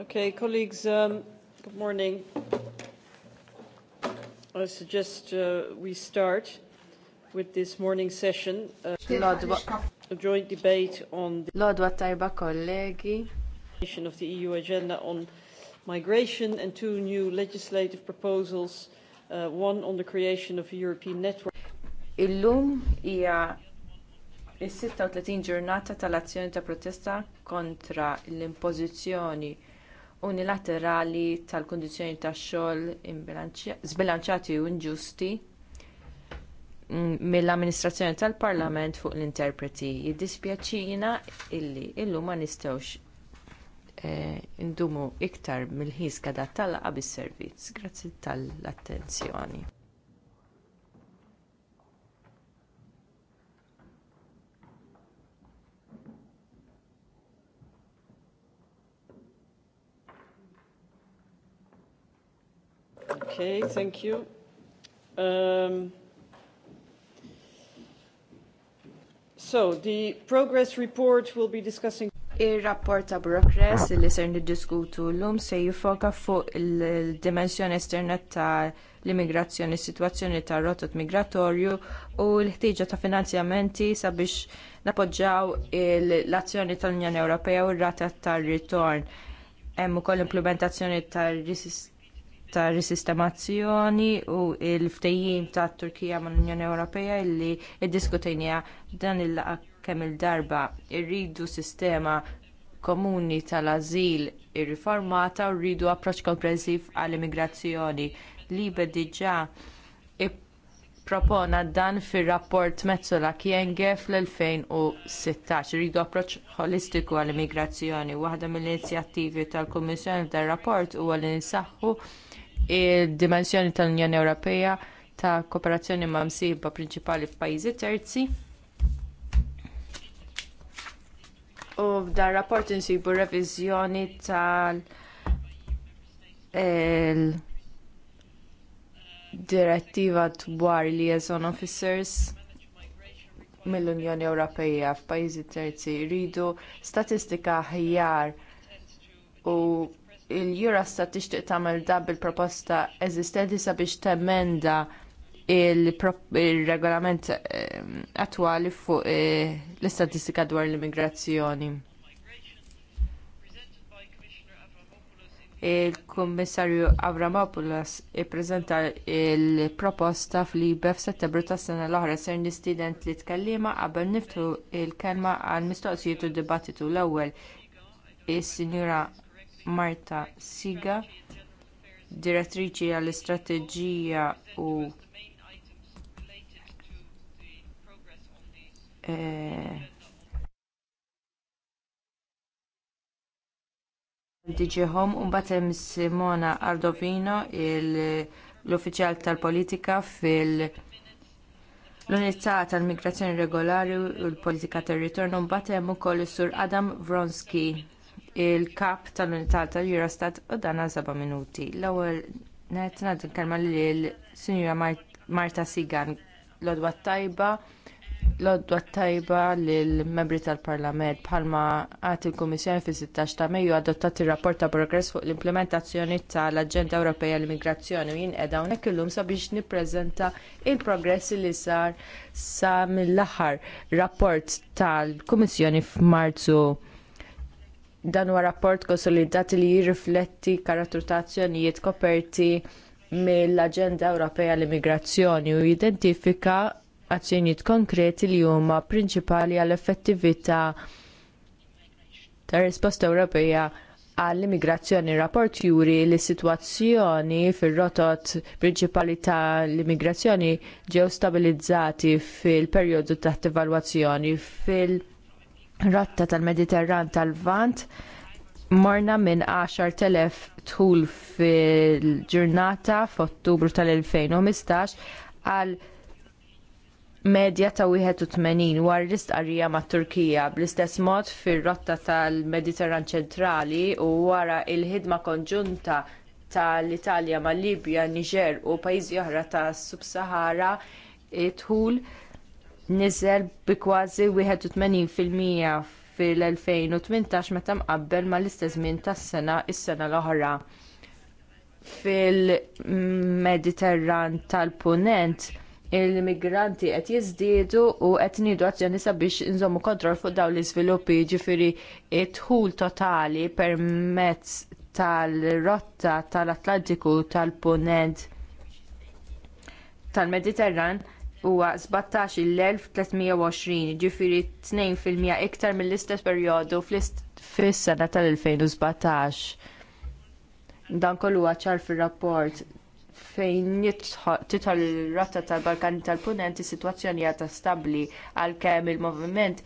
Okay, colleagues, um, good morning. I suggest uh, we start with this morning session. Uh, a joint debate on the Lodwa of the EU agenda on migration and two new legislative proposals, uh, one on the creation of a European network. Illum hija is-36 ġurnata tal-azzjoni ta' protesta kontra l-impożizzjoni unilaterali tal-kundizzjoni tax-xogħol zbilanċati u inġusti mm, mill-amministrazzjoni tal-Parlament fuq l-interpreti. Jiddispjaċina illi illum ma nistgħux eh, indumu iktar mill-ħiska dat tal-laqa bis-servizz. Grazzi tal-attenzjoni. Okay, thank you. Um, so, the progress report will be discussing Ir-rapport ta' progress li ser niddiskutu l-lum se jifoka fuq il-dimensjoni esterna ta' l-immigrazzjoni, situazzjoni ta' rotot migratorju u l-ħtiġa ta' finanzjamenti sabiex napoġġaw l-azzjoni tal-Unjoni Ewropea u r-rata tar ritorn. Hemm ukoll implementazzjoni tar ta' risistemazzjoni u l ftejjim tat Turkija mal unjoni Ewropea illi id-diskutejnija dan il laqgħa kemm il-darba irridu sistema komuni tal ażil irriformata u rridu approċċ komprensiv għall-immigrazzjoni. li diġà propona dan fir-rapport Mezzola Kienge fl-2016. Rridu approċċ holistiku għall-immigrazzjoni. Waħda mill-inizjattivi tal-Kummissjoni tar rapport huwa li nsaħħu il-dimensjoni tal-Unjoni Ewropea ta' kooperazzjoni ma' msiba prinċipali f'pajjiżi terzi. U dar rapport insibu reviżjoni tal- direttiva dwar liaison officers mill-Unjoni Ewropea f'pajjiżi terzi jridu statistika ħjar u il jura sta tixtieq tagħmel da bil-proposta eżistenti sabiex temenda il-regolament ehm, attwali fuq eh, l-istatistika dwar l-immigrazzjoni. Il-Kummissarju Avramopoulos ippreżenta l proposta fl f'Settembru tas-sena l-oħra ser nistident li tkellima qabel niftu l kelma għall mistoqsijiet u dibattitu l-ewwel is-Sinjura Marta Siga, direttriċi għall-istrateġija u eh, DJ Home. un batem Simona Ardovino l-uffiċjal tal-politika fil- l-unità tal-migrazzjoni regolari u l-politika tar-ritorn mbagħad hemm ukoll is-sur Adam Vronski il-kap tal-unità tal-Eurostat u dana seba' minuti. L-ewwel net ngħaddu kelma lil Sinjura Marta Sigan l-odwa tajba l-odwa tajba lill membri tal-Parlament bħalma għat il-Kummissjoni fis-16 ta' Mejju adottat ir-rapport ta' progress fuq l-implementazzjoni tal-Aġenda Ewropea l-Immigrazzjoni u jien hawnhekk illum sabiex nippreżenta il-progress li sar sa mill-aħħar rapport tal-Kummissjoni f'Marzu Dan huwa rapport konsolidat li jirrifletti karattru ta' azzjonijiet koperti mill-Aġenda Ewropea l-Immigrazzjoni u jidentifika azzjonijiet konkreti li huma prinċipali għall effettività tar risposta Ewropea għall-immigrazzjoni rapport juri li sitwazzjoni fir-rotot prinċipali tal immigrazzjoni ġew stabilizzati fil-perjodu taħt evalwazzjoni fil- ratta tal-Mediterran tal-Vant morna minn 10.000 tħul fil-ġurnata f'Ottubru tal-2015 għal medja ta' 81 war l-istqarrija mat Turkija bl-istess mod fir-rotta tal-Mediterran ċentrali u wara l ħidma konġunta tal-Italja mal Libja, Niġer u pajjiżi oħra tas Sub-Sahara it-tul niżel bi kważi 81% fil-2018 meta mqabbel mal-istess żmien tas-sena is-sena l-oħra. Fil-Mediterran tal-Punent il-migranti qed jiżdiedu u qed niedu azzjoni sabiex inżommu kontroll fuq dawn l-iżviluppi ġifieri t-dħul totali permezz tal-rotta tal-Atlantiku tal-Punent tal-Mediterran tal atlantiku tal punent tal mediterran huwa 17,320, ġifiri 2% iktar mill-istess perjodu fis-sena tal-2017. Dan kollu ċar fir-rapport fejn titħol ir rata tal-Balkani tal-Punent is-sitwazzjoni għadha stabbli għalkemm il-moviment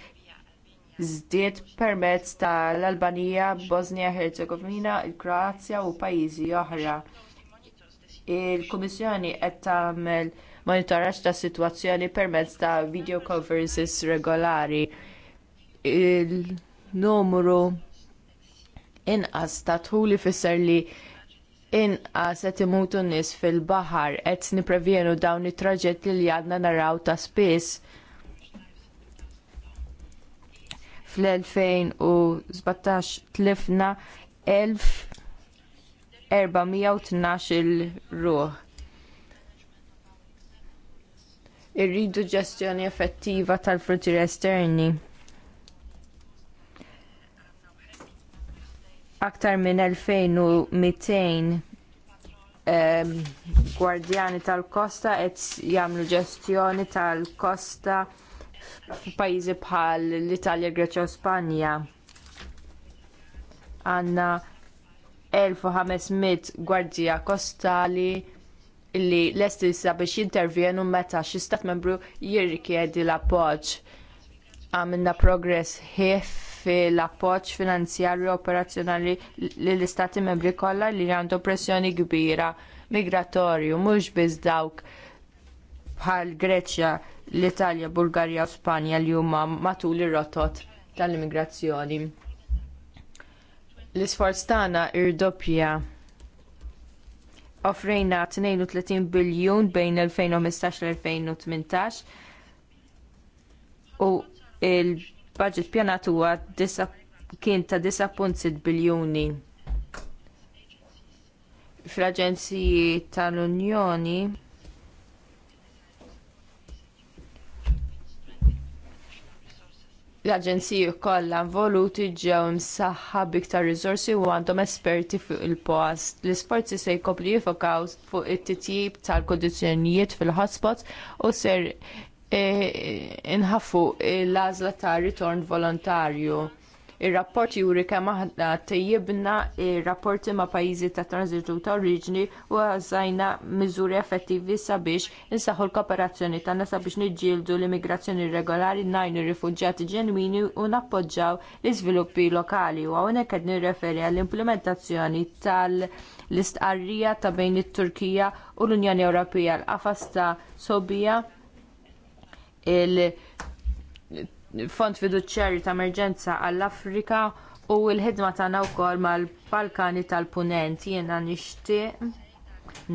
żdied permezz tal-Albanija, Bosnia Herzegovina, il-Kroazja u pajjiżi oħra. Il-Kummissjoni qed tagħmel monitoraġġ ta' sitwazzjoni permezz ta' video conferences regolari. Il-numru inqas ta' tħuli fisser li inqas qed imutu nies fil-baħar qed nipprevjenu dawn it-traġetti li għadna naraw ta' spiss fl-2017 tlifna 1412 il-ruħ. irridu ġestjoni effettiva tal-frontier esterni. Aktar minn 2200 ehm, gwardjani tal-kosta qed jagħmlu ġestjoni tal-kosta f'pajjiżi bħal l-Italja, Greċja u Spanja. Għandna 1500 gwardija kostali Illi l issa biex jintervjenu meta xi stat membru jirrikjedi l-appoġġ. Għamilna progress ħif fil-appoġġ finanzjarju operazzjonali lill istati membri kollha li għandhom pressjoni kbira migratorju mhux biss dawk bħal Greċja, l-Italja, Bulgarja u Spanja li huma matul ir-rotot tal-immigrazzjoni. L-isforz tagħna irdoppja offrejna 32 biljun bejn 2015 l-2018 u il-budget pjanat huwa kien ta' 9.6 biljuni. Fl-Aġenziji tal-Unjoni l-aġenziji kollha involuti ġew imsaħħa biktar riżorsi u għandhom esperti fuq il-post. L-isforzi se jkopli jifokaw fuq it-titjib tal kundizzjonijiet fil-hotspots u ser eh, inħafu l-għażla ta' ritorn volontarju Ir-rapport juri kemm aħna tejjibna ir-rapporti ma' pajjiżi ta' tranzitu ta' oriġni u għazajna miżuri effettivi sabiex insaħħu l-kooperazzjoni nasa sabiex niġġieldu l-immigrazzjoni irregolari najnu rifuġġjati ġenwini u nappoġġaw l-iżviluppi lokali u hawnhekk qed nirreferi għall-implementazzjoni tal- l-istqarrija ta' bejn it-Turkija u l-Unjoni Ewropea l-qafas ta' sobija il- fond fiduċjarji ta' emerġenza għall-Afrika u l-ħidma tagħna wkoll mal-Balkani tal-Punent jiena nixtieq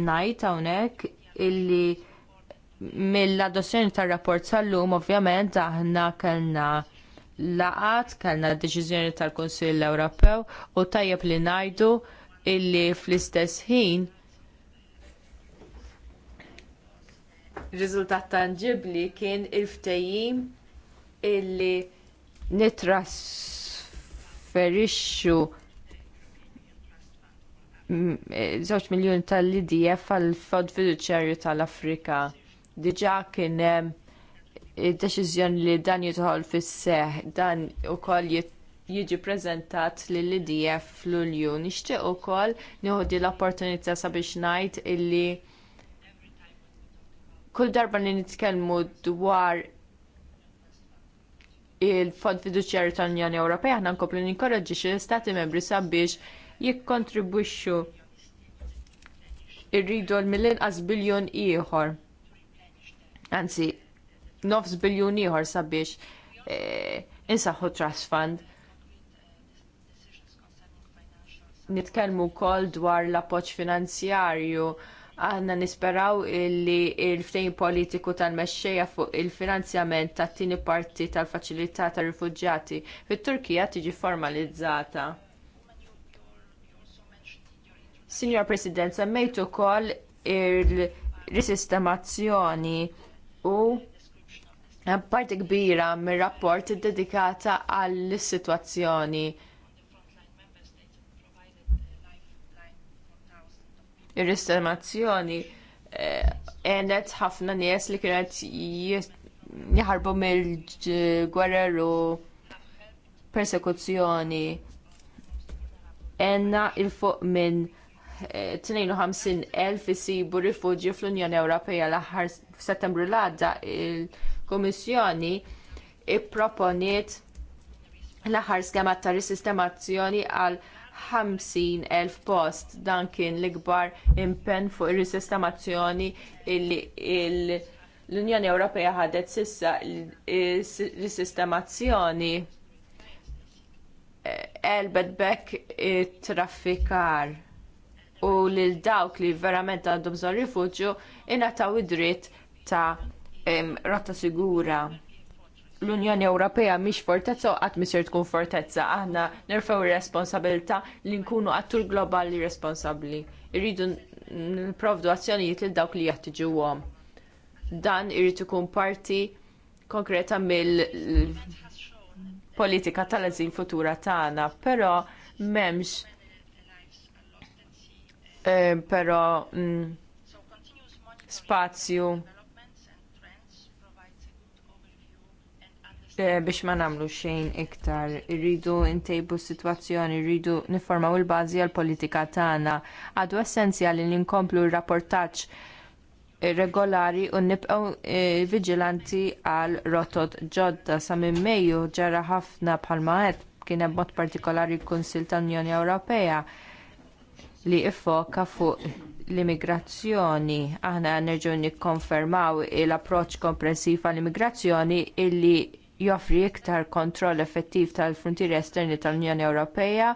ngħid hawnhekk illi mill-adozzjoni tar-rapport sal-lum ovvjament aħna kellna laqat, kellna deċiżjoni tal-Kunsill Ewropew u tajjeb li ngħidu illi fl-istess ħin riżultat tanġibli kien il-ftejjim illi nitrasferixxu eh, żewġ miljuni tal-IDF għal fond fiduċjarju tal-Afrika. Diġà kien hemm id-deċiżjoni eh, li dan jidħol fis-seħ, dan ukoll jiġi ppreżentat lill idf fl-Ulju. Nixtieq ukoll nieħu l-opportunità sabiex ngħid illi kull darba li nitkellmu dwar il-Fond Fiduċjarju tal-Unjoni Ewropea aħna nkomplu ninkoraġġi xi stati Membri sabiex jikkontribwixxu irridu mill-inqas biljun ieħor. Anzi, nofs biljun ieħor sabiex e, insaħħu trust fund. Nitkellmu wkoll dwar l-appoġġ finanzjarju Għanna nisperaw illi il-ftejn politiku tal-mexxejja fuq il-finanzjament tat tieni parti tal-faċilità tar-rifuġġjati fit-Turkija tiġi formalizzata. Signor President, semmejt ukoll il-risistemazzjoni u parti kbira mir-rapport dedikata għall-sitwazzjoni. il ristamazzjoni eh, għenet ħafna nies li kienet jħarbu mill gwerra u persekuzzjoni. Enna il-fuq minn 52.000 eh, isibu rifugju fl-Unjoni Ewropea l-aħħar settembru l-għadda il komissjoni i-proponiet l-aħħar skema ta' risistemazzjoni għal 50,000 post dan kien l-ikbar impenn fuq ir-risistamazzjoni li l-Unjoni Ewropea ħadet sissa risistamazzjoni elbet eh, bekk traffikar u lil dawk li verament għandhom bżonn rifuġju ingħataw id-dritt ta' rotta sigura l-Unjoni Ewropea mhix fortezza u qatt misir tkun fortezza. Aħna nerfew ir li nkunu għattur globali responsabbli. Irridu n-provdu azzjonijiet lil dawk li għom. Dan irid ikun parti konkreta mill-politika tal azin futura tagħna, però m'hemmx pero eh, però mm, spazju Eh, biex ma nagħmlu xejn iktar. Irridu ntejbu s-sitwazzjoni, irridu niformaw il-bażi għall politika tagħna. Għadu essenzjali li nkomplu r rapportaċ eh, regolari u nibqgħu eh, viġilanti għal rotot ġodda sa minn Mejju ġara ħafna bħalma qed kien hemm mod partikolari l-Kunsil tal-Unjoni Ewropea li iffoka fuq l-immigrazzjoni. Aħna nerġgħu nikkonfermaw l-approċċ komprensiv għall immigrazzjoni illi joffri iktar kontroll effettiv tal-frontieri esterni tal-Unjoni Ewropea,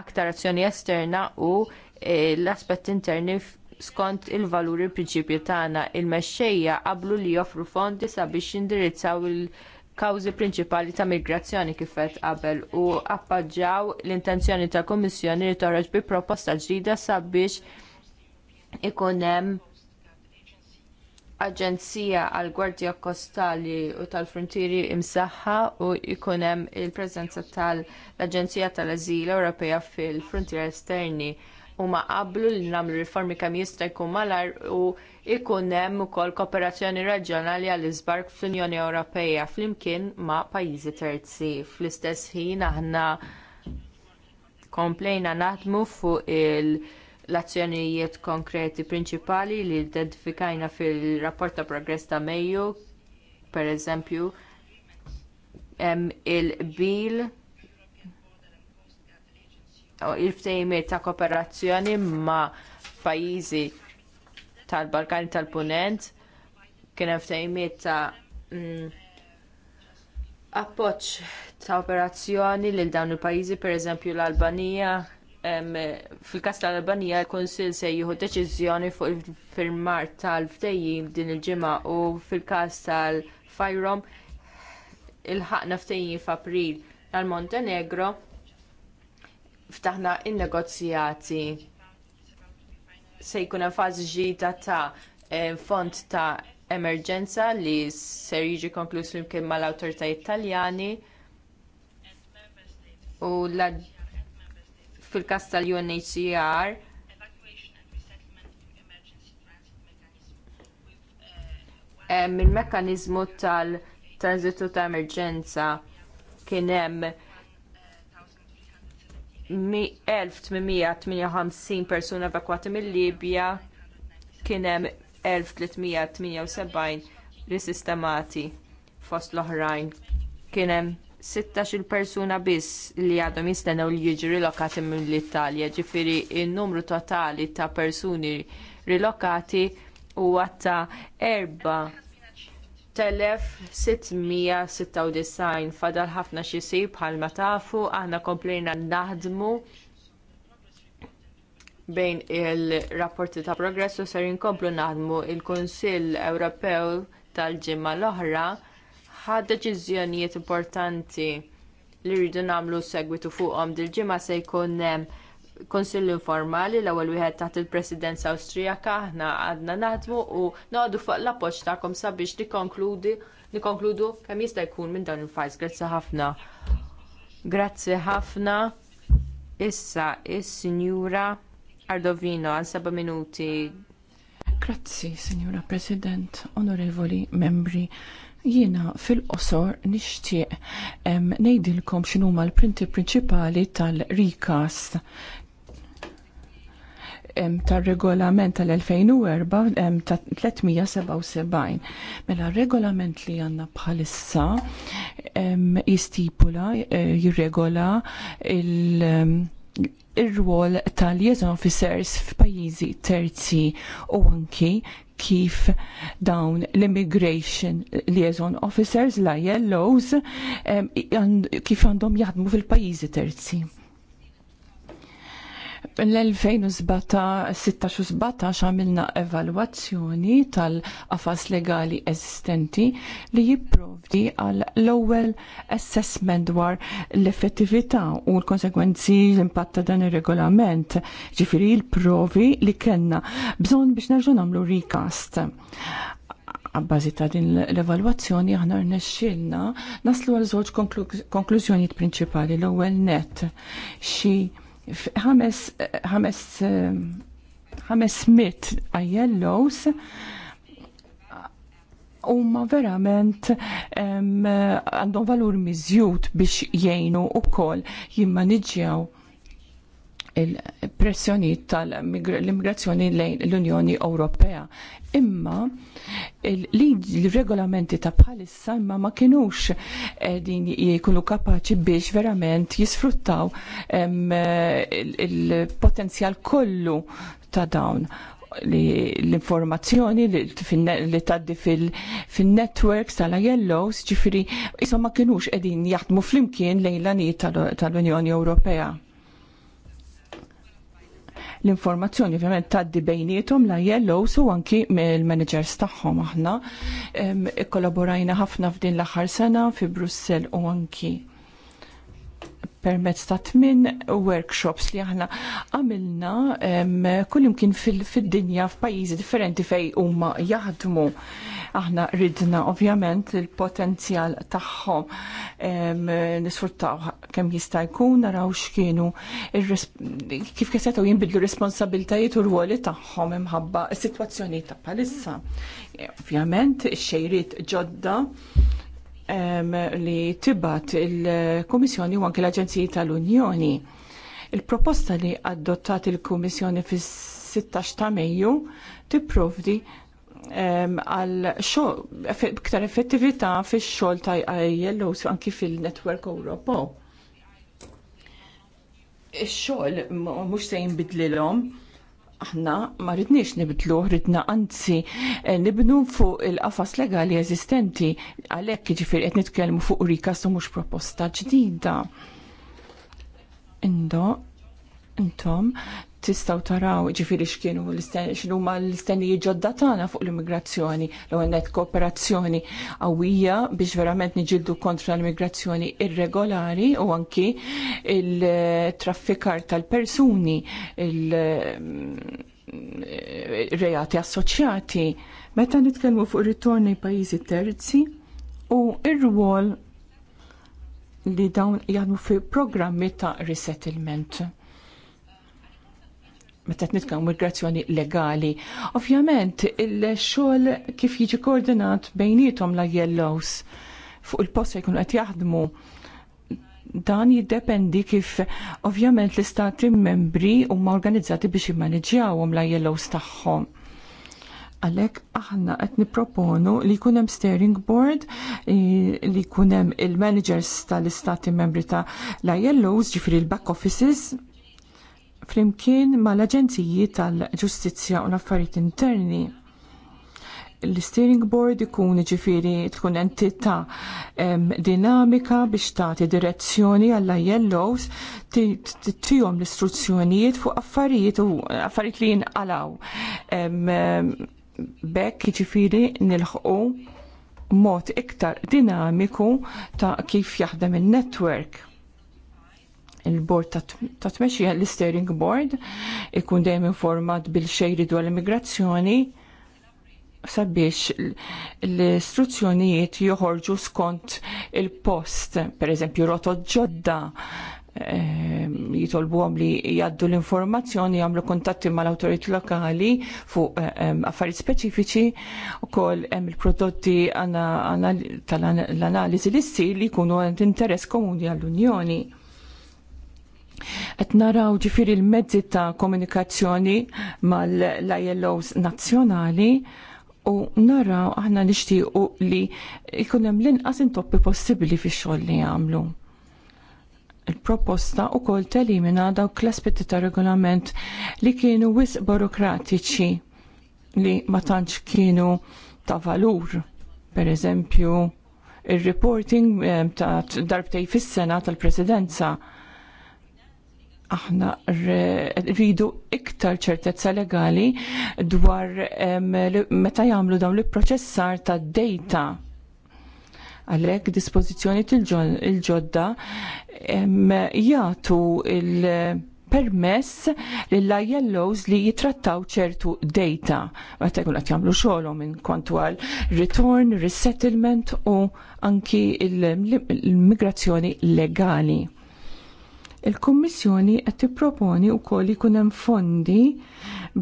aktar azzjoni esterna u e, l-aspett interni skont il-valuri prinċipju tagħna. Il-mexxejja qablu li joffru fondi sabiex jindirizzaw il-kawżi prinċipali ta' migrazzjoni kif qed qabel u appoġġjaw l-intenzjoni tal kummissjoni li toħroġ bi proposta ġdida sabiex ikun hemm aġenzija għall gwardja Kostali u tal-Frontieri imsaħħa u jkun hemm il-preżenza tal-Aġenzija tal-Azil Ewropea fil-Frontieri Esterni u ma qablu li nagħmlu riformi kemm jista' jkun malar u jkun hemm ukoll kooperazzjoni reġjonali għall iżbark fl-Unjoni Ewropea flimkien ma' pajjiżi terzi. Fl-istess ħin aħna komplejna naħdmu fuq il- l-azzjonijiet konkreti prinċipali li identifikajna fil-rapport ta' progress ta' Mejju, pereżempju il-bil il-ftejmiet ta' kooperazzjoni ma' pajjiżi tal-Balkani tal-Punent kien hemm ftejmiet ta' mm, appoġġ ta' operazzjoni lil dawn il-pajjiżi pereżempju l-Albanija, fil-kas tal-Albanija l-Konsil se jieħu deċiżjoni fuq il-firmar tal-ftejjim din il-ġimgħa u fil-kas tal-Fajrom il-ħaqna ftejjim f'April tal-Montenegro ftaħna il negozjati se jkun hemm fażi ġdida ta' fond ta' emerġenza li ser jiġi konkluż flimkien mal-awtoritajiet Taljani u l fil-kas tal-UNHCR. il mekkaniżmu tal-transitu ta' emerġenza kien hemm 1858 persuna evakwati mill-Libja kien hemm 1378 risistemati fost l-oħrajn kien hemm 16 il persuna biss li għadhom jistennew li jiġu rilokati mill-Italja, ġifiri il-numru totali ta' persuni rilokati huwa ta' 4696 fadal ħafna jsir bħalma tafu, aħna komplejna naħdmu bejn il-rapporti ta' progress u ser inkomplu naħdmu il-Kunsill Ewropew tal-ġimma l-oħra ħa deċiżjonijiet importanti li rridu nagħmlu segwitu fuqhom dil-ġimgħa se jkun hemm konsill informali l-ewwel wieħed taħt il-Presidenza Awstrijaka aħna għadna naħdmu u noqogħdu fuq l-appoġġ tagħkom sabiex nikkonkludi nikkonkludu kemm jista' jkun minn dawn il-fajs. Grazzi ħafna. Grazzi ħafna. Issa is-Sinjura Ardovino għal seba' minuti. Grazzi, Sinjura President, Onorevoli Membri Jiena fil-qosor nixtieq ngħidilkom x'inhuma l-printi prinċipali tal-rikas tar-regolament tal-2004 ta' 377. Mela regolament li għanna bħalissa jistipula e, jirregola il- ir-rwol tal-liaison officers f'pajjiżi terzi u anki kif dawn l-immigration liaison officers, la yellows, kif għandhom jaħdmu fil-pajizi terzi l 16 għamilna evalwazzjoni tal-qafas legali eżistenti li jipprovdi għal l-ewwel assessment dwar l-effettività u l-konsekwenzi l-impatt ta' dan ir-regolament, ġifiri l-provi li kellna bżonn biex nerġgħu nagħmlu recast għabbażi ta' din l-evalwazzjoni aħna rnexxilna naslu għal żewġ konklużjonijiet prinċipali l-ewwel net xi ħames ħames ħames mit ILOs huma verament għandhom valur miżjud biex jgħinu wkoll jimmaniġġjaw il-pressjoni tal-immigrazzjoni lejn l-Unjoni Ewropea. Imma il-regolamenti ta' bħalissa imma ma kienux eh, din jikunu kapaċi biex verament jisfruttaw il-potenzjal kollu ta' dawn l-informazzjoni li taddi fil-networks tal-ajellows, ġifiri, insomma kienux edin jaħdmu flimkien ni tal-Unjoni Ewropea. L-informazzjoni ovvjament taddi bejnietom la jellows u anki mill-managers tagħhom aħna. Kollaborajna ħafna f'din l-aħħar sena fi Brussell u anki permezz ta' tmin workshops li aħna għamilna kullimkien fil-dinja f'pajjiżi differenti fej huma jaħdmu. Aħna ridna ovvjament il-potenzjal tagħhom nisfruttaw kemm jista' jkun naraw x'kienu kif setgħu jinbidlu responsabiltajiet u rwoli tagħhom imħabba s sitwazzjonijiet ta' palissa. Ovvjament ix-xejriet ġodda li tibat il-Komissjoni u anke l-Aġenziji tal-Unjoni. Il-proposta li adottat il-Komissjoni fis 16 ta' Mejju tipprovdi għal ktar effettività fix xogħol ta' ILO anki fil-Network Ewropew. Ix-xogħol mhux se jinbidlilhom aħna ma rridniex nibdlu, ridna anzi eh, nibnu fuq il-qafas legali eżistenti għalhekk jiġifieri qed nitkellmu fuq rika su mhux proposta ġdida. Indo, intom tistaw taraw ġifiri xkienu l-istenni l-istenni ġodda tana fuq l-immigrazzjoni l għennet kooperazzjoni għawija biex verament niġildu kontra l-immigrazzjoni irregolari u anki il-traffikar tal-persuni il-rejati eh, assoċjati meta nitkellmu fuq ritorni pajjiżi terzi u ir-rwol li dawn jgħadmu fi programmi ta' resettlement meta nitkellmu migrazzjoni legali. Ovvjament il-xogħol kif jiġi koordinat bejnietom la yellows fuq il-post jkunu qed jaħdmu dan jiddependi kif ovvjament l-istati membri huma organizzati biex jimmaneġjawhom la yellows tagħhom. Għalhekk aħna qed nipproponu li jkun hemm steering board eh, li jkun hemm il-managers tal-istati membri ta' la yellows ġifri l-back offices flimkien mal-Aġenziji tal-Ġustizzja u l-Affarijiet Interni l-steering board ikun ġifiri tkun entità dinamika biex tagħti direzzjoni għall ilos tihom l-istruzzjonijiet fuq affarijiet u affarijiet li jinqalaw. Bekk ġifiri nilħqu mod iktar dinamiku ta' kif jaħdem in netwerk il-bord ta' tmexija, l-steering board ikun dejjem informat bil-xejri dwar l-immigrazzjoni sabiex l-istruzzjonijiet joħorġu skont il-post, per eżempju rotot ġodda, ehm, jitolbu għom li jaddu l-informazzjoni, għamlu kontatti mal autorit lokali fuq ehm, affarijiet speċifiċi u koll il-prodotti tal-analizi l-istil li jkunu interess komuni għall-Unjoni qed naraw ġifiri il mezzi ta' komunikazzjoni mal-ILOs nazzjonali u naraw aħna nixtiequ li jkun hemm l-inqas intoppi possibbli fix-xogħol li jagħmlu. Il-proposta u kol telimina dawk l-aspetti ta' regolament li kienu wis burokratiċi li ma tantx kienu ta' valur. Per eżempju, il-reporting eh, ta' darbtej fis-sena tal-presidenza aħna rridu iktar ċertezza legali dwar meta jagħmlu dawn l-proċessar ta' data għalhekk dispożizzjoni il-ġodda jagħtu il permess lill ILOs li jitrattaw ċertu data. meta jkun għat jamlu xolom minn kontu għal return, resettlement u anki il-migrazzjoni legali Il-Kummissjoni qed tipproponi wkoll jkun hemm fondi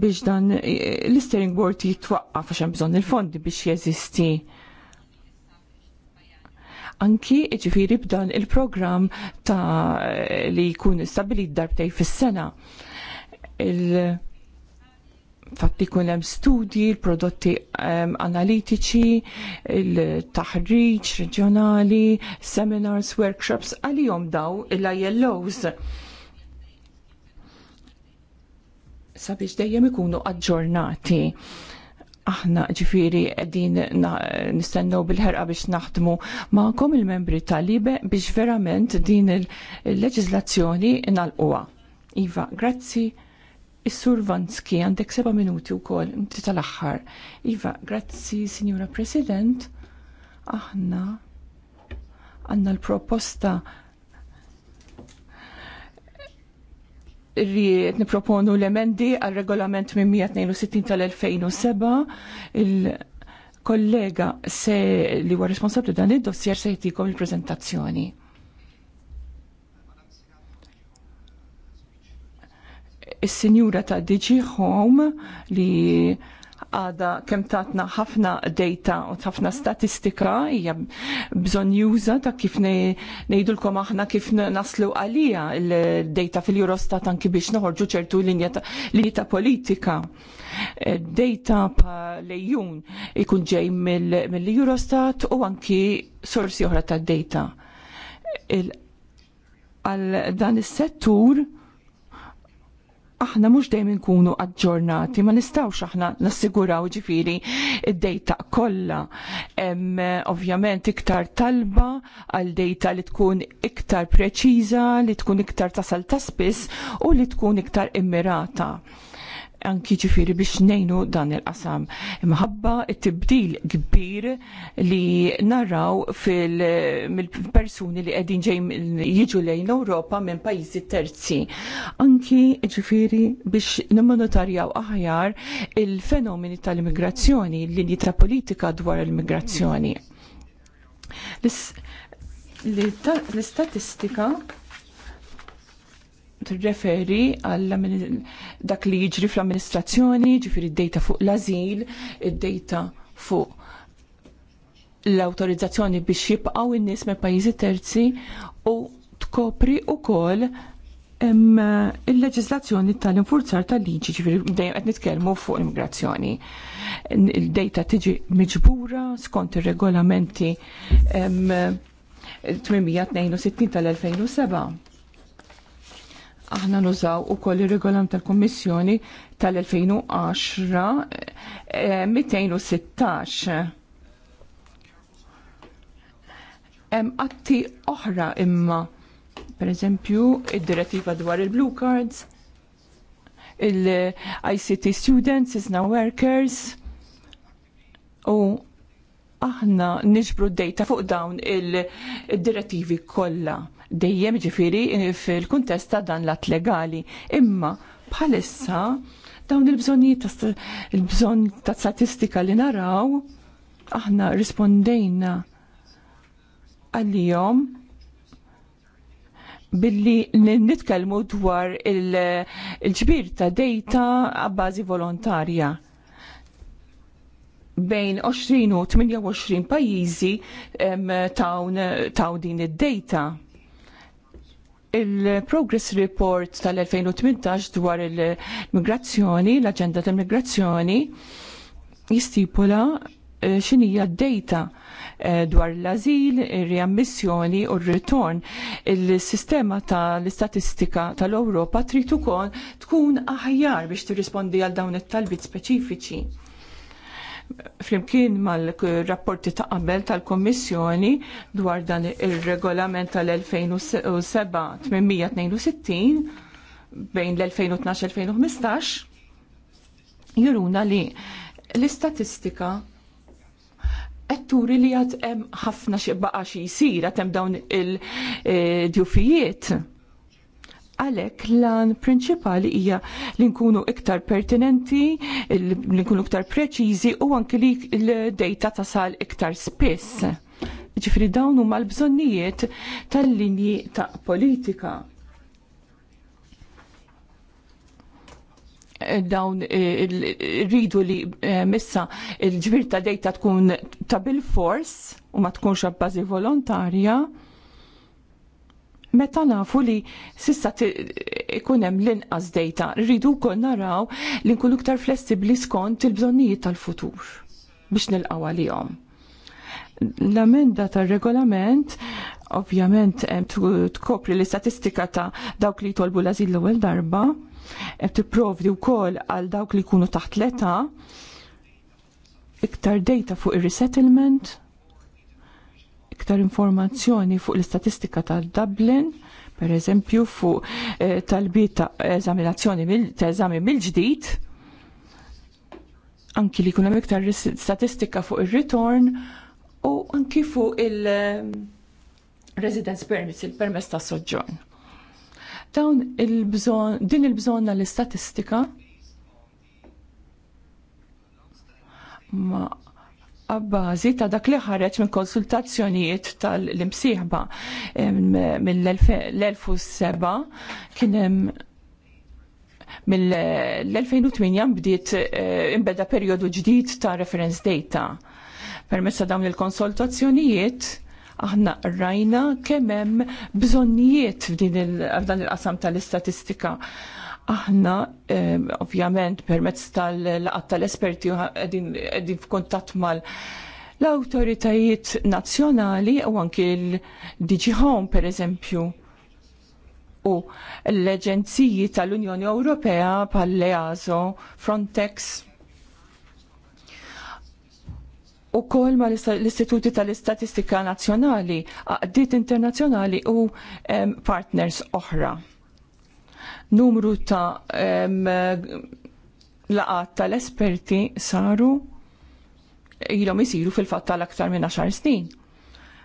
biex dan eh, l-Steering Board jitwaqqaf għax hemm bżonn il-fondi biex jeżisti. Anki ġifiri b'dan il-programm ta' eh, li jkun stabilit darbtej fis-sena. il fatti kun hemm studji, prodotti um, analitiċi, il-taħriġ reġjonali, seminars, workshops għalihom daw il-ILOs sabiex dejjem ikunu aġġornati aħna ġifiri għedin nistennu bil-ħerqa biex naħdmu ma'kom il-membri tal-libe biex verament din il-leġizlazzjoni nal-qwa. Iva, grazzi. Is-Sur Vanski għandek seba' minuti wkoll inti tal-aħħar. Iva, grazzi Sinjura President. Aħna għandna l-proposta rriet niproponu l-emendi għal regolament minn 162 tal-2007 il-kollega se li huwa responsabbli dan id-dossier se jtikom il-prezentazzjoni. is-sinjura ta' DG Home li għada kem tatna ħafna data u ħafna statistika hija bżonn juża ta' kif ngħidulkom aħna kif naslu għalija l-data fil-Eurostat anki biex noħorġu ċertu linja ta', linja ta politika. Eh, data pa lejjun ikun ġej mill-Eurostat u anki sorsi oħra ta' data. għal dan is-settur aħna mhux dejjem inkunu aġġornati, ma nistgħux aħna nassiguraw ġifiri id-dejta kollha. Hemm ovvjament iktar talba għal dejta li tkun iktar preċiża, li tkun iktar tasal ta' spiss u li tkun iktar immirata anki ġifiri biex nejnu dan il-qasam. Imħabba it-tibdil kbir li naraw fil-persuni li għedin ġej jiġu lejn l-Europa minn pajizi terzi. Anki ġifiri biex nimmonotarjaw aħjar il-fenomeni tal-immigrazzjoni, l-linji ta' politika dwar l-immigrazzjoni. L-istatistika tirreferi għal dak li jiġri fl-amministrazzjoni, ġifiri id dejta fuq l-azil, id dejta fuq l-autorizzazzjoni biex jibqaw in-nies me pajjiżi terzi u tkopri ukoll il-leġislazzjoni tal-infurzar tal-liġi, ġifiri dejjem qed nitkellmu fuq immigrazzjoni. il dejta tiġi miġbura skont ir-regolamenti 862 tal-2007 aħna nużaw eh, u koll il regolam tal-Kommissjoni tal-2010 216. Hemm atti oħra imma, per eżempju, id-direttiva dwar il-Blue Cards, il-ICT students, isna workers, u aħna niġbru d-data fuq dawn il-direttivi kollha dejjem ġifiri fil-kuntest ta' dan l-att legali. Imma bħalissa dawn il-bżonijiet il-bżon ta' statistika li naraw aħna rispondejna għal-jom billi nitkelmu dwar il-ġbir il ta' data għabbażi volontarja bejn 20 u 28 pajjiżi tawn din id-data il-Progress Report tal-2018 dwar il-migrazzjoni, l-agenda tal-migrazzjoni, jistipula eh, xinija d-data eh, dwar l-azil, il-riammissjoni u r-ritorn. Il-sistema tal-istatistika tal-Europa trid ukoll tkun aħjar biex tirrispondi għal dawn it-talbit speċifiċi flimkien mal-rapporti ta' qabel tal-Kommissjoni dwar dan ir-regolament tal-2007-862 bejn l-2012-2015 juruna li l-istatistika etturi li għad hemm ħafna xibbaqa xi jsir għad hemm dawn il-djufijiet. Eh, Għalek lan prinċipali hija li nkunu iktar pertinenti, li nkunu iktar preċiżi u anki li l-data tasal iktar spiss. Ġifri dawn huma l-bżonnijiet tal-linji ta' politika. dawn eh, rridu li eh, missa il-ġbir ta' dejta tkun ta' bil-fors u ma tkunx abbażi volontarja meta nafu li sissa ikun hemm l-inqas data, rridu wkoll naraw li nkunu iktar flessibbli skont il-bżonnijiet tal-futur biex nilqgħu għalihom. L-amenda tar-regolament ovvjament tkopri l-istatistika ta' dawk li jtolbu l-azil l-ewwel darba, qed tipprovdi wkoll għal dawk li jkunu taħt l-età, iktar data fuq ir-resettlement, iktar informazzjoni fuq l-istatistika tal-Dublin, per eżempju fuq eh, talbiet ta' eżaminazzjoni ta' eżami mill-ġdid, anki li kunem iktar statistika fuq il-return u anki fuq il-residence eh, permits, il-permess ta' soġġorn. Dawn il-bżon, din il-bżonna l-istatistika ma' għabbażi ta' dak li ħareċ minn konsultazzjonijiet tal-imsieħba mill-2007 kien mill-2008 bdiet eh, imbeda perjodu ġdid ta' reference data. Permessa dawn il-konsultazzjonijiet aħna rajna kemm hemm bżonnijiet f'dan il-qasam tal-istatistika Aħna, eh, ovvjament, permezz tal-laqat tal-esperti għedin f'kuntatt mal- autoritajiet nazzjonali u anki l-DG Home, per eżempju, u l-Eġenziji tal-Unjoni Ewropea pal-EASO, Frontex, u kol ma l-Istituti tal-Istatistika Nazjonali, għaddit internazjonali u partners oħra numru ta' laqat tal-esperti saru ilhom isiru fil-fatt tal-aktar minn 10 snin.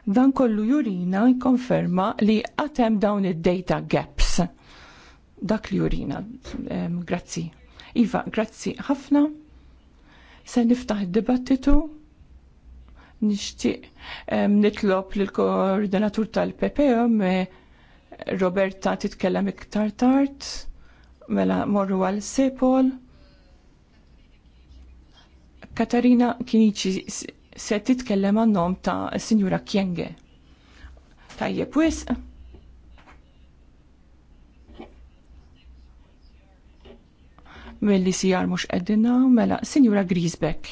Dan kollu jurina jkonferma li għatem dawn id-data gaps. Dak li jurina. Grazzi. Iva, grazzi ħafna. Se niftaħ id-dibattitu nixtieq nitlob lill koordinatur tal-PPM Roberta titkellem iktar tard, mela morru għal Sepol. Katarina Kinici se titkellem nom ta' Signora Kienge. Tajjeb wis. Mill-li sijar mux għeddina, mela Signora Grisbeck.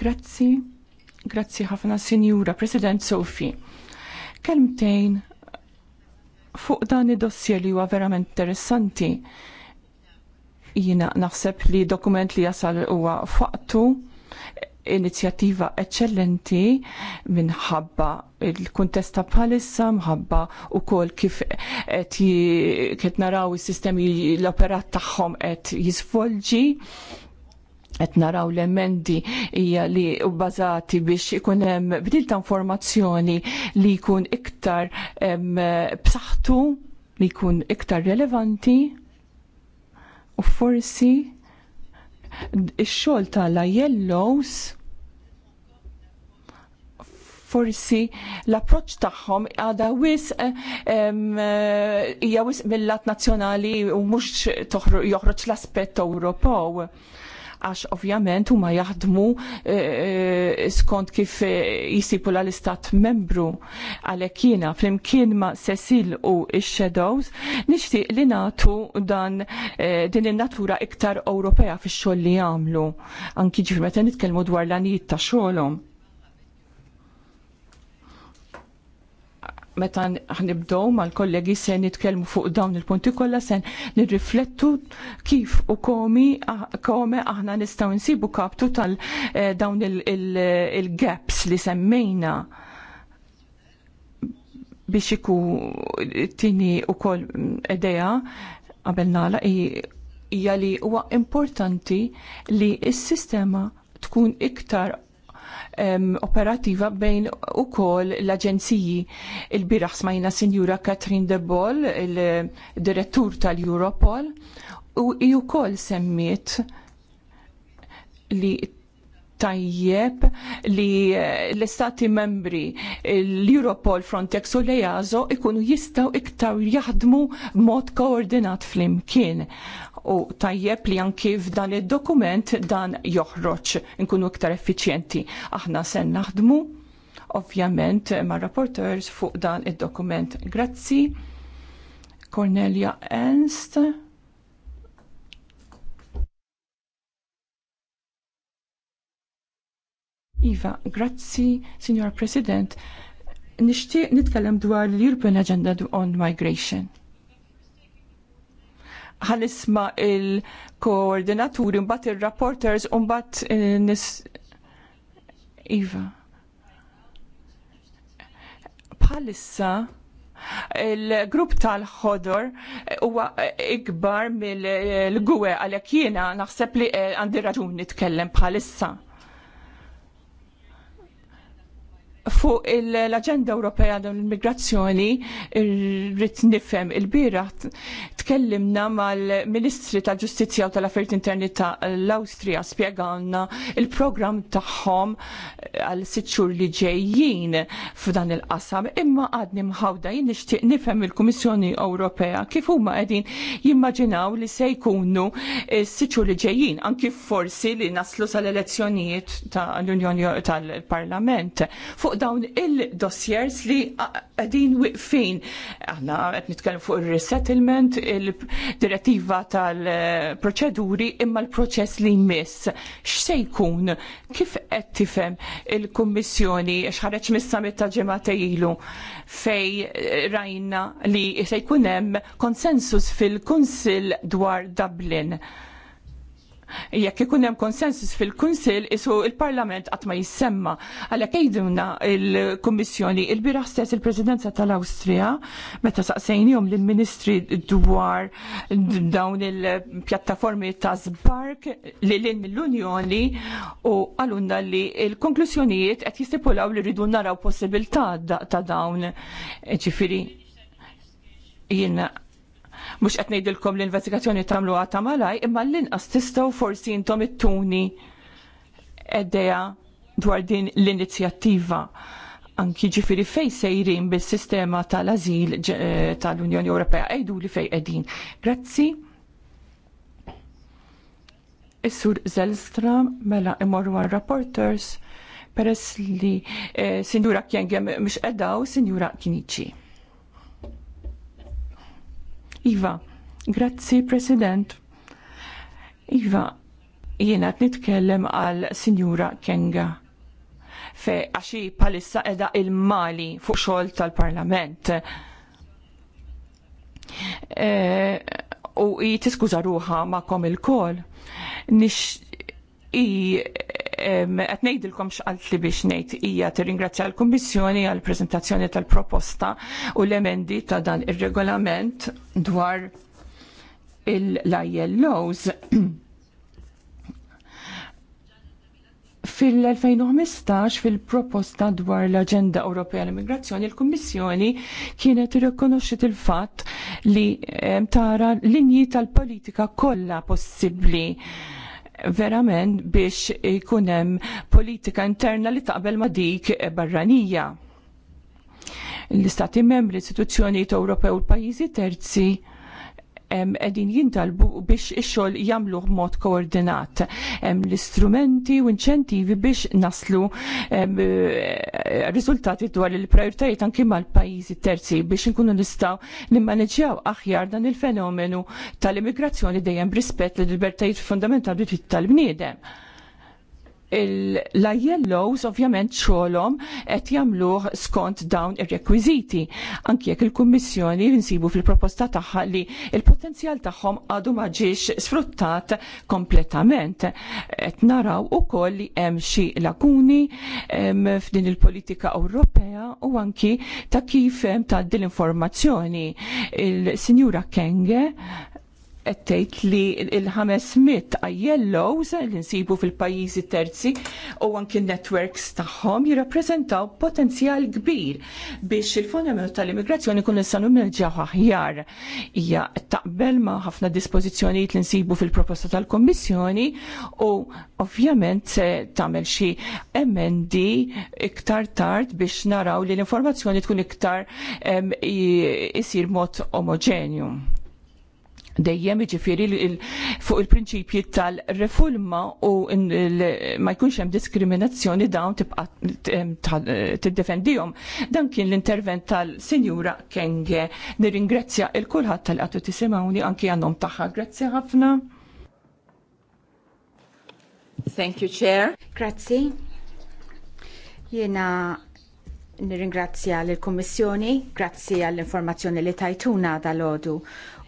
Grazzi, grazzi ħafna Signora President Sofi. Kelmtejn fuq dan id-dossier li huwa verament interessanti. Jina naħseb li dokument li jasal huwa faqtu inizjattiva eccellenti minħabba il-kuntesta bħalissa, mħabba u kol kif qed naraw is-sistemi l-operat tagħhom qed jisvolġi qed naraw l-emendi hija li bbażati biex ikun hemm bdil ta' informazzjoni li jkun iktar b'saħħtu li jkun iktar relevanti u forsi ix-xogħol tagħla yellows forsi l-approċ tagħhom għada wis hija wis mill-lat nazzjonali u mhux joħroġ l-aspett Ewropew għax ovvjament huma jaħdmu eh, eh, skont kif eh, jisipu l-istat membru għalhekk jiena flimkien ma' Cecil u x-Shadows nixtieq li nagħtu dan din in-natura iktar Ewropea fix-xogħol li jagħmlu. Anki ġifier meta nitkellmu dwar l-anijiet ta' xogħolhom meta ħnibdow mal-kollegi se nitkellmu fuq dawn il-punti kollha se nirriflettu kif u komi kome aħna nistgħu nsibu kaptu tal eh, dawn il-gaps li semmejna biex iku tini u koll edeja qabel nala hija li huwa importanti li s-sistema tkun iktar um, operativa bejn u kol l-aġenziji. Il-biraħ smajna Sinjura Katrin De Boll, il-direttur tal-Europol, u u kol semmiet li tajjeb li eh, l-istati membri l-Europol Frontex u l-EASO ikunu jistaw iktar jaħdmu mod koordinat fl-imkien u tajjeb li anki f'dan id-dokument dan joħroġ inkunu iktar effiċjenti. Aħna se naħdmu ovvjament ma' rapporteurs fuq dan id-dokument. Grazzi. Cornelia Ernst. Iva, grazzi, Signor President. Nishtiq nitkellem dwar l-European Agenda on Migration ħanisma il-koordinaturi, mbagħad ir rapporters u mbagħad eh, nis. Iva. Bħalissa il-grupp tal-ħodor eh, huwa eh, ikbar mill-gwe għalhekk jiena naħseb li għandi raġun nitkellem bħalissa. fuq l-Aġenda Ewropea dawn l-immigrazzjoni rrid nifhem il-bira tkellimna mal-Ministri tal-Ġustizzja u tal-Affarijiet Interni tal-Awstrija spjegawna il-programm tagħhom eh, għal sitt xhur li ġejjin f'dan il-qasam, imma għadni mħawda jien nixtieq nifhem il-Kummissjoni Ewropea kif huma qegħdin jimmaġinaw li se jkunu eh, sitt xhur li ġejjin, anki forsi li naslu sal-elezzjonijiet tal-Unjoni tal-Parlament. Fuq fuq dawn il-dossiers li għadin wiqfin. Aħna qed nitkellem fuq il-resettlement, il-direttiva tal-proċeduri imma l-proċess li jmiss. X'se jkun? Kif qed tifhem il-Kummissjoni x'ħareġ mis-summit ta' ġimgħa ilu fej rajna li se jkun hemm konsensus fil-Kunsill dwar Dublin jekk ikun hemm konsensus fil-Kunsill isu il-Parlament qatt ma jissemma. Għalhekk għidilna il-Kummissjoni il-biraħ stess il-Presidenza tal-Awstrija meta saqsejnihom lill-Ministri dwar dawn il-pjattaformi ta' żbark li lin mill-Unjoni u għalunna li il-konklużjonijiet qed jistipulaw li rridu naraw possibilità ta' dawn ġifieri Jiena. Mhux qed ngħidilkom l-investigazzjoni tagħmluha għata malaj, imma l-inqas tistgħu forsi intom it-tuni eddeja dwar din l-inizjattiva anki ġifiri fej sejrin bil-sistema tal-azil eh, tal-Unjoni Ewropea. għajdu li fej għedin. Grazzi. Is-sur Zelstra mela imorru għal rapporters peress li eh, Sinjura Kjengem mhux edaw Sinjura Kinici. Iva, grazzi President. Iva, jiena nitkellem għal Sinjura Kenga fe għaxi palissa edha il-mali fuq xogħol tal-parlament. E, u jitiskuza ruħa ma kom il-kol. Nix i qed ngħidilkom x'qalt li biex ngħid hija tirringrazzja l-Kummissjoni għall preżentazzjoni tal-proposta u l-emendi ta' dan ir-regolament dwar il-ILOs Fil-2015 fil-proposta dwar l-Aġenda Ewropea l-Immigrazzjoni, il-Kummissjoni kienet irrikonoxxit il-fatt li tara linji tal-politika kollha possibbli verament biex ikun hemm politika interna li taqbel ma dik barranija. L-istati membri, istituzzjonijiet Ewropew u l-pajjiżi terzi qegħdin jintalbu biex ix-xogħol mod koordinat. L-istrumenti u inċentivi biex naslu eh, riżultati dwar il-prioritajiet anki mal-pajjiżi terzi biex inkunu nistgħu nimmaneġjaw aħjar dan il-fenomenu tal-immigrazzjoni dejjem rispett lill libertajiet fundamentali tal-bniedem la yellows ovvjament xolom qed jagħmluh skont dawn ir-rekwiżiti. Anki jekk il-Kummissjoni nsibu fil-proposta tagħha li il-potenzjal tagħhom għadu ma ġiex sfruttat kompletament. Qed naraw ukoll li hemm xi lakuni f'din il-politika Ewropea u anki ta' kif hemm tgħaddi l-informazzjoni. Il-Sinjura Kenge għettejt li il-500 ILOs li nsibu fil-pajizi terzi u anki networks tagħhom jirrappreżentaw potenzjal kbir biex il-fondament tal-immigrazzjoni kun nistgħu nilġgħu aħjar. Hija taqbel ma' ħafna dispożizzjonijiet li nsibu fil-proposta tal-Kommissjoni u ovvjament se tagħmel xi emendi iktar tard biex naraw li l-informazzjoni tkun iktar isir mod omogenju dejjem ġifiri fuq il-prinċipji tal-reforma u ma jkunx hemm diskriminazzjoni dawn tibqa tiddefendihom. Dan kien l-intervent tal-Sinjura Kenge. Nirringrazzja il kulħadd tal-qatu tisimgħuni anki għandhom tagħha. Grazzi ħafna. Thank you, Chair. Grazzi. Jena nirringrazzja l-Kommissjoni, grazzi għall-informazzjoni li tajtuna dal-ħodu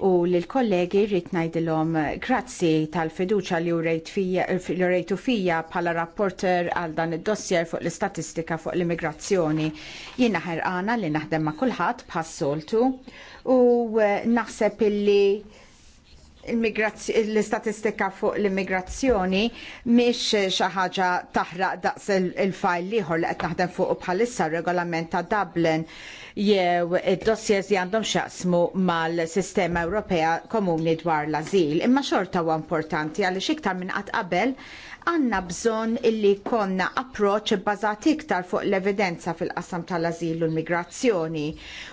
u l-kollegi rrit najdilom grazzi tal-fiduċa li urejtu fija pala rapporter għal dan id-dossier fuq l-istatistika fuq l-immigrazzjoni. Jina ħerqana li naħdem ma' kulħadd bħas-soltu u eh, naħseb illi l-istatistika fuq l-immigrazzjoni miex xi ħaġa taħraq daqs il-fajl liħor li qed naħdem fuq bħalissa regolament ta' Dublin jew id-dossiers li għandhom xaqsmu mal-Sistema Ewropea Komuni dwar l-Azil. Imma xorta huwa importanti għaliex iktar minn qatt qabel għanna bżonn illi jkollna approċċ bbażat iktar fuq l-evidenza fil-qasam tal-azil u l-migrazzjoni.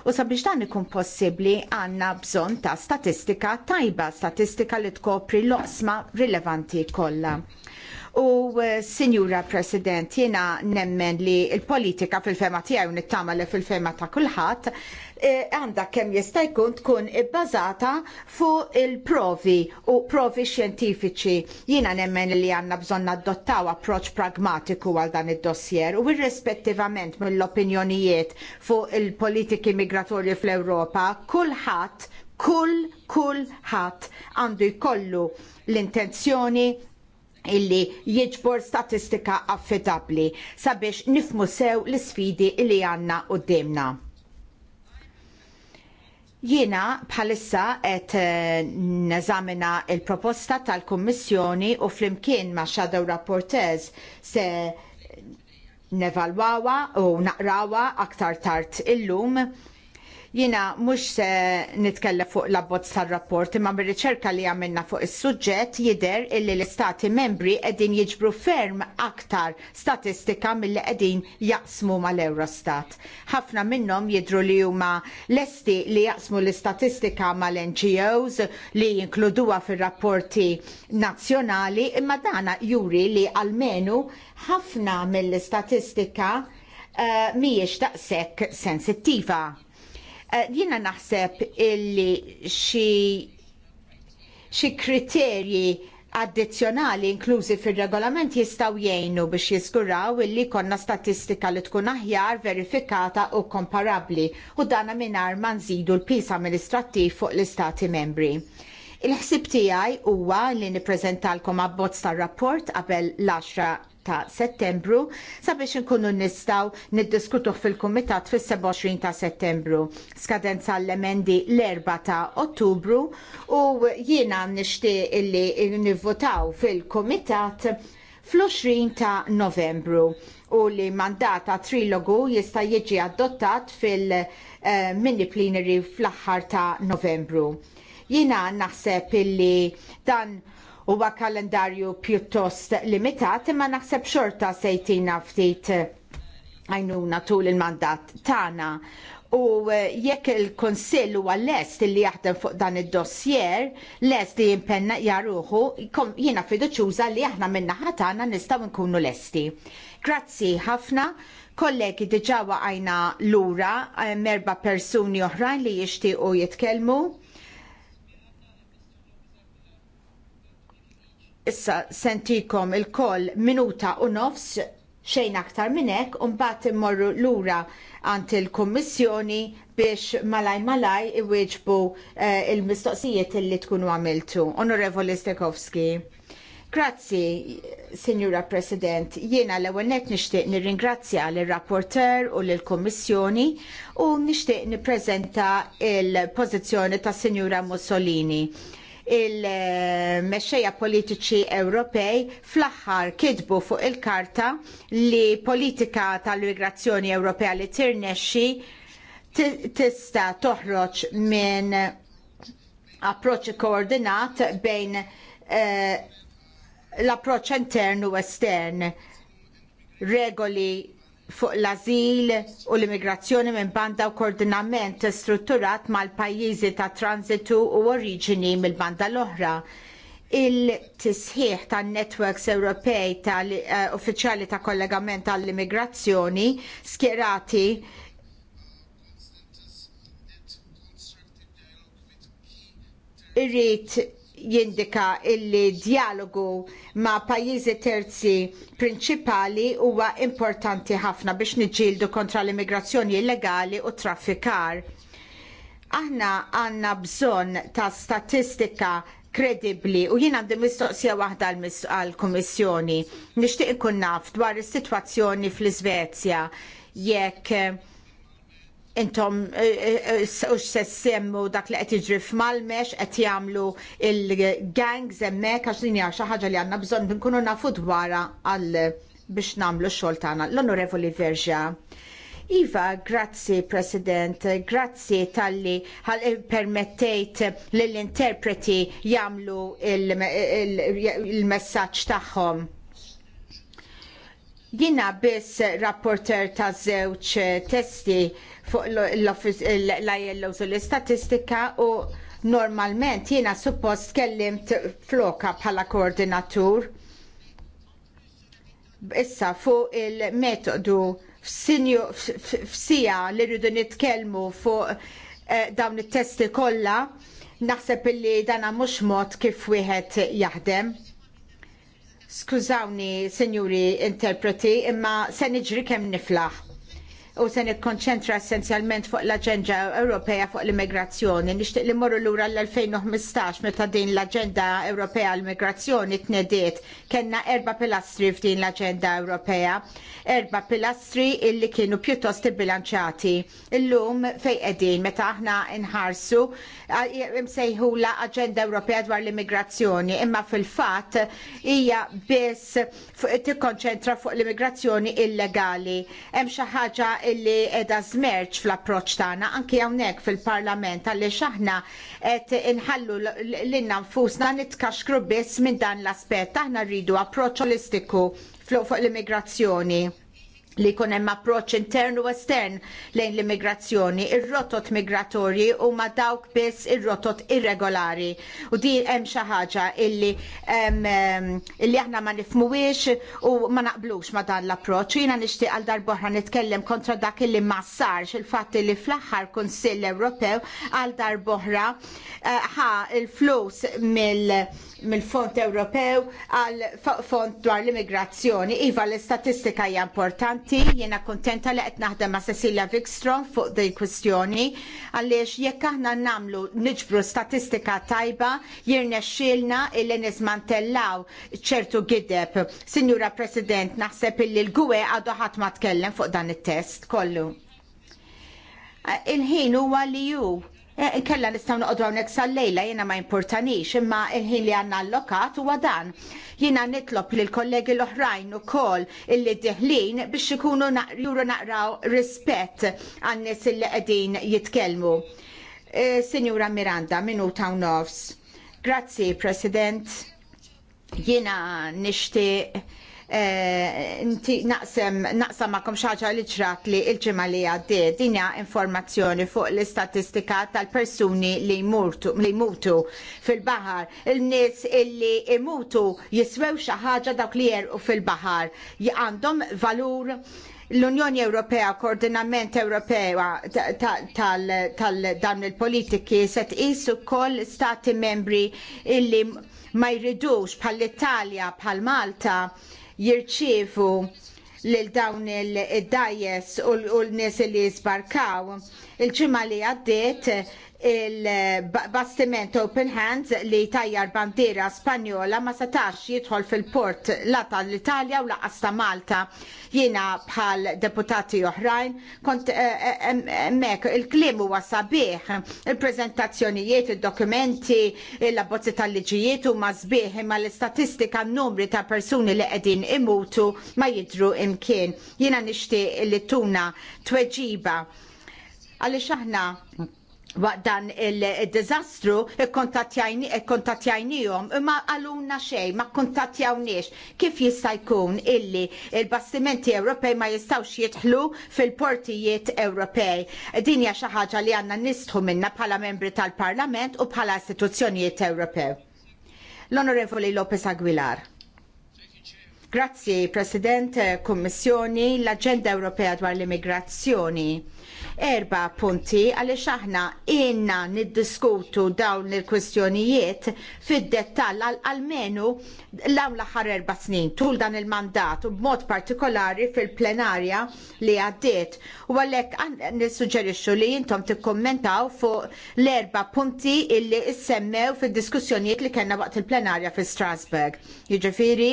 U sabiex dan ikun possibbli għandna bżonn ta' statistika tajba, statistika li tkopri l-oqsma rilevanti kollha. U eh, Sinjura President, jiena nemmen li l politika fil-fema tijaj u nittama fil-fema ta' kulħadd eh, għandha e, kemm jista' jkun tkun ibbażata fuq il-provi u provi xjentifiċi. Jiena nemmen li għandna bżonn adottaw approċċ pragmatiku għal dan id-dossier u irrispettivament mill-opinjonijiet fuq il-politiki migratorji fl-Ewropa, kulħadd kull, kull għandu jkollu l-intenzjoni, illi jiġbor statistika affidabli sabiex nifmu sew l isfidi li għandna demna. Jiena bħalissa qed eh, neżamina l proposta tal-Kummissjoni u flimkien ma' Shadow Rapportez se nevalwawa u naqrawa aktar tard illum Jina mux se nitkelle fuq l-abbozz tal-rapport imma bir-riċerka li għamilna fuq is-suġġett jider illi l-istati membri qegħdin jiġbru ferm aktar statistika milli qegħdin jaqsmu mal-Eurostat. Ħafna minnhom jidru li huma lesti li jaqsmu l-istatistika mal-NGOs li jinkluduha fir-rapporti nazzjonali imma dana juri li almenu ħafna mill-istatistika uh, mhijiex daqshekk sensittiva Eh, jiena naħseb illi xi xi kriterji addizzjonali inklużi fir-regolament jistgħu jgħinu biex jiżguraw illi jkollna statistika li tkun aħjar verifikata u komparabbli u dana mingħajr ma nżidu l-pis amministrattiv fuq l-istati membri. Il-ħsib tiegħi huwa li nippreżentalkom abbozz tar-rapport qabel l-10 ta' settembru sabiex nkunu nistaw niddiskutuh fil-Kumitat fis-27 ta' settembru. Skadenza l-emendi l-4 ta' ottubru u jiena nixtieq illi nivvotaw fil-Kumitat fl-20 ta' novembru u li mandat ta' trilogu jista' jiġi adottat fil-mini eh, plenary fl-aħħar ta' novembru Jiena naħseb illi dan Huwa kalendarju pjuttost limitat imma naħseb xorta sejtina ftit għajnuna tul il-mandat tagħna. U eh, jekk il-Konsill huwa lest li jaħdem fuq dan id-dossier, lest li jimpenna jaruħu, jiena fiduċuża li aħna minna ħatana nistgħu nkunu lesti. Grazzi ħafna, kollegi diġawa għajna lura eh, merba persuni oħrajn li jixtiequ jitkellmu. Issa sentikom il-koll minuta u nofs xejn aktar minn hekk u mbagħad immorru lura għand il-Kummissjoni biex malaj malaj iwieġbu eh, il-mistoqsijiet illi tkunu għamiltu. Onorevoli Stekowski. Grazzi, Signora President. Jiena l-ewwel nett nixtieq nirringrazzja l rapporter u lill-Kummissjoni u nixtieq nippreżenta il-pożizzjoni tas Signora Mussolini il-mexxejja politiċi Ewropej fl-aħħar kitbu fuq il-karta li politika tal-migrazzjoni Ewropea li tirnexxi tista toħroġ minn approċċ koordinat bejn eh, l-approċċ intern u estern regoli fuq l azil u l-immigrazzjoni minn banda u koordinament strutturat mal-pajjiżi ta' transitu u oriġini mill-banda l-oħra. Il-tisħiħ ta' networks Ewropej ta' eh, uffiċjali ta' kollegament għall-immigrazzjoni skjerati irrit jindika illi dialogu ma' pajjiżi terzi prinċipali huwa importanti ħafna biex niġġieldu kontra l-immigrazzjoni illegali u traffikar. Aħna għandna bżonn ta' statistika kredibbli u jien għandi mistoqsija waħda għall-Kummissjoni. Nixtieq ikun naf dwar is-sitwazzjoni fl-Iżvezja jekk intom eh, eh, eh, ux se semmu dak li qed jiġri f'Malmex qed jagħmlu il-gangs hemmhekk għax din hija xi ħaġa li għandna bżonn nkunu nafu dwarha għal biex nagħmlu x-xogħol tagħna. L-Onorevoli Verġa. Iva, grazzi President, grazzi tal-li permettejt l-interpreti jamlu il-messagġ il il il tagħhom. Jina biss rapporter ta' żewġ testi fuq l-ILO u l-istatistika u normalment jiena suppost kellimt floka bħala koordinatur. Issa fuq il-metodu f'sija li rridu nitkellmu fuq eh, dawn it-testi kollha, naħseb illi dana mhux mod kif wieħed jaħdem. Skużawni, senjuri interpreti, imma se niġri kemm niflaħ u se nikkonċentra essenzjalment fuq l-Aġenda Ewropea fuq l-immigrazzjoni. Nixtieq li morru lura l-2015 meta din l-Aġenda Ewropea l-immigrazzjoni tnediet kellna erba' pilastri f'din l-Aġenda Ewropea, erba' pilastri illi kienu pjuttost ibbilanċati. Illum fejn qegħdin meta aħna nħarsu msejħula Aġenda Ewropea dwar l-immigrazzjoni, imma fil-fatt hija biss tikkonċentra fuq l-immigrazzjoni illegali. Hemm xi ħaġa illi edha zmerċ fl-approċ tagħna anke hawnhekk fil-Parlament għaliex aħna qed inħallu lilna nfusna nitkaxkru biss minn dan l-aspett aħna rridu approċċ holistiku fuq l-immigrazzjoni li jkun hemm approċċ intern u estern lejn l-immigrazzjoni, ir-rotot migratorji huma dawk biss ir-rotot irregolari. U din hemm xi ħaġa illi ehm, illi aħna ma nifmuwiex u ma naqblux ma dan l-approċċ. Jiena nixtieq għal darbohra nitkellem kontra dak illi ma sarx il-fatt li fl-aħħar Kunsill Ewropew għal darbohra eh, ħa il-flus mill-Fond Ewropew għal Fond dwar l-immigrazzjoni. Iva l-istatistika hija importanti kontenti, jiena kontenta li qed naħdem ma' Cecilia Wikstrom fuq dej kwistjoni għaliex jekk aħna nagħmlu niġbru statistika tajba jirnexxielna illi nismantellaw ċertu gideb. Sinjura President, naħseb illi l-gwe għadu ħadd ma tkellem fuq dan it-test kollu il-ħin huwa li ju Eh, kella nistgħu noqogħdu hawnhekk sal-lejla jiena ma importanix imma il-ħin li għandna allokat huwa dan. Jiena nitlob l kollegi l-oħrajn ukoll illi diħlin biex ikunu juru naqraw rispett għan-nies illi qegħdin jitkellmu. Eh, Sinjura Miranda, minuta taw nofs. Grazzi, President. Jiena nixtieq Eh, inti naqsem naqsam ma'kom xaġa li ġrat li il-ġimgħa li għaddiet din hija informazzjoni fuq l-istatistika tal-persuni li jmutu fil-baħar. Il-nies illi imutu jiswew xi ħaġa dawk li jerqu fil-baħar għandhom valur l-Unjoni Ewropea, koordinament Ewropea tal-dan il-politiki se tqisu wkoll stati membri illi ma jridux bħall-Italja, bħal-Malta, jirċievu lil dawn il dajes u l-nies li sbarkaw Il-ġimgħa li għaddiet il-bastiment Open Hands li tajjar bandiera Spanjola ma setax jidħol fil-port la tal-Italja u laqas ta' Malta. Jiena bħal deputati oħrajn kont hemmhekk eh, eh, il-klim huwa sabiħ, il-preżentazzjonijiet, id-dokumenti, l-abbozzi tal-liġijiet huma sbieħ imma l-istatistika n-numri ta' persuni li qegħdin imutu ma jidhru imkien. Jiena nixtieq li tuna tweġiba għaliex aħna waqt dan il-dizastru ikkontattjajnijom imma għaluna xej ma kontatjawniex kif jista' jkun illi il-bastimenti Ewropej ma jistawx jitħlu fil-portijiet Ewropej. Din hija xi ħaġa li għandna nistħu minna bħala membri tal-Parlament u bħala istituzzjonijiet Ewropew. L-Onorevoli Lopez Aguilar. Grazzi, President, Kommissjoni, l-Agenda Ewropea dwar l-Immigrazzjoni erba punti għaliex aħna inna niddiskutu dawn il-kwestjonijiet fid-dettall għal-almenu l-għam l-aħħar erba snin tul dan il-mandat u b'mod partikolari fil-plenarja li għaddiet. U għalhekk nissuġġerixxu li intom tikkommentaw fuq l-erba punti illi issemmew fid-diskussjonijiet li kellna waqt il-plenarja fi Strasbourg. Jiġifieri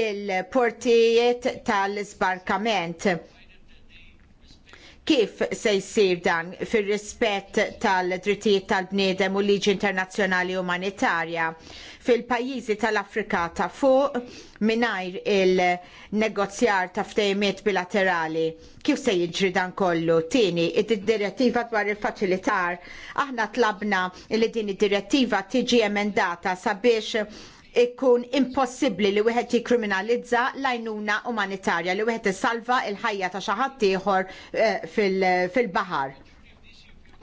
il-portijiet tal-isbarkament Kif se jsir dan fir rispett tal-drittijiet tal-bniedem u liġi internazzjonali umanitarja fil-pajjiżi tal-Afrika ta' fuq mingħajr il-negozjar ta' ftehimiet bilaterali. Kif se jiġri dan kollu? Tieni, id-direttiva dwar il-faċilitar aħna tlabna li din id-direttiva tiġi emendata sabiex ikun impossibbli li wieħed jikkriminalizza l-għajnuna umanitarja li wieħed isalva l ħajja ta' xi ħadd ieħor eh, fil-baħar.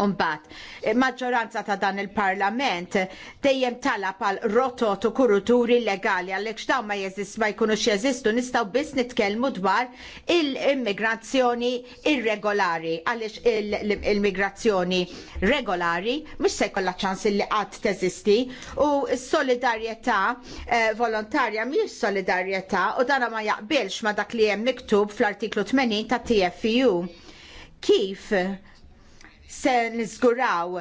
Umbat, eh, maġġoranza ta' dan il-parlament eh, dejjem talab għal rotot u kuruturi legali għalhekk x'dawn ma jeżist ma jkunux jeżistu nistgħu biss nitkellmu dwar il-immigrazzjoni irregolari għaliex il-immigrazzjoni regolari mhux se jkollha ċans li qatt teżisti u s-solidarjetà eh, volontarja mhijiex solidarjetà u dana ma jaqbilx ma dak li hemm miktub fl-artiklu 80 ta' TFU. Kif se nizguraw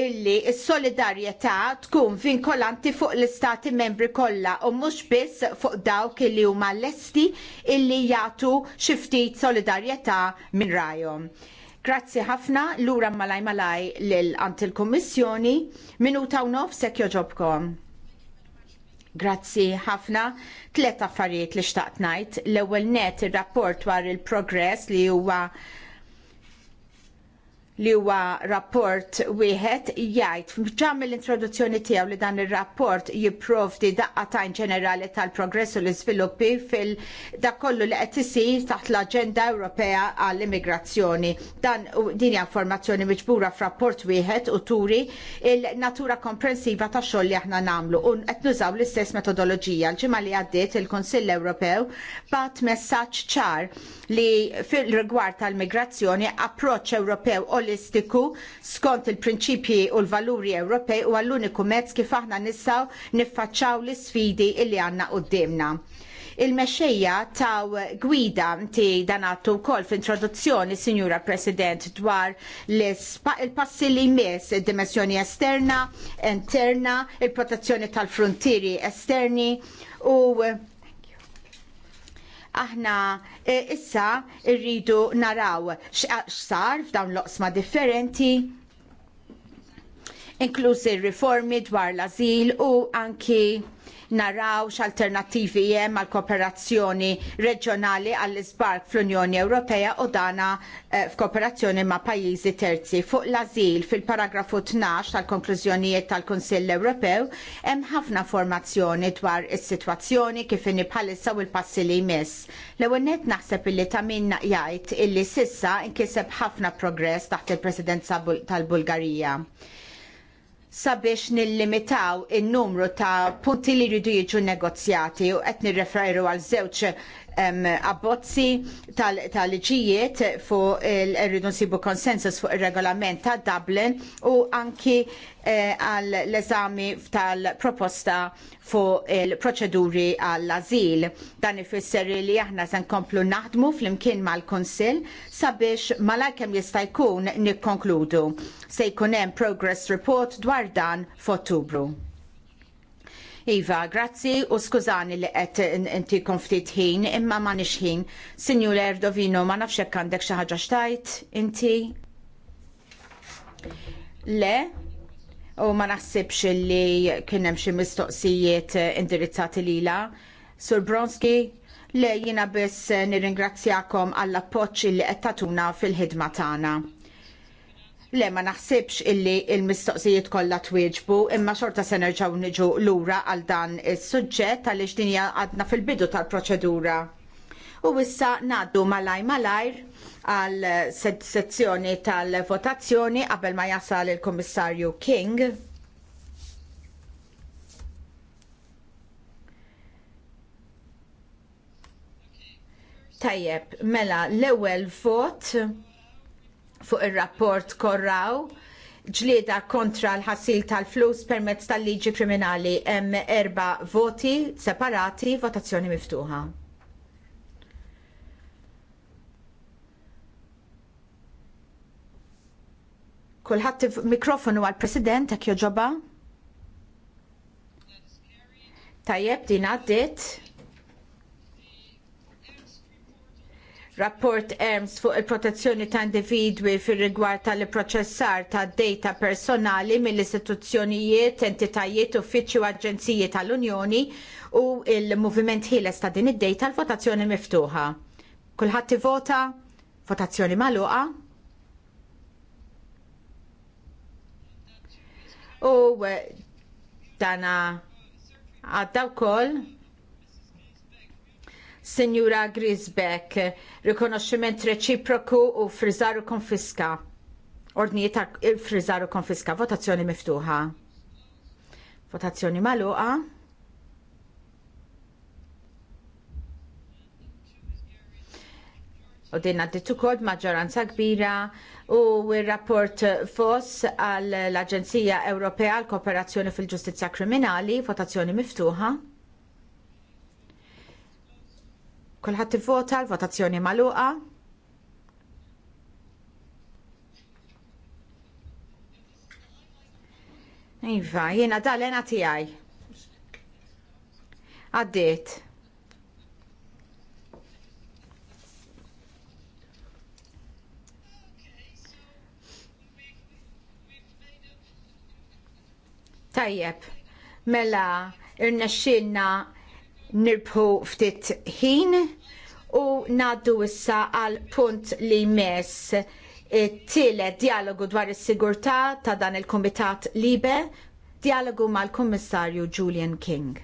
illi s-solidarjetà tkun vinkolanti fuq l-istati membri kollha u mhux biss fuq dawk illi huma lesti illi jagħtu xi ftit solidarjetà minn rajhom. Grazzi ħafna lura malaj malaj lil ant il-Kummissjoni minuta u nof sek joġobkom. Grazzi ħafna. Tlet affarijiet li xtaqt ngħid. L-ewwel net ir-rapport dwar il-progress li huwa li huwa rapport wieħed jgħid ġa mill-introduzzjoni tiegħu li dan ir-rapport jipprovdi daqqa ta' ġenerali tal-progress u l-iżviluppi fil da kollu li qed isir taħt l-Aġenda Ewropea għall-Immigrazzjoni. Dan din hija informazzjoni miġbura f'rapport wieħed u turi il-natura komprensiva tax xogħol li aħna nagħmlu u qed nużaw l-istess metodoloġija. L-ġimgħa li għaddiet il-Kunsill Ewropew bat messaġġ ċar li fil-rigward tal-migrazzjoni approċċ Ewropew olistiku skont il-prinċipji u l-valuri Ewropej huwa l-uniku mezz kif aħna nistgħu niffaċċaw l isfidi li għandna qudiemna. Il-mexxejja taw gwida ti danatu wkoll f'introduzzjoni, Sinjura President, dwar il-passi li jmiss id-dimensjoni esterna, interna, il-protezzjoni tal-frontieri esterni u aħna e, issa rridu naraw x'sar f'dawn l-oqsma differenti inkluż riformi dwar l-azil u anki naraw x'alternattivi hemm għal kooperazzjoni reġjonali għall isbark fl-Unjoni Ewropea u dana eh, f'kooperazzjoni ma' pajjiżi terzi. Fuq l-azil fil-paragrafu 12 tal-konklużjonijiet tal-Kunsill Ewropew hemm ħafna formazzjoni dwar is-sitwazzjoni kif inni bħalissa u l-passi li jmiss. L-ewwel net naħseb illi ta' min jgħid illi sissa inkiseb ħafna progress taħt il-Presidenza tal-Bulgarija. tal bulgarija sabiex nillimitaw in numru ta' punti li jridu jiġu negozjati u qed nirreferu għal żewġ abbozzi tal-liġijiet fuq il-rridu nsibu konsensus fuq il-regolament ta' Dublin u anki eh, għall-eżami tal-proposta fuq il-proċeduri għall-azil. Dan ifisser li aħna se nkomplu naħdmu flimkien mal-Kunsill sabiex mal-kemm jista' jkun nikkonkludu. Se jkun hemm progress report dwar dan f'Ottubru. Iva, grazzi u skużani li qed inti ftit ħin, imma ma ħin. Sinjur Erdovino, ma nafx hekk għandek xi ħaġa xtajt inti? Le, u ma naħsibx li kien hemm xi mistoqsijiet indirizzati lilha. Sur Bronski, le jiena biss nirringrazzjakom għall-appoġġ li qed tagħtuna fil-ħidma tagħna. Le, ma naħsibx illi il-mistoqsijiet kollha twieġbu, imma xorta se nerġgħu niġu lura għal dan is-suġġett għaliex din hija għadna fil-bidu tal-proċedura. U issa ngħaddu malaj malajr għal sezzjoni tal-votazzjoni qabel ma jasal il-Kummissarju King. Tajjeb, mela l-ewwel vot fuq ir rapport korraw ġlieda kontra l-ħassil tal-flus permezz tal-liġi kriminali hemm erba voti separati votazzjoni miftuħa. Kulħadd mikrofonu għall president hekk joġoba. Tajjeb din għaddiet. rapport ERMS fuq il-protezzjoni ta' individwi fir rigward tal-proċessar ta' data personali mill-istituzzjonijiet, entitajiet, uffiċċju u aġenziji tal-Unjoni u l moviment ħieles ta' din id-data l-votazzjoni miftuħa. Kulħadd ivota, votazzjoni magħluqa. U eh, dana għadda wkoll Sinjura Grisbeck, rikonoxximent reċiproku u frizzaru konfiska. Ordnijiet ta' eh, frizzaru konfiska, votazzjoni miftuħa. Votazzjoni maluqa. u din għaddit ukoll maġġoranza kbira u r-rapport fos għall aġenzija Ewropea għall kooperazzjoni fil-Ġustizzja Kriminali, votazzjoni miftuħa. t-vota l-votazzjoni magħluqa. Iva, jiena dal-ena tijaj. Għaddit. Tajjeb, mela irnexxilna nirbħu ftit ħin u naddu issa għal punt li mess it-tielet eh, dialogu dwar is-sigurtà ta' dan il-Kumitat Libe, dialogu mal-Kummissarju Julian King.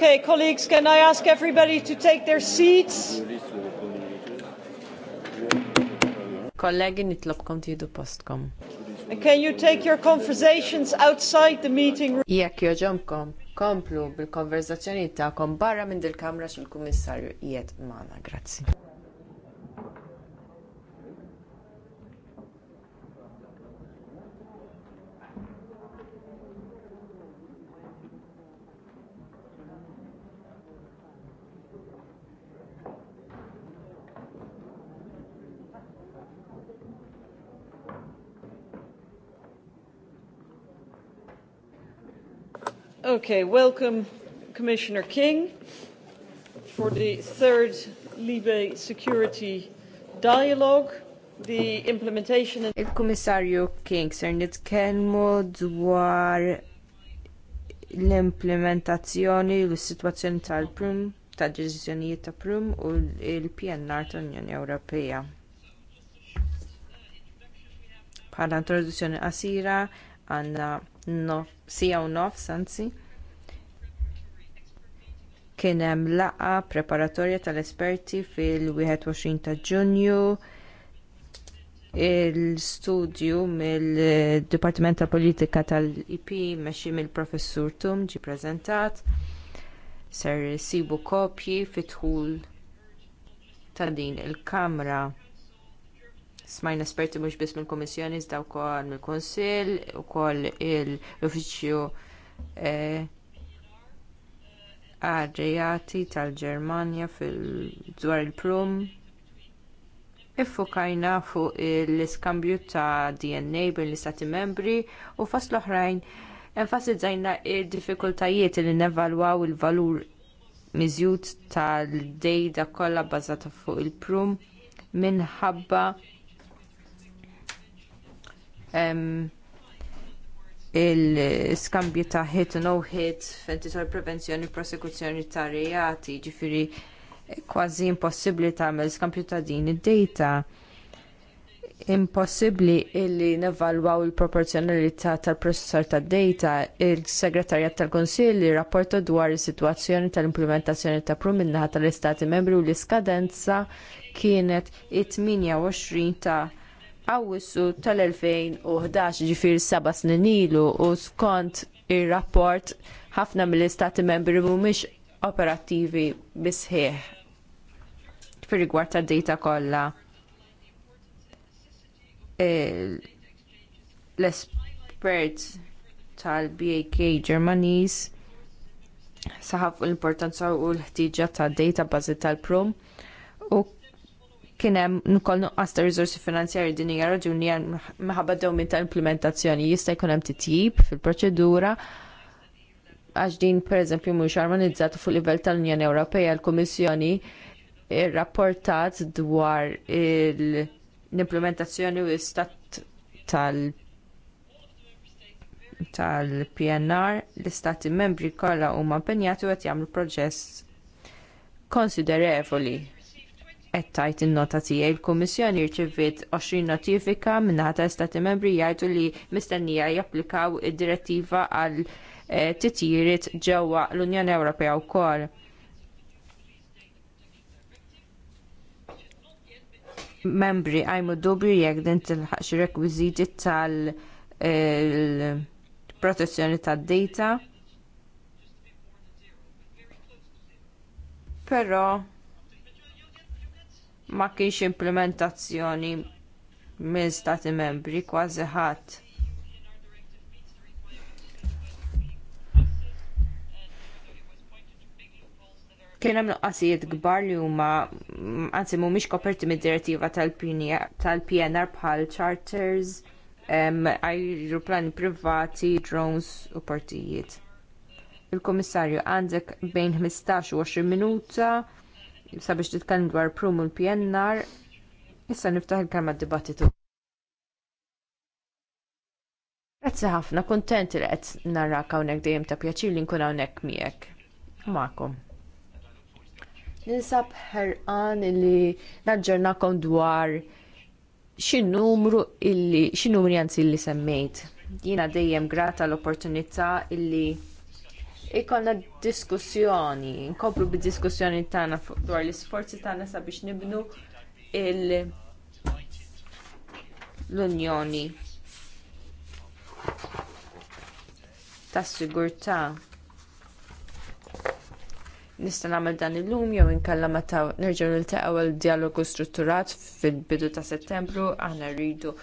Okay, colleagues, can I ask everybody to take their seats? Kollegi nitlobkom tidu postkom. And can you take your conversations outside the meeting room? Jekk joġomkom, komplu bil-konverzazzjoni ta' kom barra minn dil-kamra xil-kummissarju jiet mana, grazzi. Okay, welcome Commissioner King for the third Libe Security Dialogue. The implementation of Il-Kummissarju King ser nitkellmu dwar l-implementazzjoni u l sitwazzjoni tal-Prum ta' deċiżjonijiet ta' Prum u l-PNR tal-Unjoni Ewropea. Bħala introduzzjoni qasira għandna no, sija u nof, sanzi kien hemm laqgħa preparatorja tal-esperti fil-21 ta' Ġunju il-studju mill-Dipartiment tal Politika tal-IP mexxi mill-Professur Tum ġie ppreżentat ser sibu kopji fitħul ta' din il-Kamra smajna esperti mhux biss mill kummissjoni iżda wkoll mill-Kunsill ukoll l-Uffiċċju eh, għarġejati tal-Ġermanja dwar il-prum. Iffokajna fuq l-iskambju ta' DNA l istati membri u fost l-oħrajn enfasizzajna il-diffikultajiet li nevalwaw il-valur miżjud tal-dejda kollha bbażata fuq il-prum minħabba il-skambju ta' hit u no hit fentitor prevenzjoni prosekuzzjoni ta' reati ġifiri kważi impossibbli tagħmel skambju ta' din id-data impossibbli illi nevalwaw il-proporzjonalità tal processor tad data il-segretarjat tal-Konsilli rapporta dwar is-sitwazzjoni tal-implementazzjoni ta' pruminnaħa tal-Istati membri u l-iskadenza kienet it-28 ta' Awwissu tal-2011 ġifir seba snin ilu u skont ir rapport ħafna mill-istati membri mhumiex operattivi bisħieħ fir rigward tad dejta kollha. L-espert tal-BAK Ġermaniż saħaf l-importanza u l-ħtiġa tad data bażi tal-prum u kien hemm nuqqas ta' rizorsi finanzjarji din hija raġuni minħabba dewmin ta' implementazzjoni jista' jkun hemm titjib fil-proċedura għax din pereżempju mhux armonizzata fuq livell tal-Unjoni Ewropea l-Kummissjoni rrapportat dwar l-implementazzjoni u l-istat tal- tal-PNR, l-istati membri kollha huma impenjati u qed jagħmlu proċess konsiderevoli qed tajt in-nota tiegħi l-Kummissjoni rċeviet 20 notifika minnaħa Stati Membri jgħidu li mistennija japplikaw id-direttiva għal eh, titjiriet ġewwa l-Unjoni Ewropea wkoll. Membri għajmu dubju jekk din tilħaq xi rekwiżiti tal-protezzjoni eh, tad-data. Però ma kienx implementazzjoni minn stati membri kważi ħadd. Kien hemm nuqqasijiet kbar li huma anzi mhumiex koperti mid-direttiva tal-PNR bħal charters, ajruplani privati, drones u partijiet. il kummissarju għandek bejn 15 u 20 minuta sabiex titkellem dwar prum u l-PNR, issa niftaħ il-kelma dibattitu Grazzi ħafna, kontent li qed narra hawnhekk dejjem ta' pjaċir li nkun hawnhekk miegħek. Makom. Ninsab ħerqan li naġġornakom dwar x'innumru numru illi anzi li semmejt. Jiena dejjem grata l-opportunità illi ikolna diskussjoni, nkopru bid-diskussjoni tagħna dwar l-isforzi tagħna sabiex nibnu l-Unjoni tas-sigurtà. Nista' nagħmel dan illum jew inkella meta nerġgħu niltaqgħu għal dialogu strutturat fil-bidu ta' Settembru aħna rridu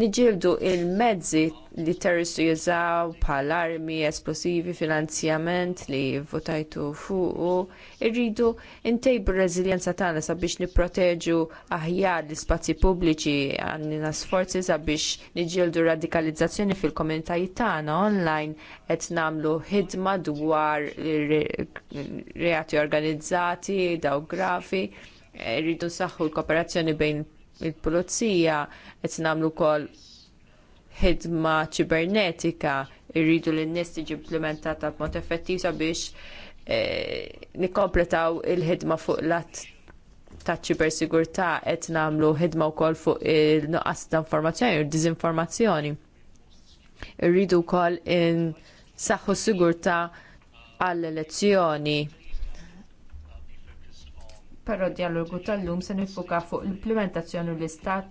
niġildu il-mezzi li terroristu jużaw bħal armi, esplosivi, finanzjament li votajtu fuqu, irridu ntejbu r-reżiljenza tagħna sabiex nipproteġu aħjar l-ispazji pubbliċi għandna sforzi sabiex niġildu radikalizzazzjoni fil-komunitajiet tagħna online qed nagħmlu ħidma dwar reati organizzati, daw grafi rridu saħħu l-kooperazzjoni bejn il-pulizija qed nagħmlu wkoll ħidma ċibernetika irridu li n-nies tiġi implementata b'mod effettiv sabiex eh, nikkompletaw il-ħidma fuq l-att ta' ċibersigurtà qed nagħmlu ħidma wkoll fuq il-nuqqas ta' informazzjoni u diżinformazzjoni. Irridu wkoll in saħħu sigurtà għall-elezzjoni però d dialogu tal-lum se nifuka fuq l-implementazzjoni u l-istat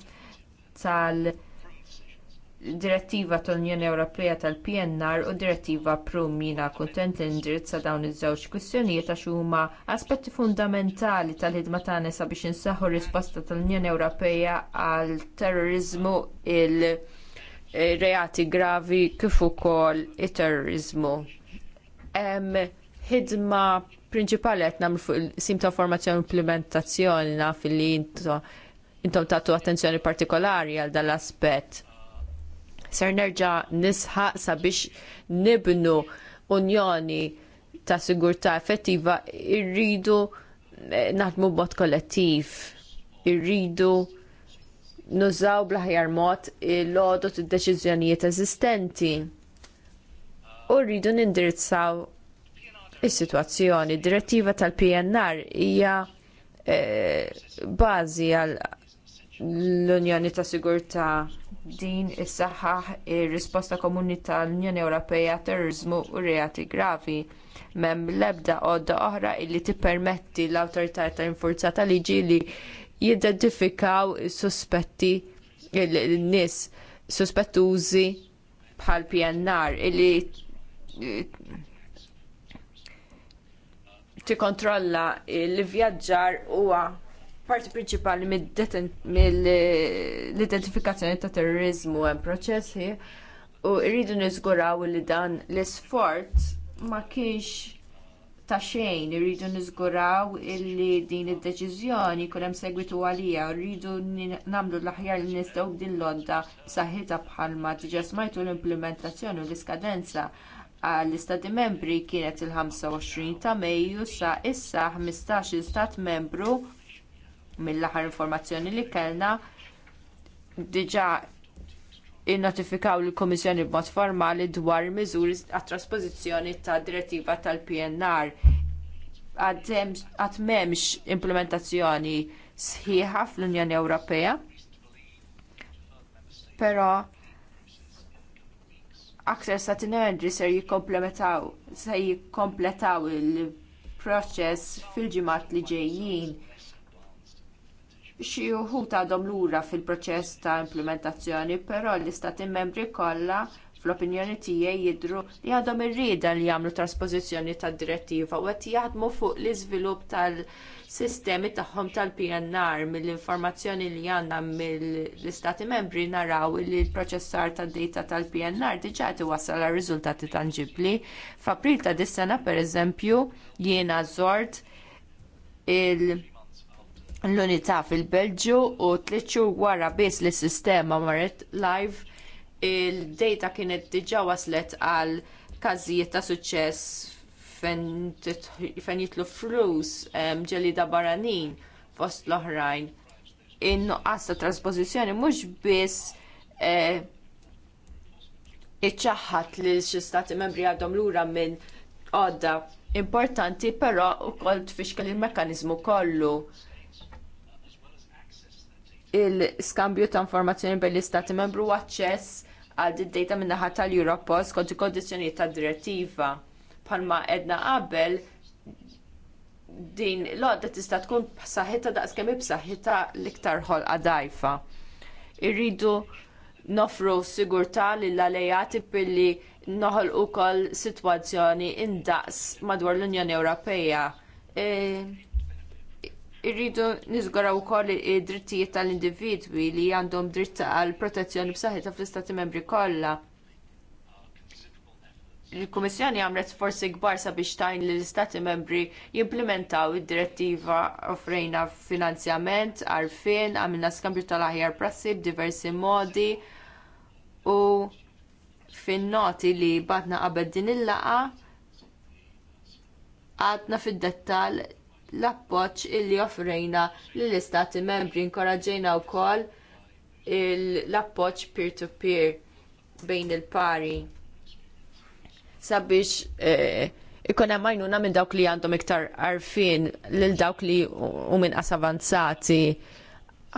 tal-direttiva tal-Unjoni Ewropea tal-PNR u direttiva Prum jina kuntent li indirizza dawn iż-żewġ kwistjonijiet għax huma aspetti fundamentali tal-ħidma tagħna sabiex insaħħu r risposta tal-Unjoni Ewropea għal terrorizmu il reati gravi kif ukoll it-terrorizmu. Hemm ħidma prinċipali qed nagħmlu formazzjoni u implementazzjoni fil li intom tagħtu attenzjoni partikolari għal dan l-aspett. Ser nerġa' nisħaq sabiex nibnu unjoni ta' sigurtà effettiva irridu eh, naħdmu b'mod kollettiv, irridu nużaw bl-aħjar mod il-lodot id-deċiżjonijiet eżistenti u rridu nindirizzaw is-sitwazzjoni. Direttiva tal-PNR hija eh, bażi għal l-Unjoni ta' Sigurtà din is-saħħaħ ir-risposta komuni tal-Unjoni Ewropea terrorizmu u reati gravi. Mem l-ebda għodda oħra illi tippermetti l-awtorità ta' infurzata li liġi li jidentifikaw sospetti n-nies sospettużi bħal PNR illi eh, tikkontrolla l-vjaġġar huwa parti prinċipali mill-identifikazzjoni ta' terrorizmu hemm proċessi u rridu niżguraw li dan l-isfort ma kienx ta' xejn irridu niżguraw illi din id-deċiżjoni jkun hemm segwitu għalija u rridu nagħmlu l-aħjar li nistgħu din l-onda saħħitha bħalma diġà smajtu l-implementazzjoni u l-iskadenza għall-istati membri kienet il-25 ta' Mejju sa issa 15 stat membru mill-aħħar informazzjoni li kellna diġà innotifikaw lill kummissjoni b'mod formali dwar miżuri għat-trasposizzjoni tad direttiva tal-PNR għad m'hemmx implementazzjoni sħiħa fl-Unjoni Ewropea. Però aktar stati membri ser jikkomplementaw se jikkompletaw il-proċess fil-ġimgħat li ġejjin. Xi wħud għadhom lura fil-proċess ta' implementazzjoni, però l-istati membri kollha fl-opinjoni tiegħi jidhru li għadhom irrieda li jagħmlu trasposizzjoni tad direttiva u qed jaħdmu fuq l-iżvilupp tal- sistemi tagħhom tal-PNR mill-informazzjoni li għandna mill-Istati membri naraw li l-proċessar tad data tal-PNR diġà tiwassal għal riżultati tanġibbli. F'April ta' dis-sena pereżempju jiena żort l-unità fil-Belġju u tliet xhur wara biss li s-sistema marret live il-data kienet diġà waslet għal każijiet ta' suċċess fejn jitlu flus da barranin fost l-oħrajn. In-nuqqas ta' trasposizjoni mhux biss e, iċċaħħat li xi stati membri għadhom lura minn għodda importanti, però wkoll tfixkel il-mekkaniżmu kollu il-skambju ta' informazzjoni bejn l-istati membru u aċċess għal id-data min-naħa tal europos kont il-kondizzjonijiet tad direttiva palma edna qabel din l għadda tista' tkun b'saħħitha daqskemm b'saħħitha l-iktar ħolqa dajfa. Irridu nofru sigurtà lill allejati billi noħol wkoll sitwazzjoni indaqs madwar l-Unjoni Ewropea. E irridu nizgora wkoll id-drittijiet tal-individwi li għandhom dritt għal protezzjoni b'saħħitha fl-istati membri kollha il-Kummissjoni għamlet forsi kbar sabiex tajn li l-Istati membri jimplementaw id-direttiva offrejna finanzjament, għarfien, għamilna skambju tal-aħjar prassi b'diversi modi u fin-noti li batna qabel din il laqgħa għadna fid-dettal l-appoġġ illi offrejna lill istati membri inkoraġġejna wkoll l-appoġġ peer-to-peer bejn il-pari sabiex eh, majnuna hemm għajnuna minn dawk li għandhom iktar arfin lil dawk li u minn qas avanzati.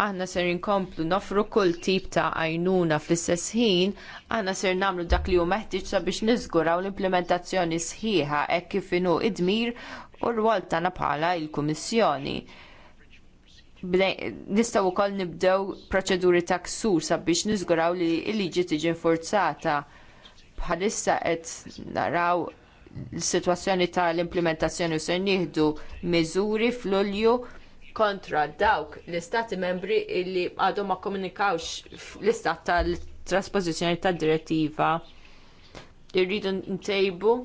Aħna ser inkomplu nofru kull tip ta' għajnuna fl-istess ħin, aħna ser namlu dak li hu meħtieġ sabiex niżguraw l-implementazzjoni sħiħa hekk kif inhu id-dmir u r-rwol tagħna bħala il-Kummissjoni. Nistgħu wkoll nibdew proċeduri ta' ksur sabiex niżguraw li l-liġi tiġi infurzata. forzata bħalissa qed naraw l-sitwazzjoni tal-implementazzjoni u se nieħdu miżuri f'Lulju kontra dawk l-istati membri li għadhom ma komunikawx l-istat tal-trasposizjoni tad direttiva irridu ntejbu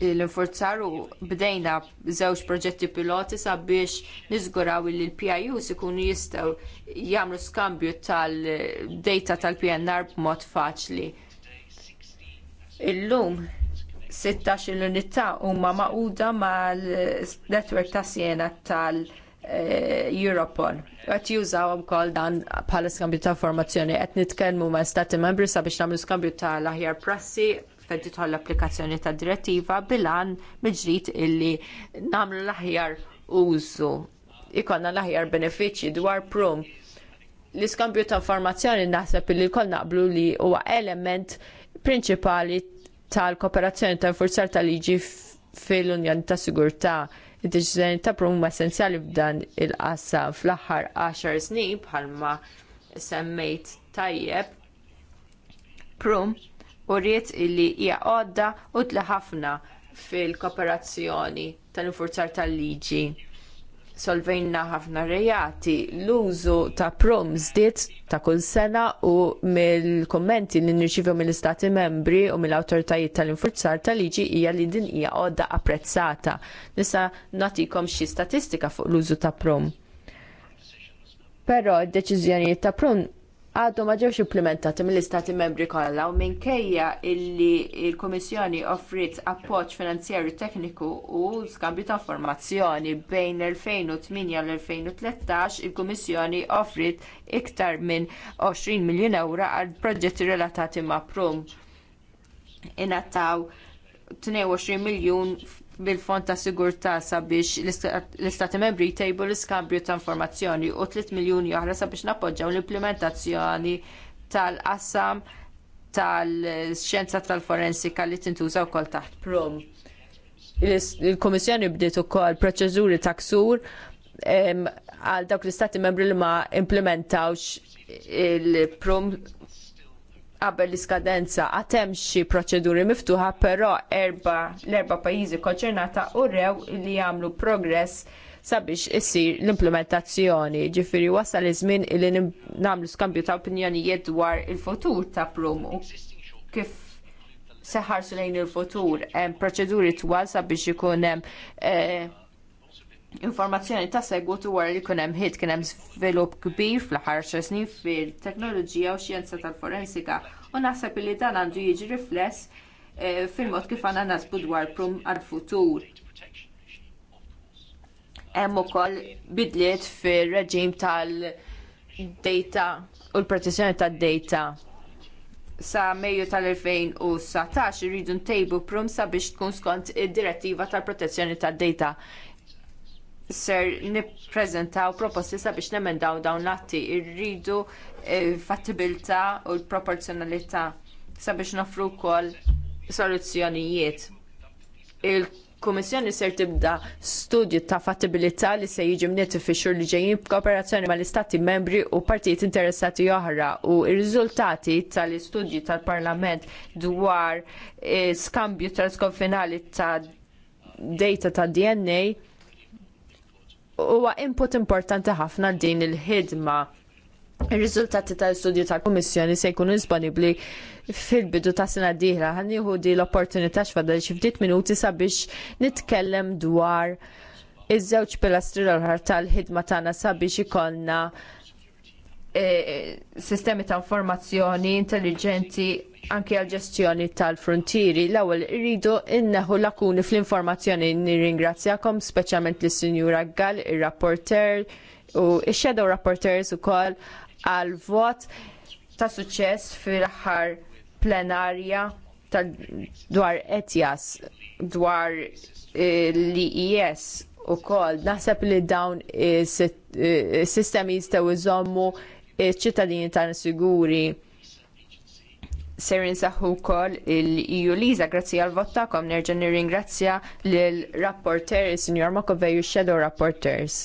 l-infurzar u bdejna żewġ proġetti piloti sabiex niżguraw li l-PIUs ikunu jistgħu jagħmlu skambju tal-data tal-PNR b'mod faċli. Illum 16 l-unità huma maquda mal-netwerk ta' Siena tal-Europol. Qed jużaw ukoll dan bħala skambju ta' informazzjoni qed nitkellmu ma' stati membri sabiex nagħmlu skambju tal-aħjar prassi feddi tħol l-applikazzjoni tad direttiva bilan miġrid illi nagħmlu l-aħjar użu. Ikonna l-aħjar benefiċċji dwar prum l-iskambju ta' informazzjoni naħseb li kol naqblu li huwa element prinċipali tal-kooperazzjoni ta' forzar tal-liġi fil-Unjoni ta' Sigurtà. Id-deċiżjoni ta' prum essenzjali f'dan il-qassa fl-aħħar 10 snin bħalma semmejt tajjeb. Prum u rrit illi hija għodda u ħafna fil-kooperazzjoni tal-infurzar tal-liġi. Solvejna ħafna rejati l-użu ta' proms zdiet ta' kull sena u mill-kommenti li nirċivju mill-istati membri u mill-autoritajiet tal-infurzar tal-liġi hija li din hija għodda apprezzata. Nisa natikom xi statistika fuq l-użu ta' prom. Però d-deċiżjonijiet ta' prom Għadu ma ġewx mill-istati membri kollha u minkejja illi l-Kummissjoni offrit appoġġ finanzjarju tekniku u skambju ta' formazzjoni bejn l-2008 l-2013 il-Kummissjoni offrit iktar minn 20 miljun ewra għal proġetti relatati ma' prum. Inattaw 22 miljun bil-fond ta' sigurtà sabiex l-Istati membri jtejbu l-iskambju ta' informazzjoni u 3 miljuni oħra sabiex nappoġġaw l-implementazzjoni tal-qassam tal-xjenza tal-forensika li tintuża wkoll taħt prom. Il-Komissjoni bdiet ukoll proċeduri ta' ksur għal dawk l-Istati membri li ma implementawx il-prom qabel l-iskadenza għatem xi proċeduri miftuħa, però l-erba pajjiżi konċernata u rew li jagħmlu progress sabiex issir l-implementazzjoni. Ġifieri wasal iż-żmien li nagħmlu skambju ta' opinjonijiet dwar il-futur ta' promu. Kif seħarsu lejn il-futur, hemm proċeduri twal sabiex ikun hemm eh, informazzjoni ta' segwitu dwar li kien hemm ħid kien hemm żvilupp kbir fl-aħħar xar snin fil-teknoloġija u xjenza tal-forensika u naħseb li dan għandu jiġi rifless eh, fil-mod kif għandna nasbu dwar prum għal-futur. Hemm ukoll bidliet fir-reġim tal-data u l-protezzjoni tad-data sa Mejju tal-2019 irridu ntejbu prum sabiex tkun skont id-direttiva tal-protezzjoni tad-data ser nippreżentaw proposti sabiex nemendaw dawn l-atti irridu eh, fattibilità u l-proporzjonalità sabiex nofru wkoll soluzzjonijiet. Il-Kummissjoni ser tibda studju ta' fattibilità li se jiġi mnieti fix xhur li ġejjin b'kooperazzjoni mal-istati membri u partijiet interessati oħra u r-riżultati tal-istudju tal-Parlament dwar eh, skambju transkonfinali ta' data ta' DNA huwa input importanti ħafna din il-ħidma. Ir-riżultati tal-studju tal-Kummissjoni se jkunu disponibbli fil-bidu ta' sena d-dieħla. Ħannieħu di l-opportunità x'fadal xi ftit minuti sabiex nitkellem dwar iż-żewġ pilastri l-oħra tal-ħidma tagħna sabiex ikollna eh, sistemi ta' informazzjoni intelligenti anke għal ġestjoni tal-frontieri l-ewwel iridu inneħu lakuni fl-informazzjoni nirringrazzjakom speċjalment lis sinjura Gall, ir-rapporter u ix shadow rapporters ukoll għal vot ta' suċċess fil-aħħar plenarja dwar ETIAS dwar eh, l-IES e ukoll naħseb li dawn is-sistemi eh, jistgħu iżommu ċ ċittadini tagħna siguri ser insaħħu wkoll il-EU Liza grazzi għal vot tagħkom nerġa' nirringrazzja lill rapporter is-Sinjor Makovej u shadow rapporters.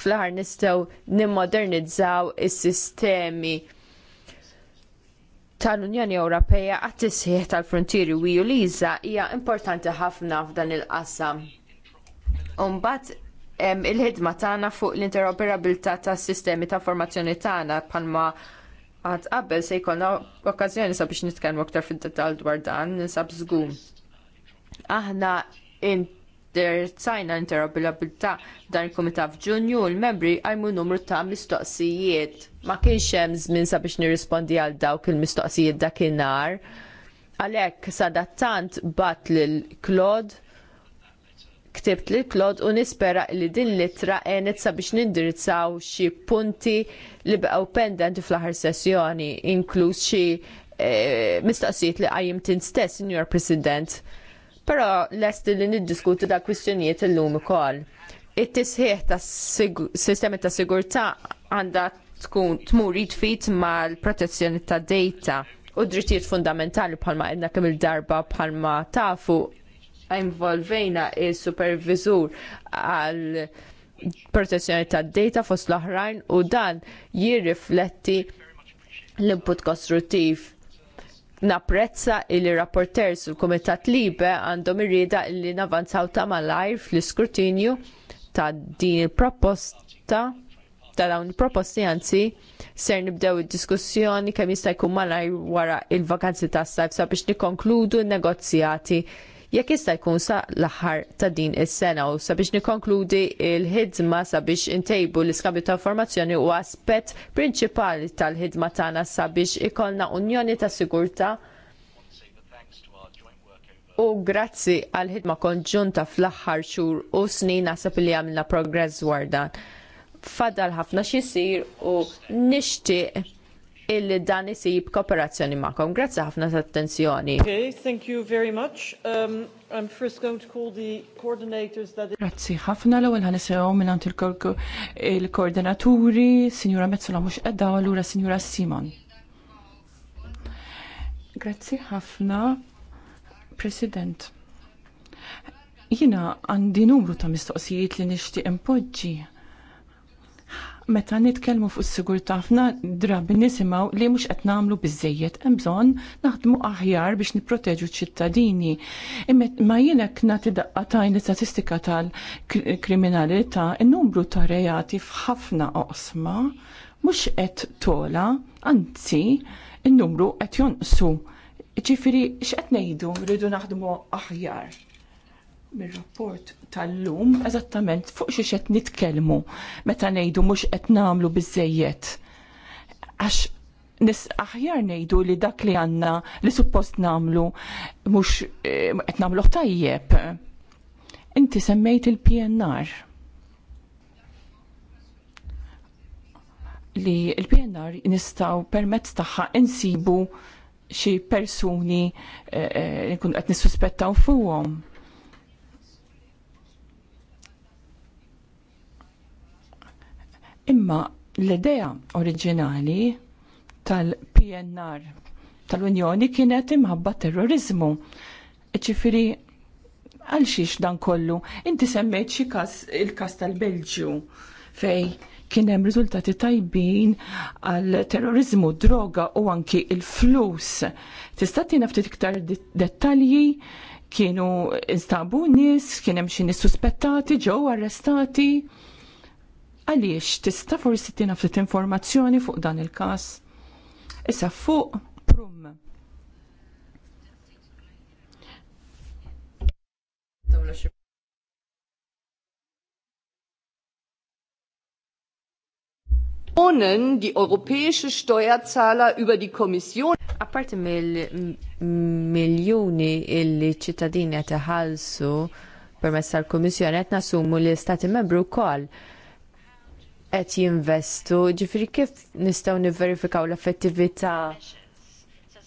Fl-aħħar nistgħu nimmodernizzaw is-sistemi tal-Unjoni Ewropea għat tisħiħ tal-frontieri u EU Liza hija importanti ħafna f'dan il-qasam. Umbat il-ħidma tagħna fuq l-interoperabilità tas-sistemi ta' formazzjoni tagħna bħalma għad qabel se jkollna okkażjoni sabiex nitkellmu aktar fid-dettall dwar dan, nisab żgur. Aħna interzajna interoperabilità dan il-Kumitat f'Ġunju u l-membri għajmu numru ta' mistoqsijiet. Ma kienx hemm żmien sabiex nirrispondi għal dawk il-mistoqsijiet dakinhar. Għalhekk tant bat lil Claude ktibt li plod u nispera li din l-ittra għenet sabiex nindirizzaw xi punti li bqgħu pendenti fl-aħħar sessjoni, inkluż xi eh, mistoqsijiet li qajjim tin stess, Signor President. Però lest li niddiskuti da' kwistjonijiet illum ukoll. It-tisħiħ tas sistemi ta' sigurtà għandha tkun tmur jitfit mal-protezzjoni ta' data u drittijiet fundamentali bħalma għedna kemm il-darba bħalma tafu involvejna il-supervizur għal protezzjoni tad data fost l-oħrajn u dan jirrifletti l-input kostruttiv. Napprezza il rapporter u l-Kumitat Libe għandhom irrida li navanzaw ta' malajr fl-iskrutinju ta' din il-proposta ta' dawn il-proposti anzi ser nibdew id-diskussjoni kemm jista' jkun malajr wara il-vakanzi tas sajf sabiex nikkonkludu n-negozjati jekk jista' jkun sa l-aħħar ta' din is-sena u sabiex nikkonkludi l-ħidma sabiex intejbu l-iskambju ta' informazzjoni u aspett prinċipali tal-ħidma tagħna sabiex ikollna unjoni ta' sigurtà u grazzi għal ħidma konġunta fl-aħħar xhur u snin naħseb li għamilna progress dwar dan. Fadal ħafna xisir u nixtieq illi dan isib kooperazzjoni magħkom. Grazzi ħafna tal-attenzjoni. Okay, thank you very much. Um, I'm first going to call the coordinators that Grazzi ħafna l-ewwel ħanisew mingħand il-koordinaturi, Sinjura Mezzola mhux qedda u allura Sinjura Simon. Grazzi ħafna, President. Jina għandi numru ta' mistoqsijiet li nixtieq impoġġi meta nitkellmu fuq is-sigurtà ħafna drabi nisimgħu li mhux qed nagħmlu biżejjed hemm bżonn naħdmu aħjar biex nipproteġu ċ-ċittadini. Imma jienek nagħti tajn l-istatistika tal-kriminalità, in-numru ta' reati f'ħafna oqsma mhux qed tola, anzi, in-numru qed jonqsu. Ġifieri x'qed ngħidu rridu naħdmu aħjar mir-rapport tal-lum eżattament fuq xi qed nitkellmu meta ngħidu mhux qed nagħmlu biżejjed. Għax nis aħjar ngħidu li dak li għandna li suppost nagħmlu mhux eh, qed nagħmlu tajjeb. Inti semmejt il-PNR. Li l pnr nistgħu permezz tagħha insibu xi persuni eh, eh, nkun qed nissuspettaw fuqhom Imma l-idea oriġinali tal-PNR tal-Unjoni kienet imħabba terrorizmu. Ċifiri, għal dan kollu, inti semmejt xi kas il-kas tal-Belġju fej kien hemm riżultati tajbin għal terrorizmu, droga u anki il-flus. Tista' tina ftit iktar dettalji kienu instabu nies, kien hemm xi nis suspettati, ġew arrestati. Għaliex tista' forsi tina ftit informazzjoni fuq dan il-każ. Issa fuq prum. Unen di europäische Steuerzahler über die Kommission. Apparti mill-miljoni illi ċittadini qed iħallsu permessa tal-Kummissjoni qed nasumu li Stati Membru wkoll qed jinvestu, ġifieri kif nistgħu nivverifikaw l-effettività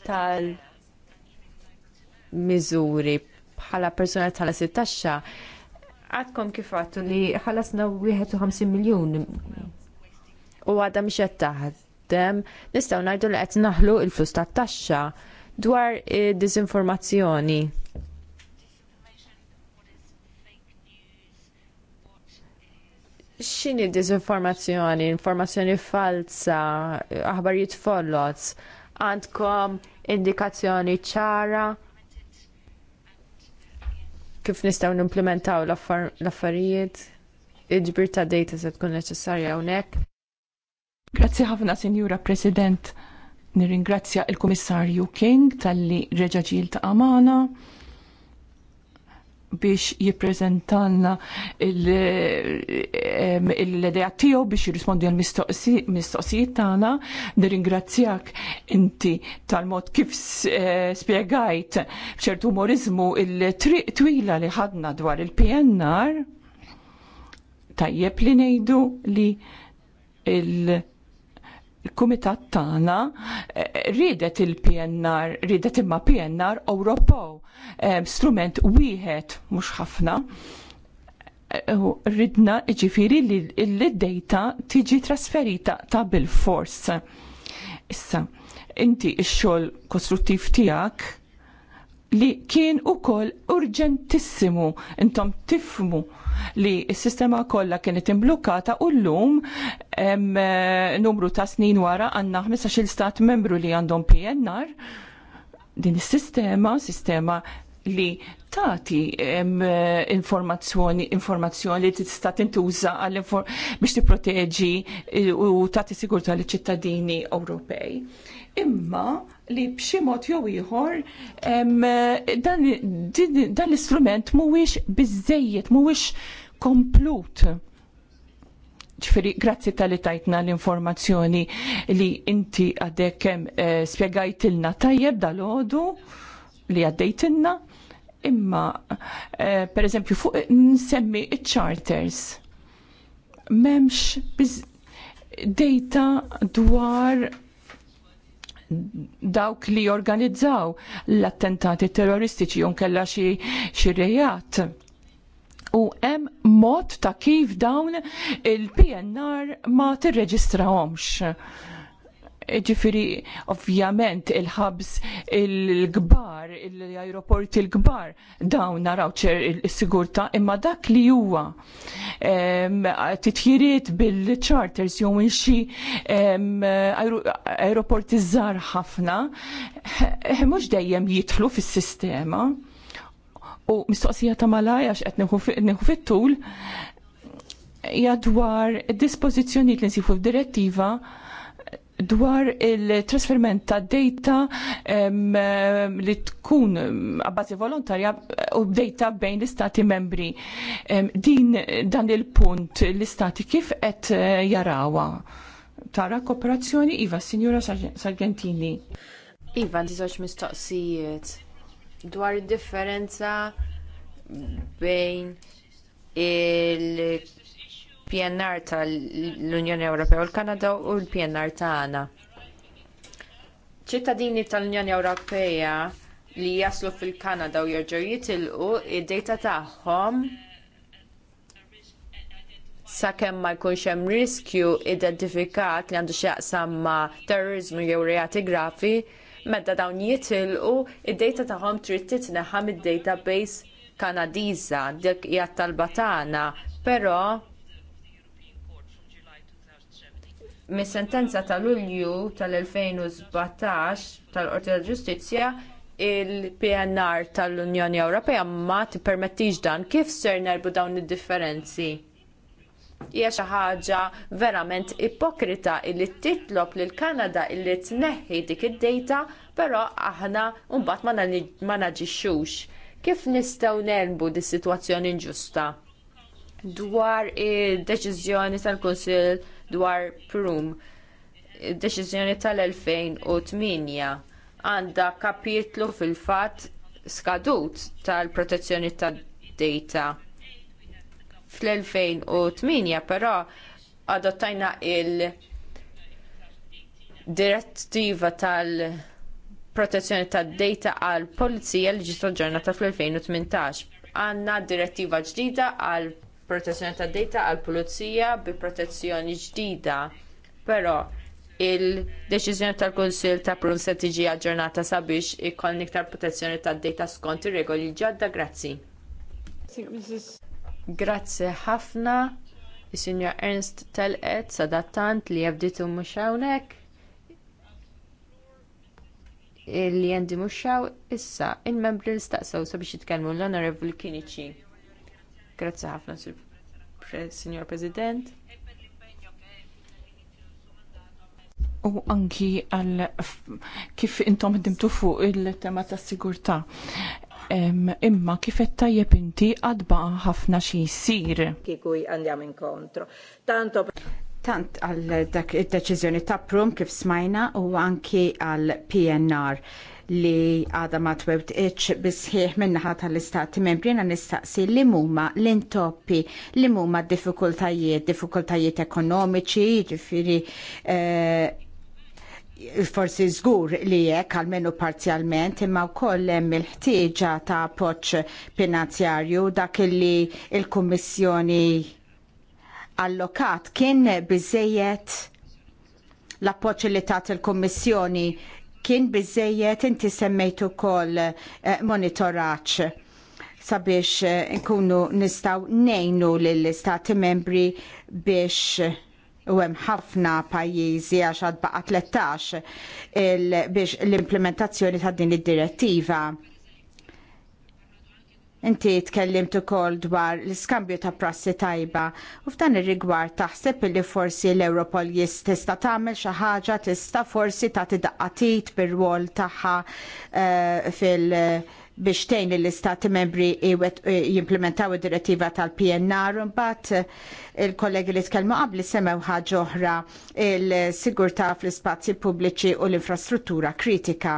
tal-miżuri bħala persuna tal-assit taxxa għadkom kif għattu li ħalasna 51 miljon u għadha mhix qed taħdem, nistgħu ngħidu li qed naħlu l-flus tat-taxxa dwar id-diżinformazzjoni. xini dizinformazzjoni, informazzjoni falsa, aħbarijiet follots, għandkom indikazzjoni ċara kif nistaw nimplementaw l-affarijiet, iġbir ta' data se tkun neċessarja hawnhekk. Grazzi ħafna, Sinjura President. Nirringrazzja il-Kummissarju King tal-li reġaġil ta' amana biex jiprezentanna l-idea tiegħu biex jirrispondi għal mistoqsijiet tagħna. Nirringrazzjak inti tal-mod kif eh, spjegajt b'ċertu umorizmu il-triq twila li ħadna dwar il-PNR tajjeb li ngħidu li il- il-Kumitat tagħna eh, eh, ridet il-PNR, ridet imma PNR Ewropew, strument wieħed mhux ħafna. Eh, ridna ġifiri li l-data tiġi trasferita ta' bil-fors. Issa, inti x-xogħol kostruttiv tiegħek li kien ukoll urġentissimu intom tifmu li s-sistema kollha kienet imblukkata u llum eh, numru ta' snin wara għandna 15-il stat membru li għandhom PNR din is-sistema, sistema li tati eh, informazzjoni informazzjoni li tista' tintuża biex tipproteġi eh, u tagħti sigurtà liċ ċittadini Ewropej. Imma li b'xi mod jew ieħor dan l-istrument mhuwiex biżejjed, mhuwiex komplut. Ġifieri, grazzi tal-li tajtna l-informazzjoni li inti għadek eh, spjegajtilna tajjeb dal-ħodu li għaddejtilna, imma eh, pereżempju fuq nsemmi iċ-charters. Memx data dwar dawk li jorganizzaw l-attentati terroristiċi unkella xi xi rejat. U hemm mod ta' kif dawn il-PNR ma tirreġistrawhomx Ġifiri, ovvjament, il-ħabs il-gbar, l-aeroport il ħabs il gbar l aeroport il gbar dawn naraw ċer il-sigurta, imma dak li huwa titjiriet bil-charters jew minn xi aeroporti żgħar ħafna, eh, mhux dejjem jidħlu fis-sistema. U mistoqsija ta' malaja qed neħu fit-tul jadwar dispożizzjonijiet li nsifu f'direttiva direttiva dwar il-trasferment ta' data um, li tkun għabbażi volontarja u data bejn l-istati membri. Um, din dan il-punt l-istati kif qed eh, jarawa? Tara kooperazzjoni Iva, Signora Sargentini. Iva, tiżoċ mistoqsijiet dwar id differenza bejn il pnr tal-Unjoni Ewropea u l-Kanada u l-PNR tagħna. ċittadini tal-Unjoni Ewropea li jaslu fil-Kanada u jerġgħu jitilqu id-data tagħhom sakemm ma jkunx hemm riskju identifikat li għandu x'jaqsam ma' terrorizmu jew reati grafi, meta dawn jitilqu id-data tagħhom trid titneħħa mid-database Kanadiża dik hija talba tagħna, però mis-sentenza ta' Lulju tal-2017 tal-Qorti tal-Ġustizzja il-PNR tal-Unjoni Ewropea ma tippermettix dan kif ser nerbu dawn id-differenzi. Hija xi ħaġa verament ipokrita illi titlob lil Kanada illi tneħħi dik id-dejta però aħna mbagħad ma naġixxux. Kif nistgħu nelbu dis-sitwazzjoni inġusta? Dwar id-deċiżjoni tal-Kunsill dwar Prum. Deċiżjoni tal-2008 għandha kapitlu fil-fatt skadut tal-protezzjoni tad-data. Fl-2008 però adottajna il-direttiva tal- protezzjoni tad data għall pulizija li ġiet ġornata fl-2018. Għandna direttiva ġdida għall protezzjoni tad data għall pulizija bi protezzjoni ġdida. Però il-deċiżjoni tal-Kunsill ta' Prunse tiġi aġġornata sabiex ikollni iktar protezzjoni tad data skont ir-regoli ġodda. Grazzi. Grazzi ħafna. Is-Sinjor Ernst telqet sadattant li jabditu mhux hawnhekk. Li għandi mhux issa il-membri l-istaqsew sabiex jitkellmu l-Onorevoli Kinici. Grazie ħafna, Signor President. U anki għal kif intom id-dimtu fuq il-tema ta' sigurta. Imma kif etta tajjeb inti għadba ħafna xi jsir. Kikuj għandjam inkontro. Tanto tant għal dak id-deċiżjoni ta' prum kif smajna u anki għal PNR li għada ma twebt iċ bisħieħ minnaħat tal-istati membri na nistaqsi li muma l-intoppi, li mumma diffikultajiet, diffikultajiet ekonomiċi, ġifiri eh, forsi żgur li hekk għalmenu parzjalment imma wkoll hemm il-ħtieġa ta' appoġġ finanzjarju dak li l-Kummissjoni allokat kien biżejjed l-appoġġ li tat il-Kummissjoni kien biżejjed inti semmejtu ukoll eh, monitoraġġ sabiex eh, nkunu nistaw nejnu lill-istati membri biex u hemm ħafna pajjiżi għax għad baqa' 13 biex l-implementazzjoni ta' din id-direttiva. Inti tkellimt ukoll dwar l-iskambju ta' prassi tajba u f'dan ir-rigward taħseb li forsi l-Europol tista' tagħmel xi ħaġa tista' forsi tagħti daqqatit bir-rwol tagħha eh, fil- biex tgħin l-istati membri jimplementaw id-direttiva tal-PNR mbagħad eh, il-kollegi li tkellmu qabli semmew ħaġa oħra il-sigurtà fl-ispazji pubbliċi u l-infrastruttura kritika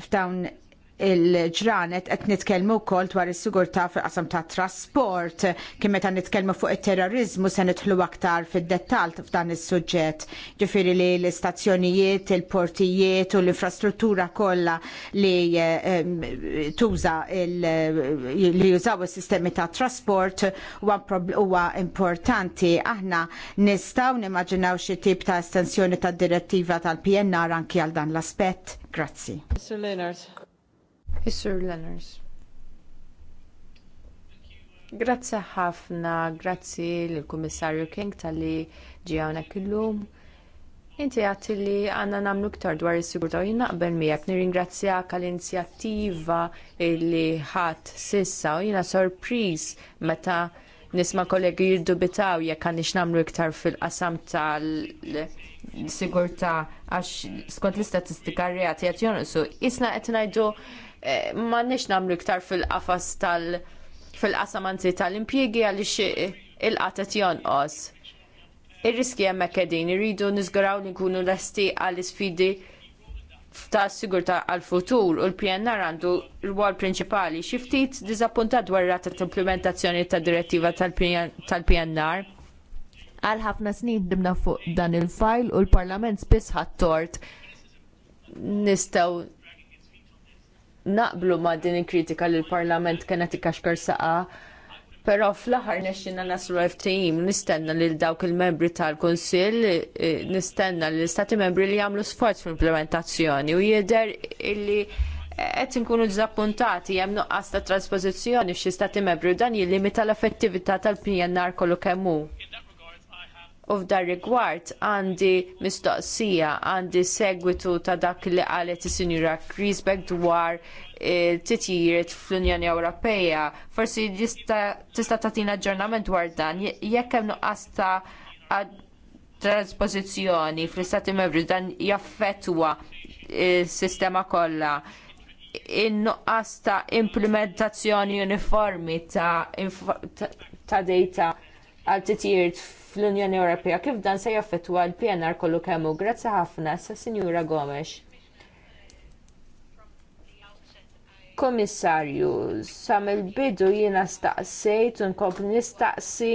f'dawn il-ġranet qed nitkellmu wkoll dwar is-sigurtà fil-qasam tat trasport, kien meta nitkellmu fuq it-terrorizmu se nidħlu aktar fid-dettall f'dan is-suġġett. Ġifieri li l-istazzjonijiet, il-portijiet u l-infrastruttura kollha li eh, eh, tuża li jużaw is-sistemi tat trasport huwa importanti aħna nistgħu nimmaġinaw xi tip ta' estensjoni tad direttiva tal-PNR anki għal dan l-aspett. Grazzi. Mr. Leonard. Is-Sur Lenners. Grazzi ħafna, grazzi l-Kummissarju King tal-li ġijawna kullum. Inti għatti li għanna namlu ktar dwar is-sigurta u jinnaqbel miegħek nirringrazzjak għall inizjattiva li ħadd sissa u jiena sorpriż meta nisma' kollegi jiddubitaw jekk għandix nagħmlu iktar fil-qasam tal-sigurtà għax skont l-istatistika r-reati qed jonqsu. Isna qed ngħidu Eh, ma nix namlu iktar fil-qafas tal- fil-qasamanzi tal impjiegi għalix il-qatet jonqos. Ir-riski hemmhekk kedin, irridu niżguraw li nkunu lesti għall isfidi ta' sigurtà għall futur u l-PNR għandu rwol prinċipali principali. ftit diżappuntat dwar rata implementazzjoni tad direttiva tal-PNR għal ħafna snin dimna fuq dan il-fajl u l-Parlament spiss tort nistaw naqblu ma' din il-kritika li l-Parlament kienet ikaxkar saqa, però fl-aħħar nexxina naslu FTim nistenna lil dawk il-membri tal-Kunsill, eh, nistenna li l-Stati membri li jagħmlu sforz fl-implementazzjoni u jidher illi qed inkunu dizappuntati hemm nuqqas ta' trasposizzjoni f'xi stati membri u dan jillimita l-effettività tal-PNR kollu kemm hu. U f'dar rigward għandi mistoqsija, għandi segwitu ta' dak li qalet is-Sinjura Griesbeck dwar eh, titjiriet fl-Unjoni Ewropea. Forsi tista' tagħtina aġġornament dwar dan jekk hemm nuqqas ta' trasposizzjoni fl-Istati Membri dan jaffettwa eh, s-sistema kollha in-nuqqas ta' implementazzjoni uniformi ta', ta, ta data għal titjiriet fl-Unjoni Ewropea kif dan se jaffettwa l-PNR kollu kemm hu. Grazzi ħafna sa Sinjura Gomes. Komissarju, sa mill-bidu jiena staqsejt u nkomplu nistaqsi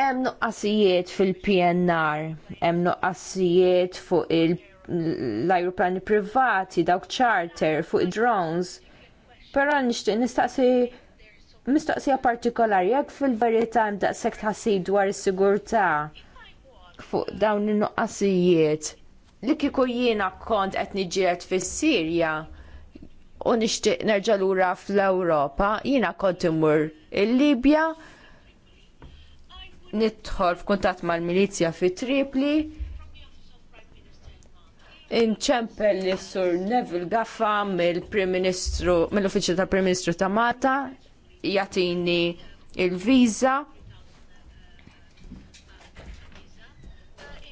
Hemm nuqqasijiet fil-PNR, hemm nuqqasijiet fuq il- l-ajruplani privati, dawk charter, fuq drones. Però nixtieq nistaqsi mistoqsija partikolari jekk fil-verità daqshekk tħassib dwar is-sigurtà fuq dawn in-nuqqasijiet li kieku jiena kont qed niġġieled fis-Sirja u nixtieq nerġa' lura fl-Ewropa, jiena kont imur il-Libja nidħol f'kuntatt mal-milizja fi Tripli inċempel li sur Neville Gaffa mill mill-Uffiċċju tal-Prim Ministru ta' Malta, jatini il-viza.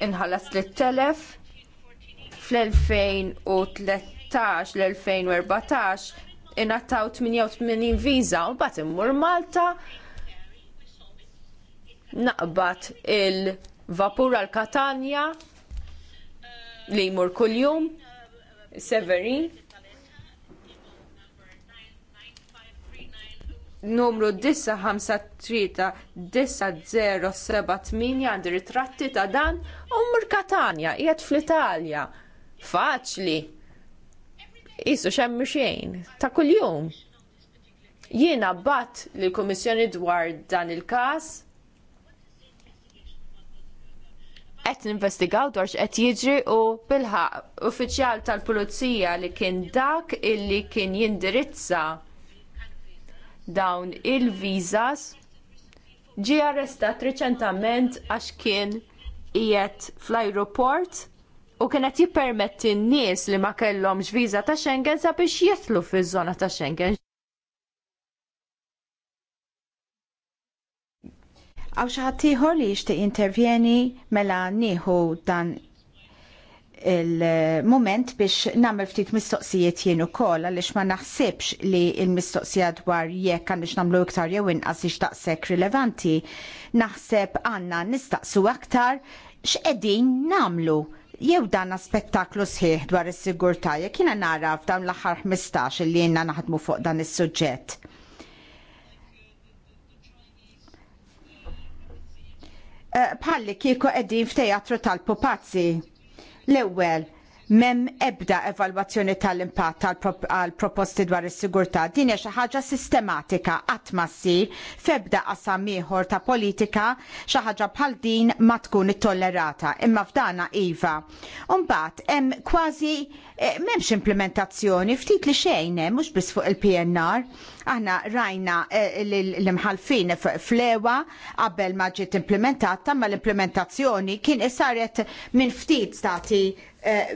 Inħallas 3000 fl-2013 l-2014 inattaw 88 viża u bat immur Malta naqbat il-vapur għal katanja li jmur kuljum, Severin, numru 953-9078 għandi ritratti ta' dan u mur Katania, jgħet fl-Italja. Faċli. Isu xem xejn, ta' kuljum. Jiena bat li komissjoni dwar dan il-kas, qed ninvestigaw dwar x'qed jiġri u bilħaq uffiċjal tal-pulizija li kien dak illi kien jindirizza dawn il vizas ġie arrestat riċentament għax kien qiegħed fl-ajruport u kien qed jippermetti n-nies li ma kellhomx viża ta' Schengen sabiex jitlu fiż-żona ta' Schengen. Għaw xaħat tiħor li jishtiq intervjeni mela nieħu dan il-moment biex namel ftit mistoqsijiet jien ukoll għaliex ma naħsibx li l-mistoqsija dwar jekk għandix nagħmlu iktar jew inqas taqsek rilevanti. Naħseb għandna nistaqsu aktar x'qegħdin nagħmlu jew dan spettaklu sħiħ dwar is-sigurtà jekk jiena nara f'dawn l-aħħar 15 li jiena naħdmu fuq dan is-suġġett Eh, bħalli kieku qegħdin f'teatru tal-pupazzi. L-ewwel, mem ebda evalwazzjoni tal-impatt tal-proposti dwar is-sigurtà din hija xi ħaġa sistematika qatt ma ssir f'ebda qasam ieħor ta' politika xi ħaġa bħal din ma tkun ittollerata imma f'dana iva. Imbagħad hemm kważi eh, m'hemmx implementazzjoni ftit li xejn hemm mhux biss fuq il-PNR Aħna rajna eh, l-imħalfin flewa qabel ma ġiet implementata, ma l-implementazzjoni kien isaret minn ftit stati eh,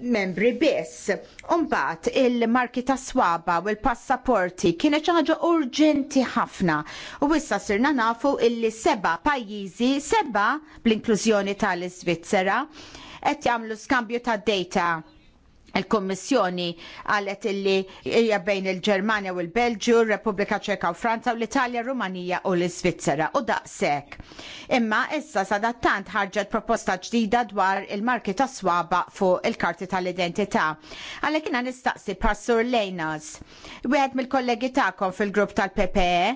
membri biss. Umbat il-marki ta' swaba u l-passaporti kienet ħaġa urġenti ħafna. U issa sirna nafu illi seba pajjiżi, seba bl-inklużjoni tal-Iżvizzera, qed jagħmlu skambju ta' data il-Kommissjoni għalet illi hija bejn il-Ġermanja u l-Belġju, r-Repubblika Ċeka u Franza u l-Italja, Rumanija u l-Svizzera u daqshekk. Imma issa sadattant ħarġet proposta ġdida dwar il-marki ta' swaba fuq il-karti tal-identità. Għalhekk kienha nistaqsi Passur Lejnas, wieħed mill-kollegi tagħkom fil-grupp tal-PPE,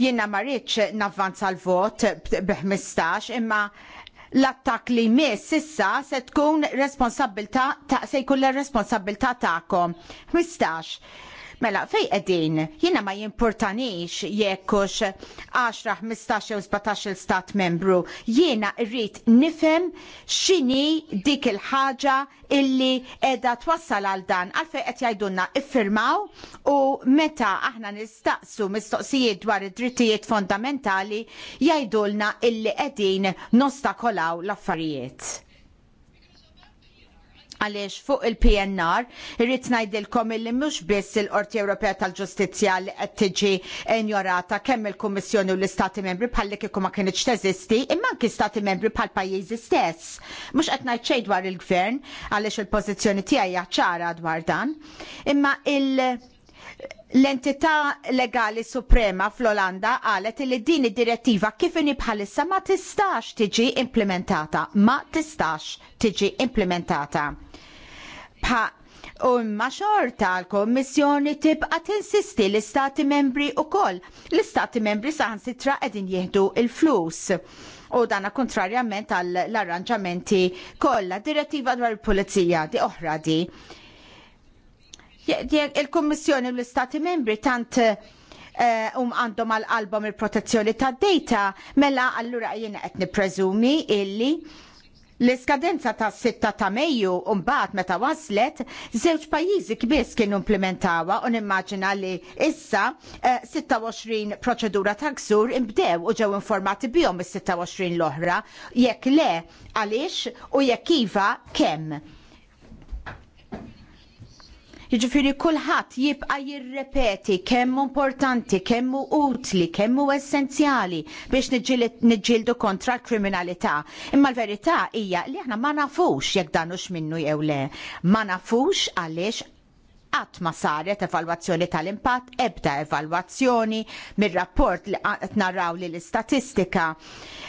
jiena ma rridx navvanza l-vot b'15 imma l-attak li jmiss sissa se tkun responsabilta ta' se jkun l-responsabilta ta'kom. 15 Mela, fej qegħdin? Jiena ma jimpurtanix jekkux 10, 15 jew 17 stat membru. Jiena rrid nifhem x'inhi dik il-ħaġa illi qiegħda twassal għal dan għalfejn qed jgħidulna iffirmaw u meta aħna nistaqsu mistoqsijiet dwar id-drittijiet fondamentali jgħidulna illi qegħdin nostakolaw l-affarijiet għaliex fuq il-PNR, irrit ngħidilkom illi mhux biss il-Qorti Ewropea tal-Ġustizzja li qed tiġi injorata kemm il-Kummissjoni u l-Istati Membri bħalli kieku ma kienx teżisti, imma anki Stati Membri bħal pajjiżi stess. Mhux qed ngħid xejn dwar il-Gvern għaliex il-pożizzjoni tiegħi hija ċara dwar dan, imma il- l-entità legali suprema fl-Olanda qalet li din id-direttiva kif inhi bħalissa ma tistax tiġi implementata, ma tistax tiġi implementata. U Imma xorta l-Kommissjoni tibqa tinsisti l-Istati membri wkoll. L-Istati membri saħansitra qegħdin jieħdu l flus U dana kontrarjament għall arranġamenti kollha direttiva dwar il-pulizija di oħra di il-Kummissjoni u l-Istati membri tant eh, um għandhom għal-album il-protezzjoni ta' data, mela allura jiena qed nippreżumi illi L-iskadenza ta' 6 ta' Mejju mbagħad meta waslet, żewġ pajjiżi kbis kienu implementawa u nimmaġina li issa 26 eh, proċedura ta' gżur imbdew u ġew informati bihom is-26 l-oħra, jekk le għaliex u jekk iva kemm Jiġifieri kulħadd jibqa' jirrepeti kemm importanti, kemm hu utli, kemm hu essenzjali biex niġġieldu kontra l-kriminalità. Imma l-verità hija li aħna ma nafux jekk dan hux minnu jew le. Ma nafux għaliex qatt ma saret evalwazzjoni tal-impatt, ebda evalwazzjoni mir-rapport li qed naraw li l-istatistika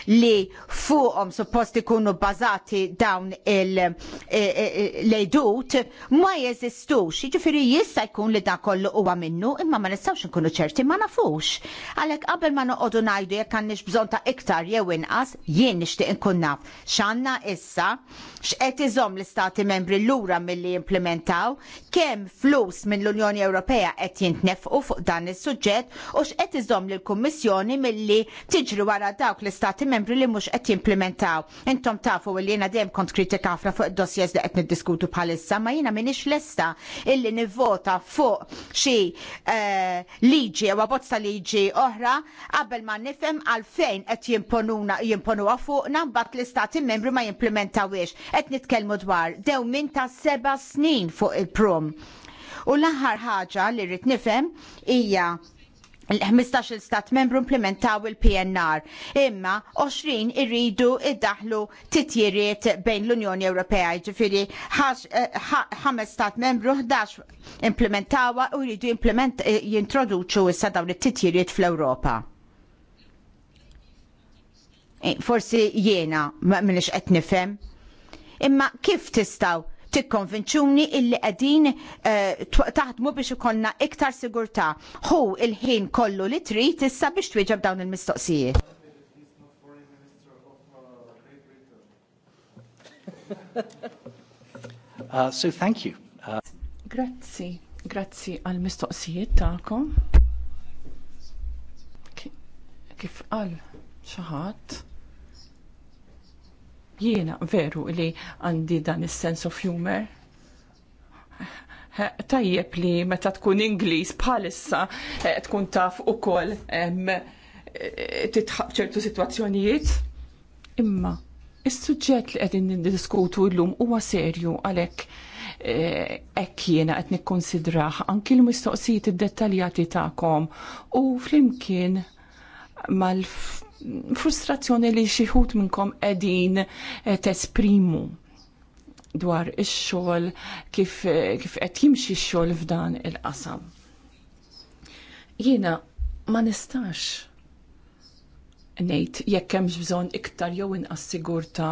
li fuqhom supposti kunu bbażati dawn il-lejdut ma jeżistux. Jiġifieri jista' jkun li dan kollu u minnu imma ma nistawx nkunu ċerti ma nafux. Għalhekk qabel ma noqogħdu ngħidu jekk għandniex bżonn ta' iktar jew inqas, jien nixtieq inkun naf x'għandna issa x'qed iżomm l-istati membri lura milli jimplementaw kemm fl flus minn l-Unjoni Ewropea qed jintnefqu fuq dan is-suġġett u x'qed iżomm lill-Kummissjoni milli tiġri wara dawk l-istati membri li mhux qed jimplementaw. Intom tafu li jiena dejjem kont kritika ħafna fuq id-dossiers li qed niddiskutu bħalissa, ma jiena m'iniex lesta illi nivvota fuq xi eh, liġi u abbozza liġi oħra qabel ma nifhem għalfejn qed jimponuna jimponuha fuqna mbagħad l-istati membri ma jimplementawiex. Qed nitkellmu dwar dew minn ta' seba snin fuq il-prom. U l-aħħar ħaġa li rrid nifhem hija il-15 stat membru implementaw il-PNR, imma 20 irridu iddaħlu titjiriet bejn l-Unjoni Ewropea, ġifiri 5 eh, stat membru 11 implementawa u jridu implement eh, jintroduċu issa dawn it-titjiriet fl-Ewropa. Eh, forsi jiena minix qed nifhem. Imma kif tistaw tikkonvinċuni illi qegħdin eh, taħdmu biex ikollna iktar sigurtà. Hu il-ħin kollu li trid issa biex twieġeb dawn il-mistoqsijiet. Uh, so thank you. Uh... Grazzi, grazzi għal mistoqsijiet tagħkom. Kif għal xi Jiena veru li għandi dan is-sense of humor. Eh, tajjeb li meta tkun Ingliż bħalissa eh, tkun taf ukoll eh, titħab ċertu sitwazzjonijiet. Imma is-suġġett li qegħdin niddiskutu llum huwa serju għalhekk hekk jiena qed nikkonsidrah anki l-mistoqsijiet id-dettaljati tagħkom u flimkien mal frustrazzjoni li xi ħut minnkom qegħdin eh, tesprimu dwar ix-xogħol eh, kif qed jimxi x-xogħol f'dan il-qasam. Jiena ma nistax ngħid jekk hemmx bżonn iktar jew inqas sigurtà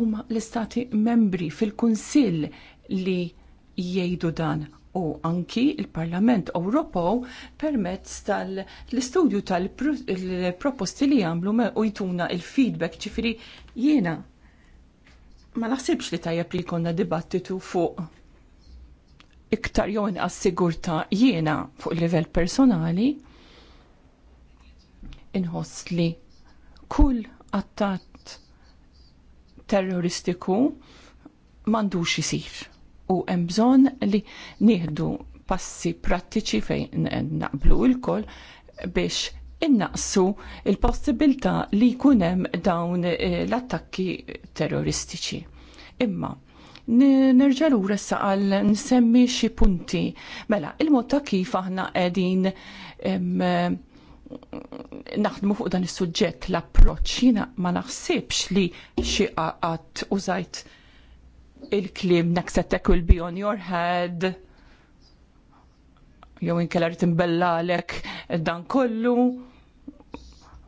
huma l-istati membri fil-kunsill li jgħidu dan u anki il-Parlament Ewropew permezz tal-istudju tal-proposti li jagħmlu u jtuna il-feedback ċifiri jiena. Ma naħsibx li tajjeb li jkollna dibattitu fuq iktar jew inqas sigurtà jiena fuq livell personali inħoss li kull attat terroristiku m'għandux isir u hemm bżonn li nieħdu passi prattiċi fejn naqblu l-kol biex innaqsu il-possibilità li jkun hemm dawn eh, l-attakki terroristiċi. Imma, nerġa' lura saqal nsemmi xi punti. Mela, il-mod ta' kif aħna qegħdin naħdmu fuq dan is-suġġett l-approċċ jiena ma naħsibx li xi qatt użajt il-klim naksettek will be on your head jew inkella rrid imbellalek dan kollu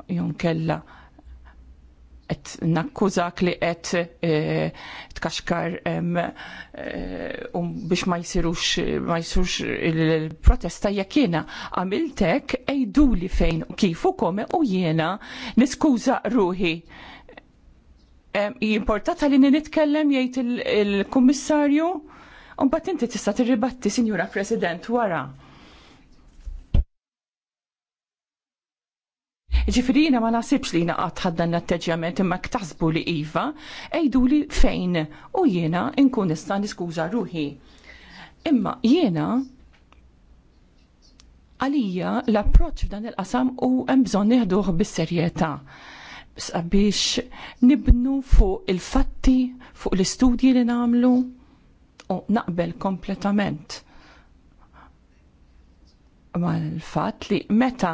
jew inkella qed nakkużak li qed eh, tkaxkar eh, um, biex ma jsirux ma jsirux il-protesta jekk jiena għamiltek ejduli fejn kif u kome u jiena niskuża ruħi jimportata li nitkellem jgħid il-kummissarju u mbagħad inti tista' tirribatti Sinjura President wara. Ġifiri jina ma nasibx li jina dan l atteġġament imma ktaħsbu li Iva, ejdu li fejn u jiena nkun nista' niskuża ruħi. Imma jiena għalija l-approċ f'dan il-qasam u hemm bżonn nieħduh bis-serjetà sabiex nibnu fuq il-fatti, fuq l-istudji li namlu u naqbel kompletament ma l-fat li meta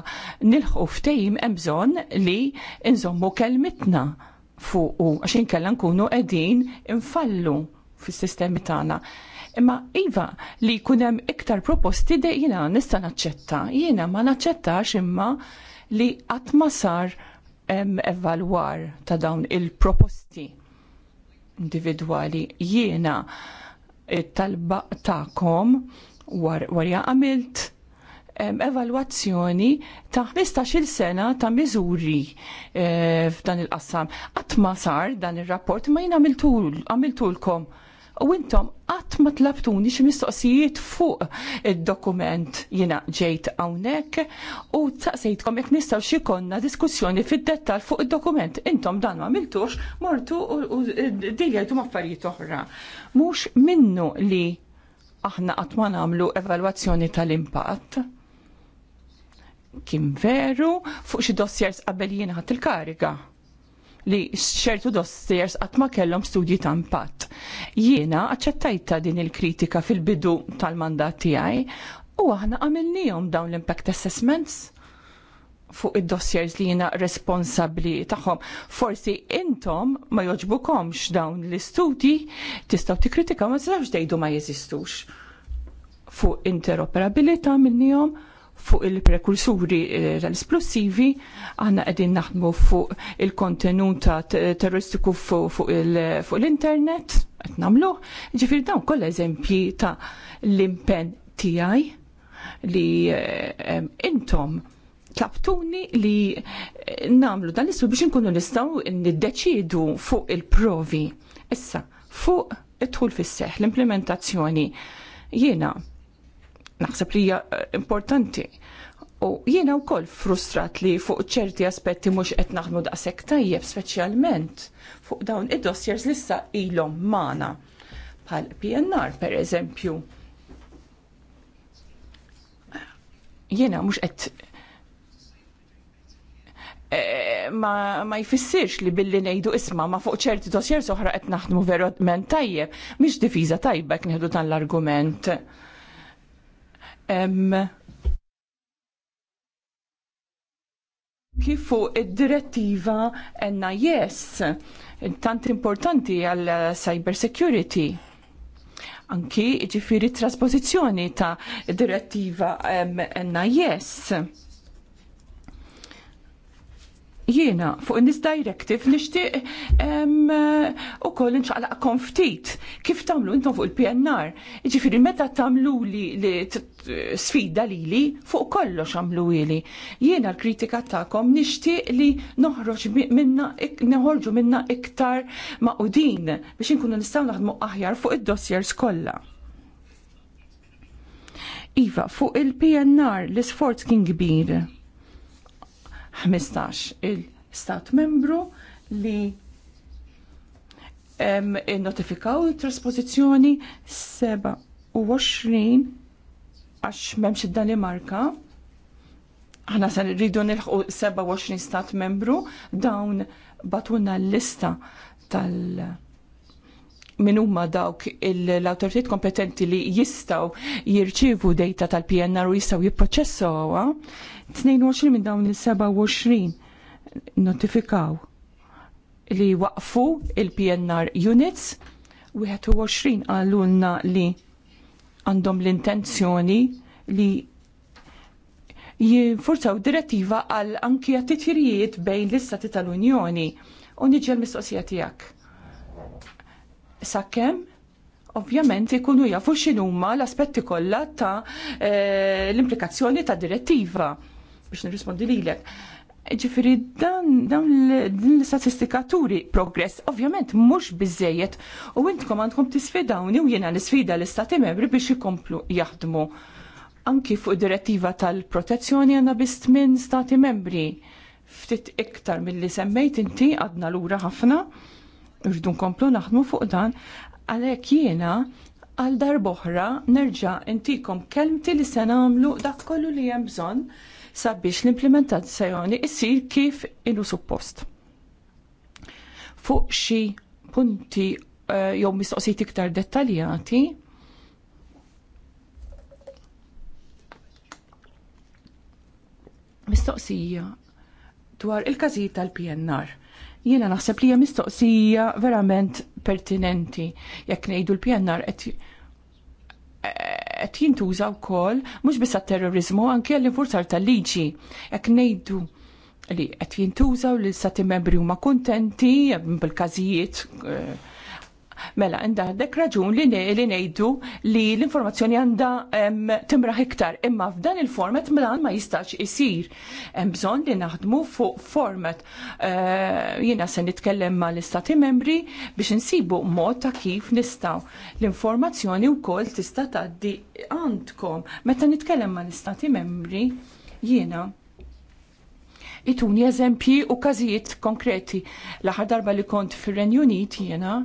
nilħu ftejim emżon li nżommu kelmitna fuq u għaxin kella nkunu edin infallu fis sistemi tagħna. Imma iva li kunem iktar proposti de jina nista naċċetta, jina ma naċċettax imma li għatma sar hemm evalwar ta' dawn il-proposti individwali jiena talba ta'kom war, warja għamilt evalwazzjoni ta' 15-il sena ta' miżuri eh, f'dan il-qassam. Qatt ma sar dan ir rapport ma jien għamiltulkom U intom qatt ma tlabtuni xi mistoqsijiet fuq id-dokument jiena ġejt hawnhekk u taqsejtkom jekk nistgħu xi konna diskussjoni fid-dettall fuq id-dokument. Intom dan ma miltux mortu u diljajtu affarijiet oħra. Mhux minnu li aħna qatt ma nagħmlu evalwazzjoni tal-impatt kien veru fuq xi dossiers qabel jien il-kariga li xertu dossiers qatt ma kellhom studji ta' impatt. Jiena aċċettajta din il-kritika fil-bidu tal-mandat tiegħi u aħna għamilnijom dawn l-impact assessments fuq id-dossiers li jina responsabli taħħom. Forsi intom ma joġbukomx dawn l-istudji, tistaw kritika ma tistawx dejdu ma jeżistux fuq interoperabilita minnijom fuq il-prekursuri eh, tal-esplosivi, għanna għedin naħdmu fuq il-kontenut terroristiku fuq l-internet, għed namlu, ġifir dawn koll eżempji ta' l-impen tijaj li eh, intom tlabtuni li eh, namlu dan l-istru biex nkunu nistaw n-deċidu fuq il-provi. Issa, fuq it-tul fis-seħ, l-implementazzjoni. Jiena, naħseb li hija eh, importanti. U jiena wkoll frustrat li fuq ċerti aspetti mhux qed naħdmu daqshekk tajjeb speċjalment fuq dawn id-dossiers li issa ilhom magħna bħal PNR pereżempju. Jiena mhux qed eh, ma, ma jfissirx li billi nejdu isma ma fuq ċerti dossiers soħra qed naħdmu verament tajjeb, mhix difiża tajbek nieħdu dan l-argument. Kifu id-direttiva NIS, tant importanti għal cyber security. Anki ġifiri trasposizjoni ta' direttiva NIS jiena fuq in-nis directive nixtieq ukoll inċaqlaqkom ftit kif tagħmlu intom fuq il-PNR. Jiġifieri meta tagħmlu li sfida lili fuq kollox għamlu ili. Jiena l-kritika tagħkom nixtieq li noħroġ minna neħorġu minna iktar maqudin biex inkunu nistgħu naħdmu aħjar fuq id-dossiers kollha. Iva, fuq il-PNR l-isforz kien kbir 15 il-stat membru li notifikaw il-trasposizjoni 27 għax memx id-Danimarka ħana san rridu nilħu 27 stat membru dawn batuna l-lista tal umma dawk l-autoritet kompetenti li jistaw jirċivu data tal-PNR u jistaw jipproċessu għawa 22 minn dawn il-27 notifikaw li waqfu il-PNR units, 21 għallunna li għandhom l-intenzjoni li jinfurzaw direttiva għal anki għatitjirijiet bejn l-istati tal-Unjoni u niġi mistoqsija tijak. Sakkem, ovvjament ikunu jafu x'inhuma l-aspetti kollha ta' e, l-implikazzjoni ta' direttiva biex nirrispondi lilek. Ġifiri, dan, l statistikaturi progress, ovvjament, mux bizzejiet, u intkom għandkom tisfidawni u jena nisfida l-istati membri biex ikomplu jaħdmu. Anki fuq direttiva tal-protezzjoni għanna bist minn stati membri. Ftit iktar mill-li semmejt inti għadna l-ura ħafna, rridu nkomplu naħdmu fuq dan, għalek jena għal darboħra nerġa intikom kelmti li se namlu dak kollu li hemm bżonn sabiex l-implementazzjoni issir kif inu suppost. Fuq xi punti eh, jew mistoqsijiet iktar dettaljati, mistoqsija dwar il-każijiet tal-PNR. Jiena naħseb li hija mistoqsija verament pertinenti jekk ngħidu l-PNR qed eh, qed jintuża wkoll mhux biss għat-terrorizmu anke l-infurzar tal-liġi. Jekk ngħidu li qed jintużaw li stati membri huma kuntenti bil-każijiet eh, Mela, għandek raġun li ngħidu li l-informazzjoni għandha timraħ iktar, imma f'dan il-format mlan ma jistax isir. Hemm bżonn li naħdmu fuq format. Eh, jiena se nitkellem mal istati membri biex insibu mod ta' kif nistgħu. L-informazzjoni wkoll tista' tgħaddi għandkom. Meta nitkellem mal istati membri, jiena ituni eżempji u każijiet konkreti. L-aħħar darba li kont fir-Renju Unit jiena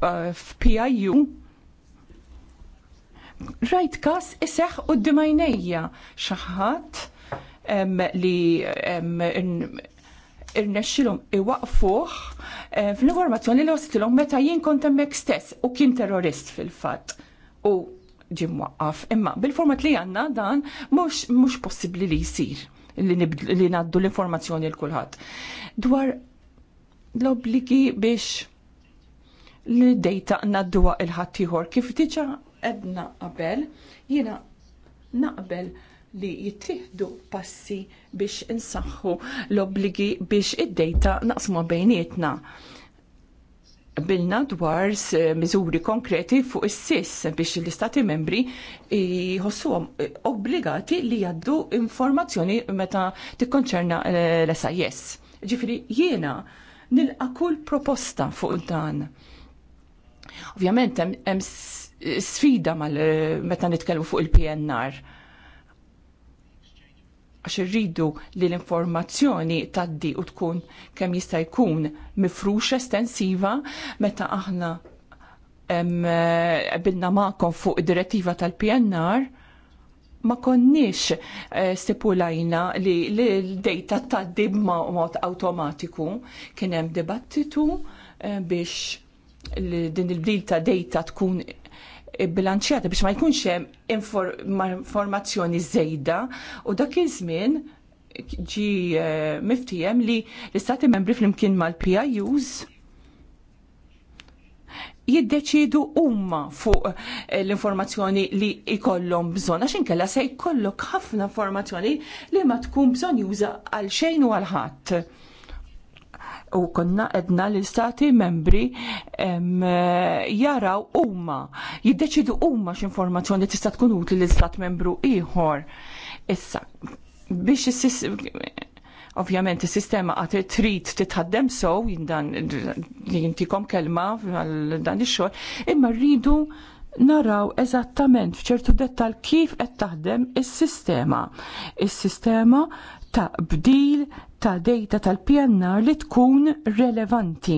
f'PIU rajt kas iseħ u d-dimajnejja xaħat li irnexxilhom iwaqfuh eh, fl-informazzjoni li wasitilhom meta jien kont hemmhekk stess u kien terrorist fil-fatt. U ġim waqqaf. Imma bil-format li għanna dan mhux mhux possibbli li jsir li ngħaddu l-informazzjoni l kulħadd. Dwar l obligi biex li dejta nadduwa il-ħattijħor. Kif tiċa edna qabel, jina naqbel li jittieħdu passi biex insaħħu l-obligi biex id-dejta naqsmu bejnietna. Bilna dwar eh, miżuri konkreti fuq is-sis biex l-istati membri jħossuhom eh, obbligati li jaddu informazzjoni meta tikkonċerna eh, l-SIS. Ġifri jiena nilqa' kull proposta fuq dan Ovvjament hemm sfida mal meta nitkellmu fuq il-PNR. Għax irridu li l-informazzjoni taddi u tkun kemm jista' jkun mifrux estensiva meta aħna bilna ma'kom fuq direttiva tal-PNR ma konniex eh, stipulajna li l-data taddi b'mod automatiku kien hemm dibattitu eh, biex din il-bdil ta' data tkun bilanċjata biex ma jkunx hemm informazzjoni żejda u dak iż-żmien ġi eh, miftijem li l-istati membri fl-imkien mal-PIUs jiddeċidu umma fuq eh, l-informazzjoni li jkollhom bżonn għax inkella se jkollok ħafna informazzjoni li ma tkun bżonn juża għal xejn u għal ħadd u konna edna li stati membri em, jaraw huma jiddeċidu huma x'informazzjoni tista' tkun utli li istat membru ieħor. Issa, biex is ovvjament is-sistema għat trid titħaddem sow jindan li jintikom kelma għal dan ix-xogħol, imma rridu naraw eżattament f'ċertu dettal kif qed taħdem is-sistema. Is-sistema ta' bdil ta' data tal-PNR li tkun relevanti,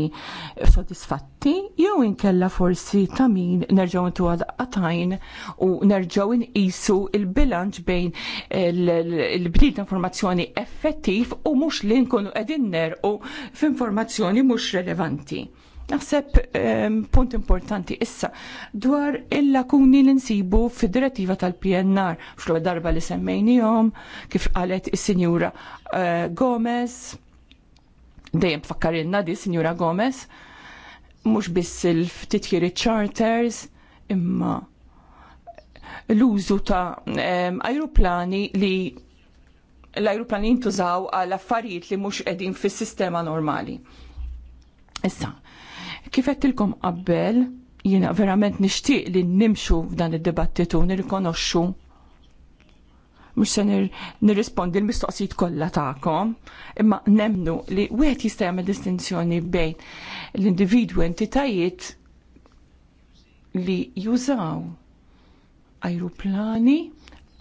sodisfatti, jew inkella forsi ta' min nerġaw intu u nerġaw nqisu il-bilanċ bejn il-bdil ta' informazzjoni effettiv u mux li nkunu qegħdin nerqu f'informazzjoni mhux relevanti. Naħseb um, punt importanti issa dwar il-lakuni li nsibu fid-direttiva tal-PNR xlu darba li semmejnijom kif qalet is-Sinjura uh, Gomez dejjem tfakkarilna di Sinjura Gomez mhux biss il-ftitjiri charters imma l-użu ta' um, ehm, aeroplani li l-aeroplani jintużaw għal affarijiet li mhux qegħdin fis-sistema normali. Issa, Kif tilkom qabel, jiena verament nixtieq li nimxu f'dan id-dibattitu nirrikonoxxu mux se nirrispondi l-mistoqsijiet kollha tagħkom, imma nemnu li wieħed jista' jagħmel distinzjoni bejn l-individwu entitajiet li jużaw ajruplani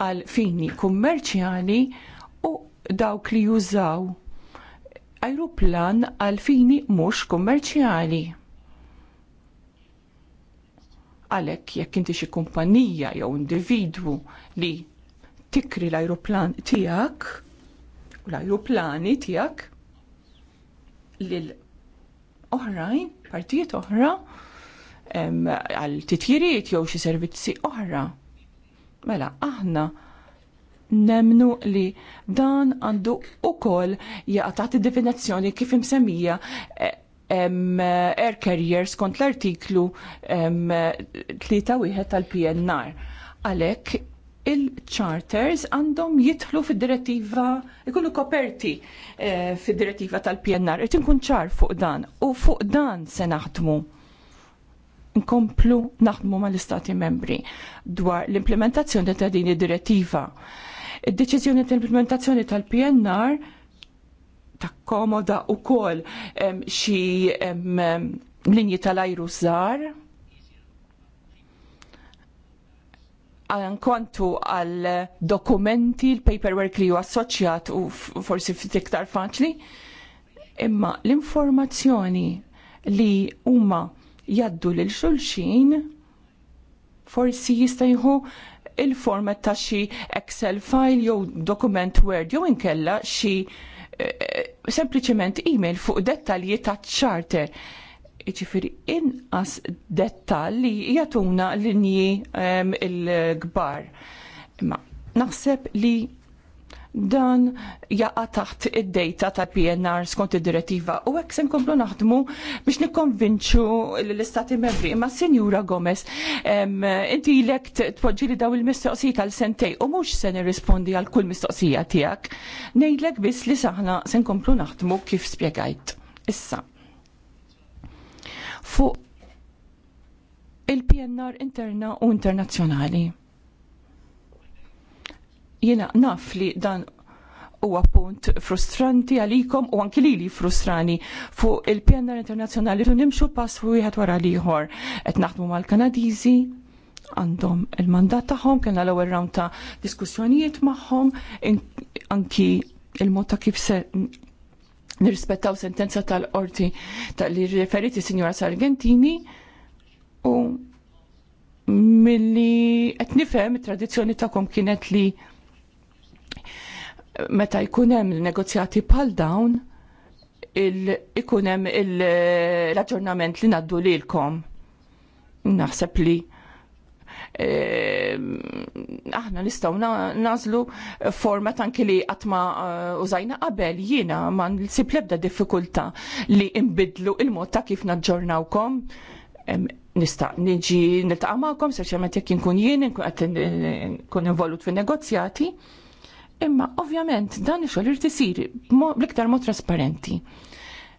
għal fini kummerċjali u dawk li jużaw ajruplan għal fini mhux kummerċjali. Għalhekk jekk inti xi kumpanija jew individwu li tikri l-ajruplan tiegħek, l-ajruplani tiegħek lil oħrajn, partijiet oħra, għal titjiriet jew xi servizzi oħra. Mela, aħna nemnu li dan għandu u jaqa' jgħatati id-definizzjoni kif imsemmija eh, air carriers kont l-artiklu 3 tal-PNR. Għalek il-charters għandhom jitħlu fid-direttiva, ikunu koperti eh, fid-direttiva tal-PNR. Irtin kun ċar fuq dan u fuq dan se naħdmu nkomplu naħdmu mal-istati membri dwar l-implementazzjoni ta' din id-direttiva. Id-deċiżjoni tal-implementazzjoni tal-PNR takkomoda wkoll xi linji tal-ajru żgħar. Ankontu għal dokumenti, l-paperwork li ju assoċjat u forsi iktar faċli, imma l-informazzjoni li huma jaddu lil xulxin forsi jista' il-format ta' xi Excel file jew dokument Word jew inkella xi Eh, sempliciment email fuq dettalji ta' charter. Iġifiri inqas dettalji jatuna linji ehm, il-gbar. Ma naħseb li dan jaqa taħt id-data tal-PNR skont id-direttiva u hekk se nkomplu naħdmu biex nikkonvinċu l-istati membri. Imma Sinjura Gomez, inti t tpoġġi li daw il-mistoqsijiet tal sentej u mhux se nirrispondi għal kull mistoqsija tiegħek. Ngħidlek biss li saħna se nkomplu naħdmu kif spjegajt. Issa. Fuq il-PNR interna u internazzjonali Jiena naf li dan huwa punt frustranti għalikom u anki lili frustrani fuq il-pjanar internazzjonali tu nimxu pass wieħed wara liħor. Qed naħdmu mal-Kanadiżi, għandhom il-mandat tagħhom, kena l-ewwel round ta' diskussjonijiet magħhom, anki il-mod ta' kif se nirrispettaw sentenza tal-qorti tal-li riferiti Sinjora Sargentini u milli qed nifhem it-tradizzjoni tagħkom kienet li meta jkun hemm negozjati bħal dawn ikun hemm l-aġġornament li ngħaddu lilkom. Naħseb li e, aħna nistgħu nazlu forma tanki li qatt ma e, użajna qabel jiena ma nsib l-ebda diffikultà li imbidlu il-mod ta' kif naġġornawkom nista' niġi niltaqa' magħkom seċjalment jekk inkun jien kun involut fin-negozjati Imma ovvjament dan ix-xogħol irid isir bl-iktar mod trasparenti.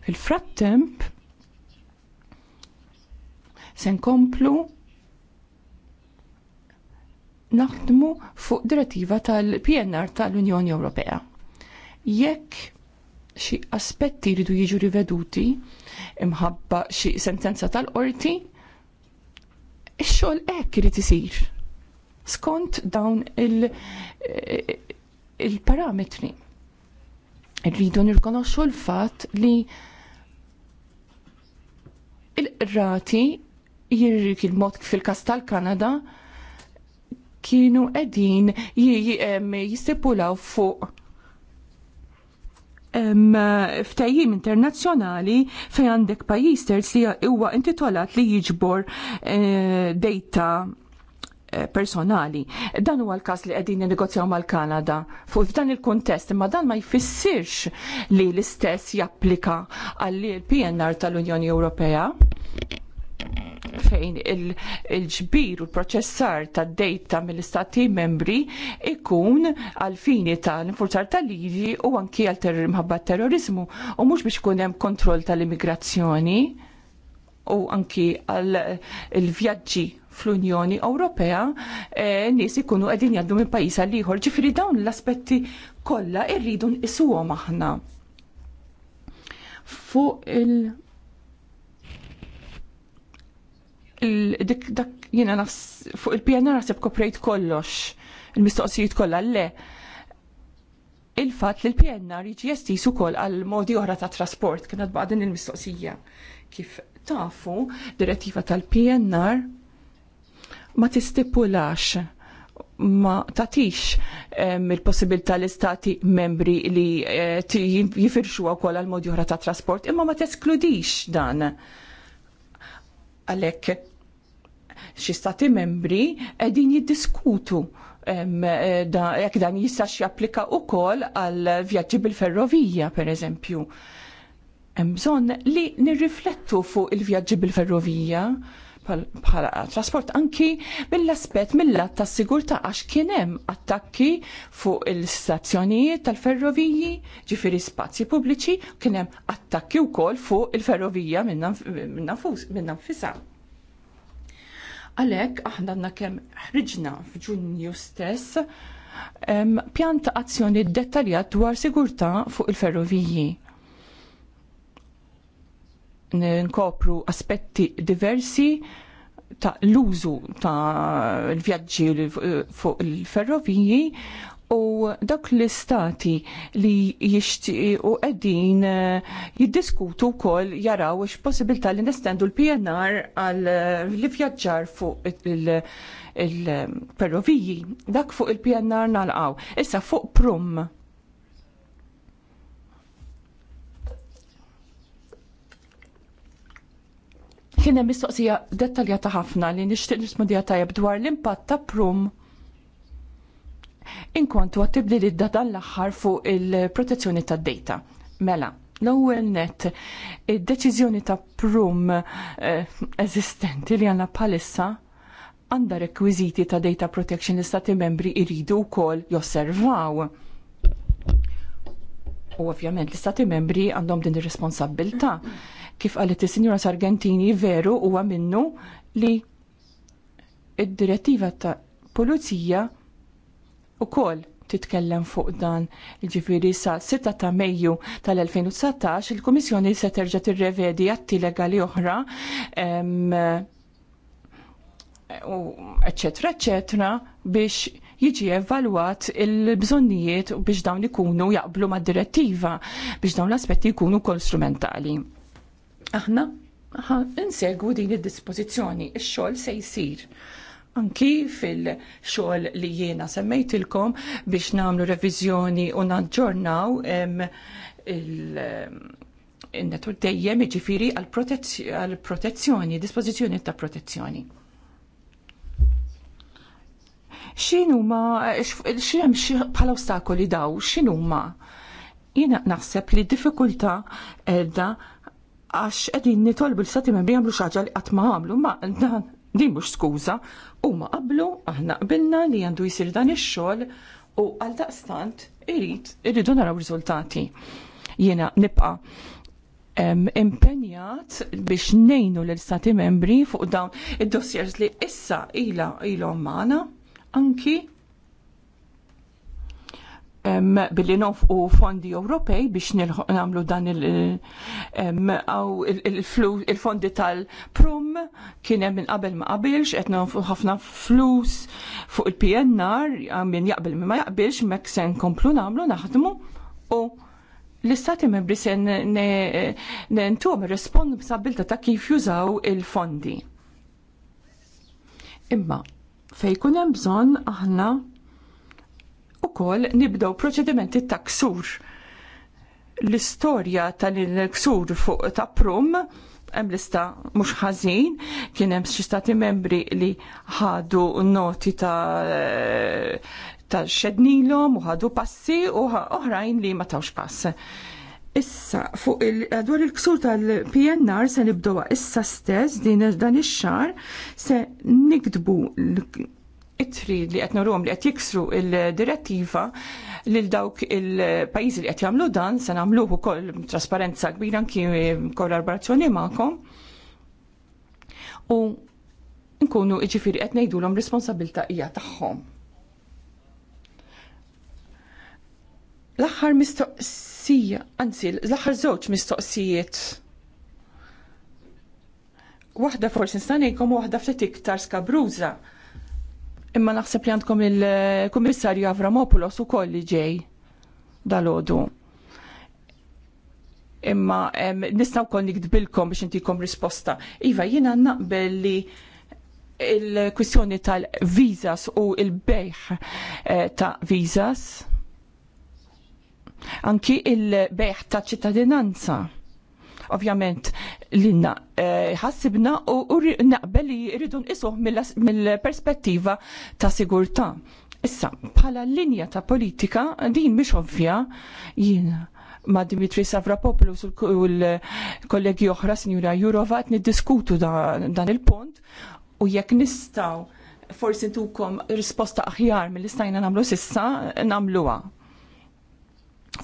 Fil-frattemp se nkomplu naħdmu fuq direttiva tal-PNR tal-Unjoni Ewropea. Jekk xi aspetti jridu jiġu riveduti imħabba xi sentenza tal-qorti, ix-xogħol hekk irid isir skont dawn il il-parametri. Rridu nirkonoxxu l-fatt li il-rati jirrik il-mod fil-kas tal-Kanada kienu edin jistipulaw fuq ftajjim internazzjonali fej għandek pajis li huwa intitolat li jiġbor eh, data Eh, personali. Dan huwa l-każ li qegħdin negozjaw mal-Kanada fuq f'dan il-kuntest, imma dan ma jfissirx li l-istess japplika għall pnr tal-Unjoni Ewropea fejn il-ġbir u l-proċessar tad dejta mill-istati membri ikun għal-fini tal-infurzar tal-liġi u anki għal mħabba terrorizmu u mux biex hemm kontroll tal-immigrazzjoni u anki għal-vjaġġi fl-Unjoni Ewropea eh, nies ikunu qegħdin jgħaddu minn pajjiż għal ieħor. Ġifieri dawn l-aspetti kollha irridu nqisuhom aħna. Fuq il- dik dak jiena fuq il-PNR naħseb koprejt kollox il-mistoqsijiet kollha le il-fat li l-PNR jiġi jestis ukoll għal modi oħra ta' trasport kienet baqdin il-mistoqsija. Kif tafu, direttiva tal-PNR ma tistipulax ma tatix il-possibilità l-istati membri li eh, jifirxu wkoll għal modi oħra ta' trasport, imma ma teskludix dan. Għalhekk xi stati membri qegħdin jiddiskutu eh, jekk dan jistax japplika wkoll għal vjaġġi bil-ferrovija, pereżempju. Hemm bżonn li nirriflettu fuq il-vjaġġi bil-ferrovija bħala trasport anki mill-aspet mill-lat ta' sigurta għax kienem attakki fuq il-stazzjonijiet tal-ferroviji ġifiri spazji pubbliċi kienem attakki u kol fuq il-ferrovija minna fisa. Għalek, aħna għanna kem ħriġna f'ġunju stess pjanta azzjoni dettaljat dwar sigurta fuq il-ferroviji nkopru aspetti diversi ta' l-użu ta' l-vjaġġi fuq il-ferroviji u dak l-istati li jixtiequ qegħdin eh, jiddiskutu wkoll jaraw x'possibilità li nestendu l-PNR għal li vjaġġar fuq il-ferroviji. Dak fuq il-PNR nalqaw. Issa fuq prum Kien hemm mistoqsija dettaljata ħafna li nixtieq nismudija tajjeb dwar l-impatt ta' prum inkontu għattibli li dan l-aħħar fuq il-protezzjoni tad data Mela, l-ewwel net, id-deċiżjoni ta' prum eh, eżistenti li għandna bħalissa għandha rekwiżiti ta' data protection li stati membri jridu wkoll josservaw. U ovvjament l-istati membri għandhom din ir-responsabilità. Kif għalet is-Sinjora Sargentini veru huwa minnu li id-direttiva ta' pulizija ukoll titkellem fuq dan. Ġifiri sa 6 ta' Mejju tal-2019 il-Komissjoni se terġa' tirrevedi atti legali oħra eccetera, eccetera, biex jiġi evalwat il-bżonnijiet biex dawn ikunu jaqblu ma' direttiva biex dawn l-aspetti jkunu kol strumentali. Aħna insegwu din id dispozizjoni ix-xogħol se jsir anki fil-xogħol li jiena semmejtilkom biex nagħmlu reviżjoni u naġġornaw il netur dejjem jiġifieri għall protezzjoni dispożizzjoni ta' protezzjoni. X'inhu ma x'hemm bħala ostakoli daw, x'inhu ma? Jiena naħseb li d diffikultà edha għax qegħdin nitolbu l-Stati Membri jagħmlu xi ħaġa li qatt ma għamlu ma dan din mhux skuża huma qablu aħna qbilna li għandu jsir dan ix-xogħol u għal daqstant irrit, irridu naraw riżultati. Jiena nibqa' impenjat biex nejnu l-istati membri fuq dawn id-dossiers li issa ila ilhom magħna anki billi nofqu fondi Ewropej biex nagħmlu dan il-fondi tal-prum kien hemm minn qabel ma qabilx qed ħafna flus fuq il-PNR min jaqbel ma jaqbilx mek se nkomplu nagħmlu naħdmu u l-istati membri se nentuhom ir-responsabilta ta' kif jużaw il-fondi. Imma fejn hemm bżonn aħna ukoll nibdew proċedimenti ta' ksur. L-istorja tal-ksur fuq ta' prum hemm lista mhux ħażin, kien hemm xi stati membri li ħadu noti ta' ta' xednilhom u ħadu passi u oħrajn li ma tawx pass. Issa, fuq il għadwar il-ksur tal-PNR se nibdowa issa stess din dan ix-xar se nikdbu it-tri li qed nurhom li qed jiksru il-direttiva lil dawk il-pajjiżi li qed jagħmlu dan se nagħmluh ukoll trasparenza kbira anki kollaborazzjoni magħkom. U nkunu jiġifieri qed ngħidulhom responsabilità hija tagħhom. L-aħħar mistoqsija, anzi, l-aħħar żewġ mistoqsijiet waħda forsi nista' ngħidkom waħda ftit iktar skabruża Imma naħseb li għandkom il-Kummissarju Avramopoulos ukoll li ġej dal-ħodu. Imma nistgħu wkoll nikdbilkom biex intikom risposta. Iva, jiena naqbel li il-kwistjoni tal-vizas u il-bejħ eh, ta' vizas anki il-beħ ta' ċittadinanza Ovvjament l-inna eh, ħassibna u naqbel li rridu nqisuh mill-perspettiva ta' sigurtà. Issa, bħala linja ta' politika din mhix ovvja jiena ma' Dimitri Savrapopoulos u l-kollegi oħra, Sinjura Jurova, qed niddiskutu dan il-punt u jekk nistgħu forsi ntukom risposta aħjar mill-istajna nagħmlu sissa nagħmluha.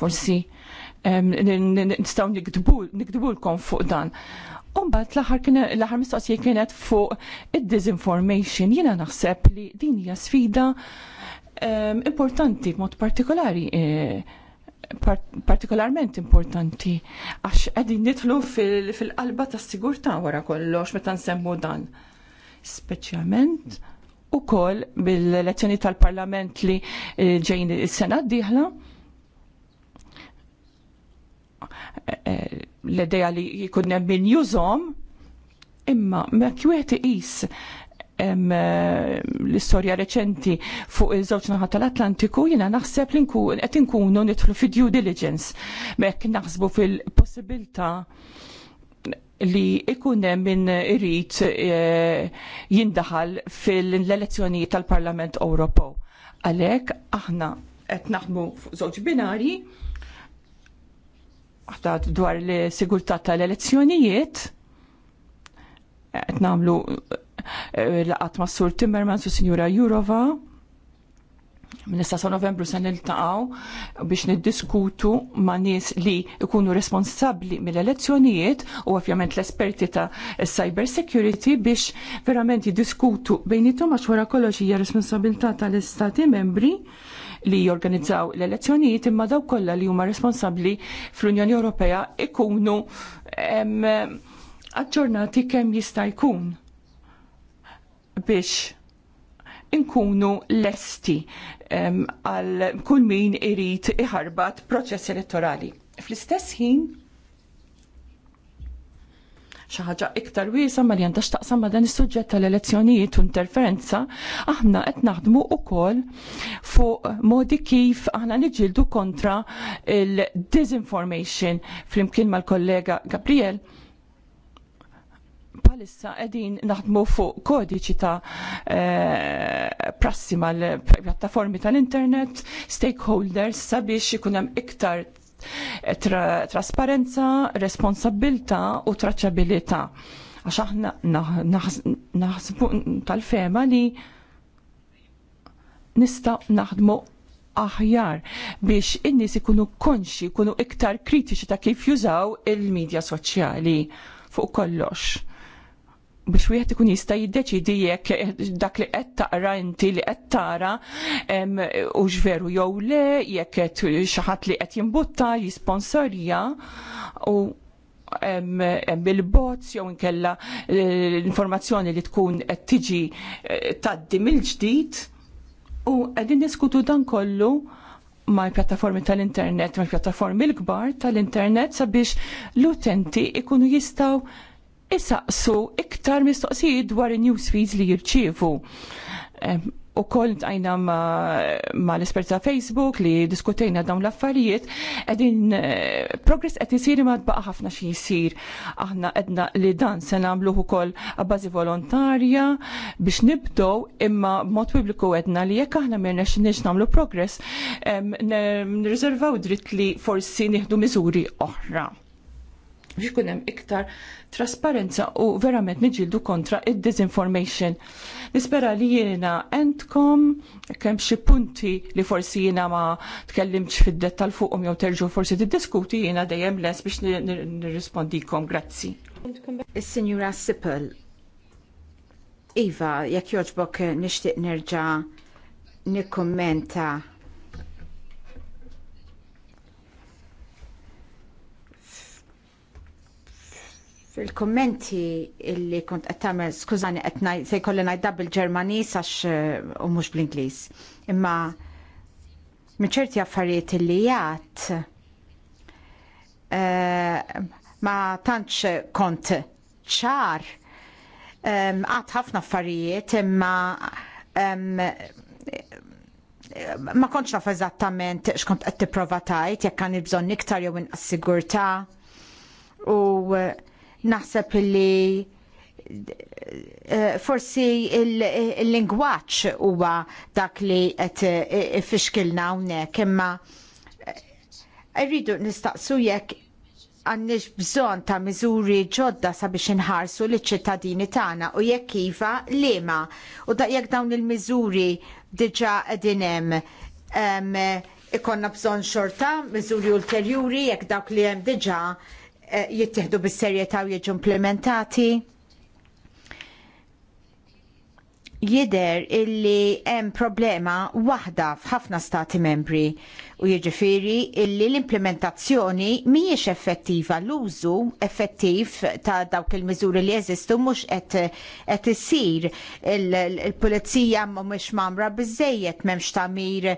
Forsi nistaw nikdbulkom fuq dan. Umbat l-ħar mistoqsija kienet fuq id-disinformation. Jina naħseb li din hija sfida importanti b'mod partikolari e, partikolarment importanti għax qegħdin nidħlu fil-qalba tas-sigurtà wara kollox meta nsemmu dan. Speċjalment ukoll bil-elezzjoni tal-Parlament li e, ġejn is-sena d-dieħla Eh, eh, l-ideja li jkun min jużom, imma ma kwieti is eh, l-istorja reċenti fuq iż-żewġ naħat tal-Atlantiku jiena naħseb li nkun qed inkunu nidħlu fi due diligence mek naħsbu fil-possibilità li ikunem minn irrit jindaħal fil-elezzjonijiet tal-Parlament Ewropew. Għalhekk aħna qed naħdmu fuq żewġ binari Aħda dwar li sigurtà tal-elezzjonijiet, qed nagħmlu eh, laqat ma' Sur Timmermans u Sinjura Jurova, Nista sa' novembru se niltaqgħu biex niddiskutu ma' nies li jkunu responsabbli mill-elezzjonijiet u ovvjament l-esperti ta' cyber security biex verament jiddiskutu bejnitu għax wara kollox hija responsabilità tal-istati membri li jorganizzaw l-elezzjonijiet imma daw kollha li huma responsabbli fl-Unjoni Ewropea ikunu aġġornati kemm jista' jkun biex inkunu lesti għal kull min irid iħarbat proċess elettorali. Fl-istess ħin xi ħaġa iktar wiesa ma li għandax taqsam ma dan is-suġġett tal-elezzjonijiet u interferenza, aħna qed naħdmu wkoll fuq modi kif aħna niġildu kontra il-disinformation flimkien mal-kollega Gabriel palissa edin naħdmu fuq kodiċi ta' eh, prassi mal-pjattaformi tal-internet, stakeholders sabiex ikun hemm iktar trasparenza, responsabilta u traċabilita. Għax aħna naħsbu tal-fema li nista naħdmu aħjar biex in-nies ikunu konxi, ikunu iktar kritiċi ta' kif jużaw il-medja soċjali fuq kollox biex wieħed ikun jista' jiddeċidi jekk dak li qed taqra inti li qed tara u veru jew le jekk qed xi ħadd li qed jinbutta jisponsorja u bil-bots jew inkella eh, l-informazzjoni li tkun qed tiġi eh, taddi mill-ġdid u qegħdin niskutu dan kollu ma' pjattaformi tal-internet, ma' pjattaformi l-kbar tal-internet sabiex l-utenti ikunu jistaw isaqsu iktar mistoqsijiet dwar in-news feeds li jirċievu. u koll tajna ma, ma l-esperta Facebook li diskutejna dawn l-affarijiet, edin eh, progress qed jisir ma tbaqa ħafna xi jisir. Aħna edna li dan se nagħmluh ukoll bażi volontarja biex nibdow imma mod pubbliku edna li jekk aħna mirna nix nagħmlu progress nirriservaw dritt li forsi nieħdu miżuri oħra biex ikun hemm iktar trasparenza u verament niġildu kontra id-disinformation. Nispera li jiena entkom kemm xi punti li forsi jiena ma tkellimx fid-dettal fuqhom jew terġu forsi tiddiskuti jiena dejjem les biex nirrispondikom. Grazzi. Is-Sinjura Sippel. Iva, jekk jogħġbok nixtieq nerġa' nikkommenta il-kommenti illi kont qed tagħmel skużani qed se jkolli ngħidda bil-Ġermaniż għax eh, u mhux bl-Ingliż. Imma minn ċerti affarijiet illi jgħat eh, ma tantx kont ċar eh, għad ħafna affarijiet imma ma kontx naf eżattament x'kont qed tipprova tajt jekk kan il bżonn iktar jew inqas sigurtà u uh, naħseb li eh, forsi il-lingwaċ huwa dak li qed eh, ifixkilna hawnhekk imma eh, rridu nistaqsu jekk għandniex bżonn ta' miżuri ġodda sabiex inħarsu liċ ċittadini tagħna u jekk iva liema u da jekk dawn il-miżuri diġà qegħdin hemm ikonna bżonn xorta miżuri ulterjuri jekk dawk li hemm diġà Eh, jittieħdu bis-serjetà u jiġu implementati? jider illi hemm problema waħda f'ħafna stati membri u jiġifieri illi l-implementazzjoni mhijiex effettiva l-użu effettiv ta' dawk il-miżuri li jeżistu mhux qed isir il-pulizija mhumiex mamra biżejjed m'hemmx tagħmir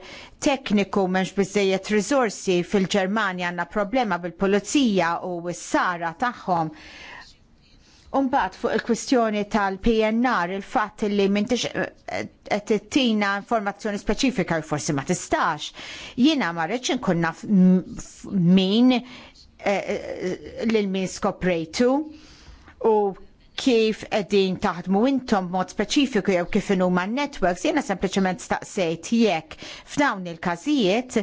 tekniku m'hemmx biżejjed riżorsi fil-Ġermanja għandna problema bil-pulizija u s-sara tagħhom Umbat fuq il-kwistjoni tal-PNR, il-fat li mintix eh, qed tina informazzjoni speċifika u forsi ma tistax, jiena ma rridx inkun min eh, lil min skoprejtu u kif qegħdin taħdmu intom mod speċifiku jew kif inu ma' networks, jiena sempliċement staqsejt jekk f'dawn il-każijiet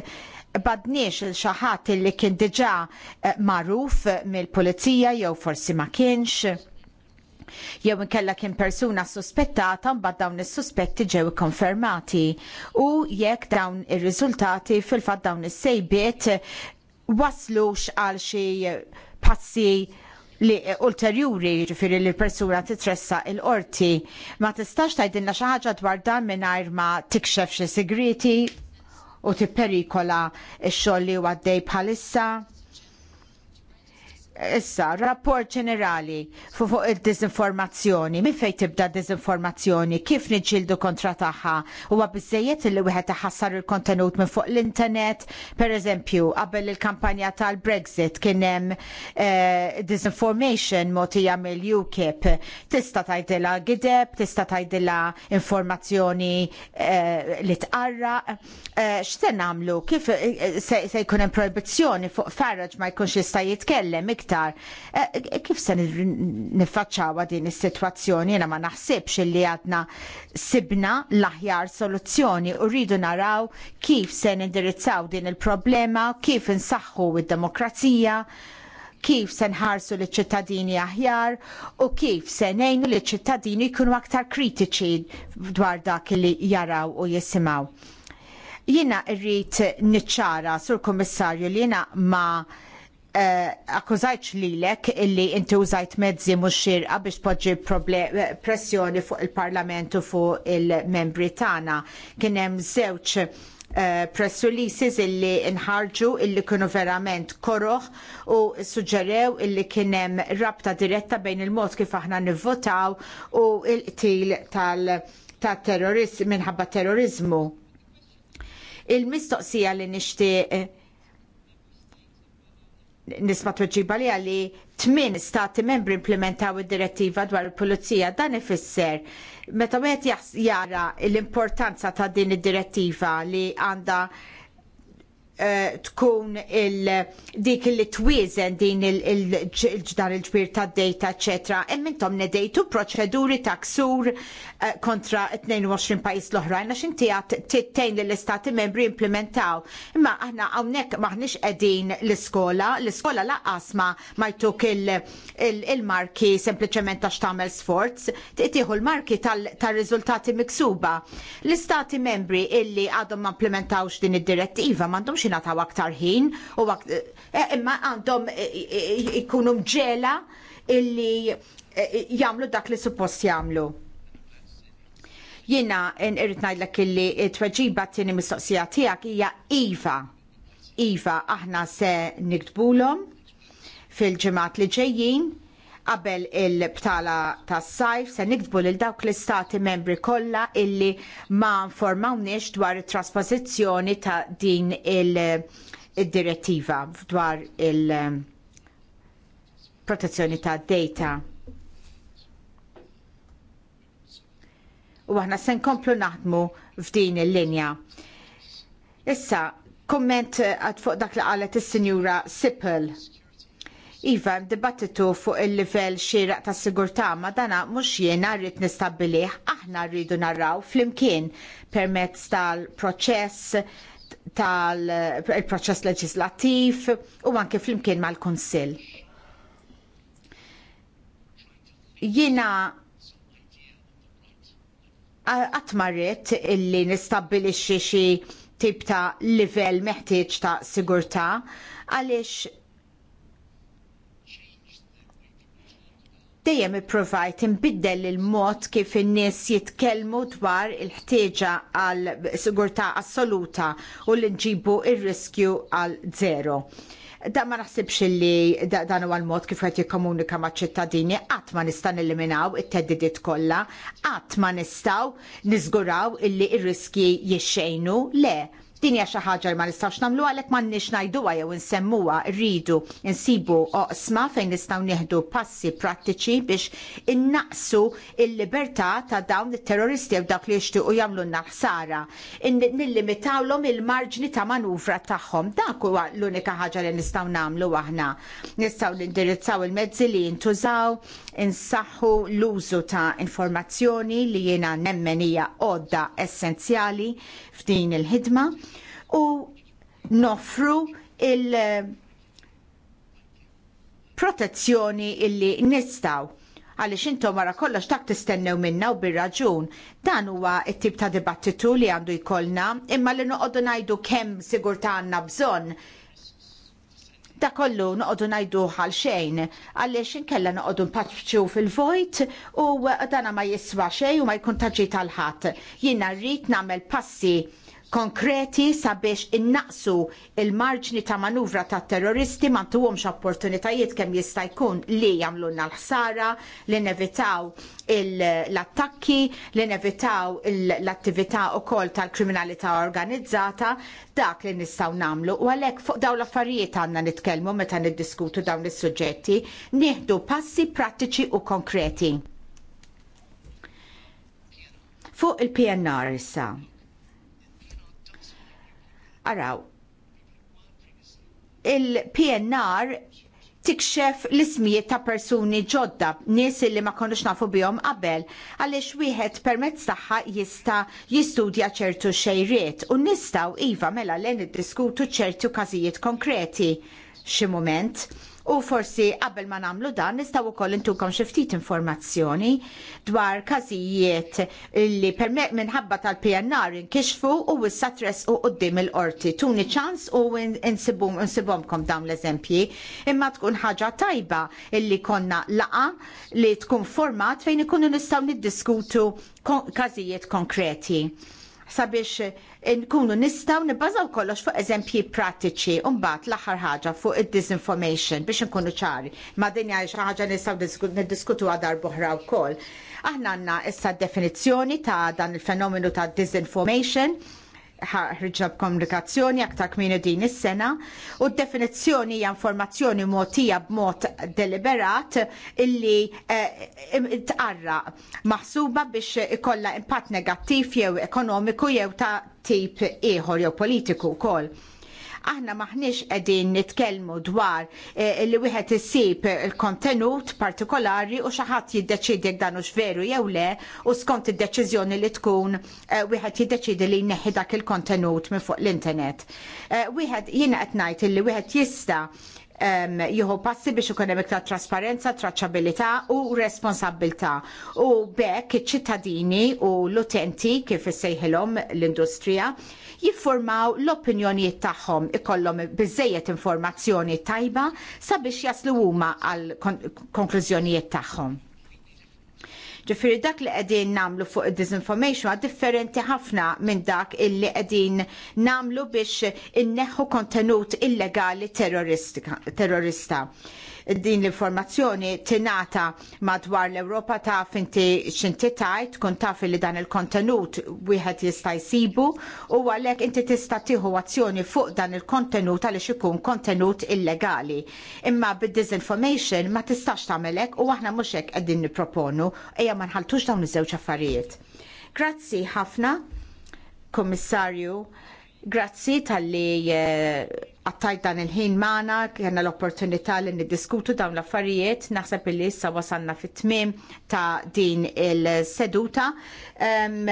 badniex il xaħat li kien diġà eh, magħruf mill-pulizija jew forsi ma kienx jew inkella kien persuna suspettata mbagħad dawn is-suspetti ġew ikkonfermati u jekk dawn ir-riżultati fil-fatt dawn is-sejbiet waslux għal xi passi li ulterjuri ġifiri li persuna titressa il-qorti ma tistax tajdinna xaħġa dwar dan mingħajr ma tikxef xi segreti u tipperikola x-xogħol li għaddej bħalissa Issa, rapport ġenerali fuq id il-dizinformazzjoni, minn fejn tibda dizinformazzjoni, kif niġġieldu kontra tagħha, huwa biżejjed li wieħed iħassar il-kontenut minn fuq l-internet, pereżempju, qabel il-kampanja tal-Brexit kien hemm eh, disinformation mogħtija mill-UKIP, tista' tgħidilha gideb, tista' tgħidilha informazzjoni eh, li tqarra, eh, x'se nagħmlu, kif se jkun hemm proibizzjoni fuq farraġ ma jkunx jista' jitkellem iktar iktar. Eh, eh, kif se nifacċawa din is-sitwazzjoni jiena ma naħsibx li għadna sibna l-aħjar soluzzjoni u rridu naraw kif se nindirizzaw din il-problema, kif insaħħu id-demokrazija, kif se nħarsu liċ ċittadini aħjar u kif se ngħinu li ċittadini jkunu aktar kritiċi dwar dak li jaraw u jisimaw. Jiena rrid niċċara sur kummissarju li jiena ma' Uh, akkużajt lilek illi inti użajt mezzi mhux xirqa biex poġġi eh, pressjoni fuq il-Parlament u fuq il-membri tagħna. Kien hemm żewġ eh, press releases illi nħarġu illi kienu verament koroħ u suġġerew illi kien hemm rabta diretta bejn il-mod kif aħna nivvotaw u il-qtil tal-terrorizm minħabba terrorizmu. Il-mistoqsija li nixtieq nisma tweġiba li għalli tmien stati membri implementaw id-direttiva dwar il-pulizija dan ifisser meta wieħed jara l-importanza ta' din id-direttiva li għandha Eh, tkun dik li twizen din il-ġdar il-ġbir ta' data, etc. Emmintom nedejtu proċeduri ta' ksur eh, kontra 22 pajis l-oħrajn, għax inti għat tittejn l-istati membri implementaw. Imma aħna għawnek maħnix edin l-iskola, l-iskola laqqas ma majtuk il-marki sempliciment għax tamel sforz, tiħu l-marki tal-rizultati miksuba. L-istati membri illi għadhom ma implementawx din id-direttiva, mandomx ta' aktar ħin u eh, imma għandhom eh, eh, ikunum ġela illi jagħmlu dak li suppost jagħmlu. Jiena irrid ngħidlek illi t-tweġiba tieni mistoqsija tiegħek hija iva. Iva aħna se niktbulhom fil-ġimgħat li ġejjin qabel il-btala tas sajf se nikdbu lil dawk l-istati membri kollha illi ma informawniex dwar it traspożizzjoni ta' din il-direttiva dwar il-protezzjoni tad data. U aħna se nkomplu naħdmu f'din il-linja. Issa, komment għad eh, fuq dak li qalet is-Sinjura Sippel Iva, dibattitu fuq il-livell xieraq ta' sigurtà ma dana mhux jiena rrid nistabbilih, aħna rridu narraw flimkien permezz tal-proċess tal-proċess leġislattiv u anke flimkien mal-Kunsill. Jiena għatmarret illi nistabbilixxi xi tip ta' livell meħtieġ ta' sigurtà għaliex dejjem ipprovajt imbiddel il-mod kif in-nies jitkellmu dwar il-ħtieġa għal sigurtà assoluta u li nġibu r riskju għal zero. Da ma naħsibx li dan huwa l-mod kif qed jikkomunika maċ ċittadini, qatt ma nista' nilliminaw it-teddidiet kollha, qatt ma nistgħu niżguraw illi r-riski jixxejnu, le, Din hija xi ħaġa ma nistgħux nagħmlu għalhekk m'għandniex ngħiduha jew insemmuha rridu insibu oqsma fejn nistgħu nieħdu passi prattiċi biex innaqsu il-libertà ta' dawn it-terroristi jew dak li jixtiequ jagħmlu ħsara Nillimitawhom il-marġni ta' manuvra tagħhom. Dak huwa l-unika ħaġa li nistgħu nagħmlu aħna. Nistgħu nindirizzaw il-mezzi li jintużaw insaħħu l-użu ta' informazzjoni li jiena nemmen hija għodda essenzjali f'din il-ħidma u noffru il- protezzjoni illi nistaw għalix intom wara kollox tak tistennew minna u bir-raġun. Dan huwa t-tip ta' dibattitu li għandu jkollna, imma li noqogħdu ngħidu kemm sigurtà għandna bżonn Da kollu noqogħdu ngħidu għal xejn għaliex inkella noqogħdu mpaċċu fil-vojt u dana ma jiswa xejn u ma jkun taġġi tal-ħadd. Jina rrit nagħmel passi konkreti sabiex innaqsu il-marġni ta' manuvra ta' terroristi ma' tuwomx opportunitajiet kemm jista' jkun li jagħmlulna l-ħsara, li nevitaw l-attakki, li nevitaw l-attività wkoll tal-kriminalità organizzata, dak li nistgħu nagħmlu. U għalhekk fuq dawn l-affarijiet għandna nitkellmu meta niddiskutu dawn is-suġġetti, nieħdu passi prattiċi u konkreti. Fuq il-PNR issa Araw, il-PNR tikxef l-ismijiet ta' persuni ġodda, nies li ma konux nafu bihom qabel, għaliex wieħed permezz tagħha jista jistudja ċertu xejriet u nistgħu iva mela lejn id-diskutu ċertu każijiet konkreti. Xi mument U forsi qabel ma nagħmlu dan nistgħu wkoll intukom xi ftit informazzjoni dwar każijiet li permett minħabba tal-PNR inkixfu u issa treSqu quddiem il-qorti. Tuni ċans u insibomkom dawn l-eżempji imma tkun ħaġa tajba illi konna laqa li tkun format fejn ikunu nistgħu niddiskutu każijiet konkreti sabiex eh, nkunu nistaw nibbażaw kollox fuq eżempji pratiċi u mbagħad l-aħħar ħaġa fuq id-disinformation biex nkunu ċari. Ma dinja xi ħaġa nistgħu niddiskutuha darb'oħra wkoll. Aħna għandna issa definizzjoni ta' dan il-fenomenu ta' disinformation ħarġa b'komunikazzjoni aktar kmini din is-sena u d-definizzjoni hija informazzjoni mogħtija b'mod deliberat illi eh, tqarra maħsuba biex ikollha impatt negattiv jew ekonomiku jew ta' tip ieħor jew politiku wkoll Aħna maħniex qegħdin nitkellmu dwar eh, li wieħed isib il-kontenut partikolari u xi ħadd jiddeċidi dan hux veru jew le u skont id-deċiżjoni li tkun eh, wieħed jiddeċidi li jneħħi dak il-kontenut minn fuq l-internet. Eh, wieħed jiena qed ngħid li wieħed jista' um, jieħu passi biex ikun hemm iktar trasparenza, traċċabilità u responsabilità. U bekk iċ-ċittadini u l-utenti kif issejħilhom l-industrija jiffurmaw l-opinjonijiet tagħhom ikollhom biżejjed informazzjoni tajba sabiex jaslu huma għal konklużjonijiet tagħhom. Ġifiri dak li qegħdin namlu fuq id-disinformation għad differenti ħafna minn dak illi qegħdin namlu biex inneħħu kontenut illegali terrorista din l-informazzjoni tingħata madwar l-Ewropa taf inti x'inti tajt kun taf li dan il-kontenut wieħed jista' jsibu u għalhekk inti tista' tieħu azzjoni fuq dan il-kontenut għaliex ikun kontenut illegali. Imma bid-disinformation ma tistax tagħmel hekk u aħna mhux hekk qegħdin nipproponu ejja ma nħaltux dawn iż-żewġ affarijiet. Grazzi ħafna, Kommissarju. Grazzi tal-li eh, għattajt dan il-ħin maħna, kena l-opportunità li niddiskutu dawn l-affarijiet, naħseb li issa wasanna fit tmiem ta' din il-seduta. Um,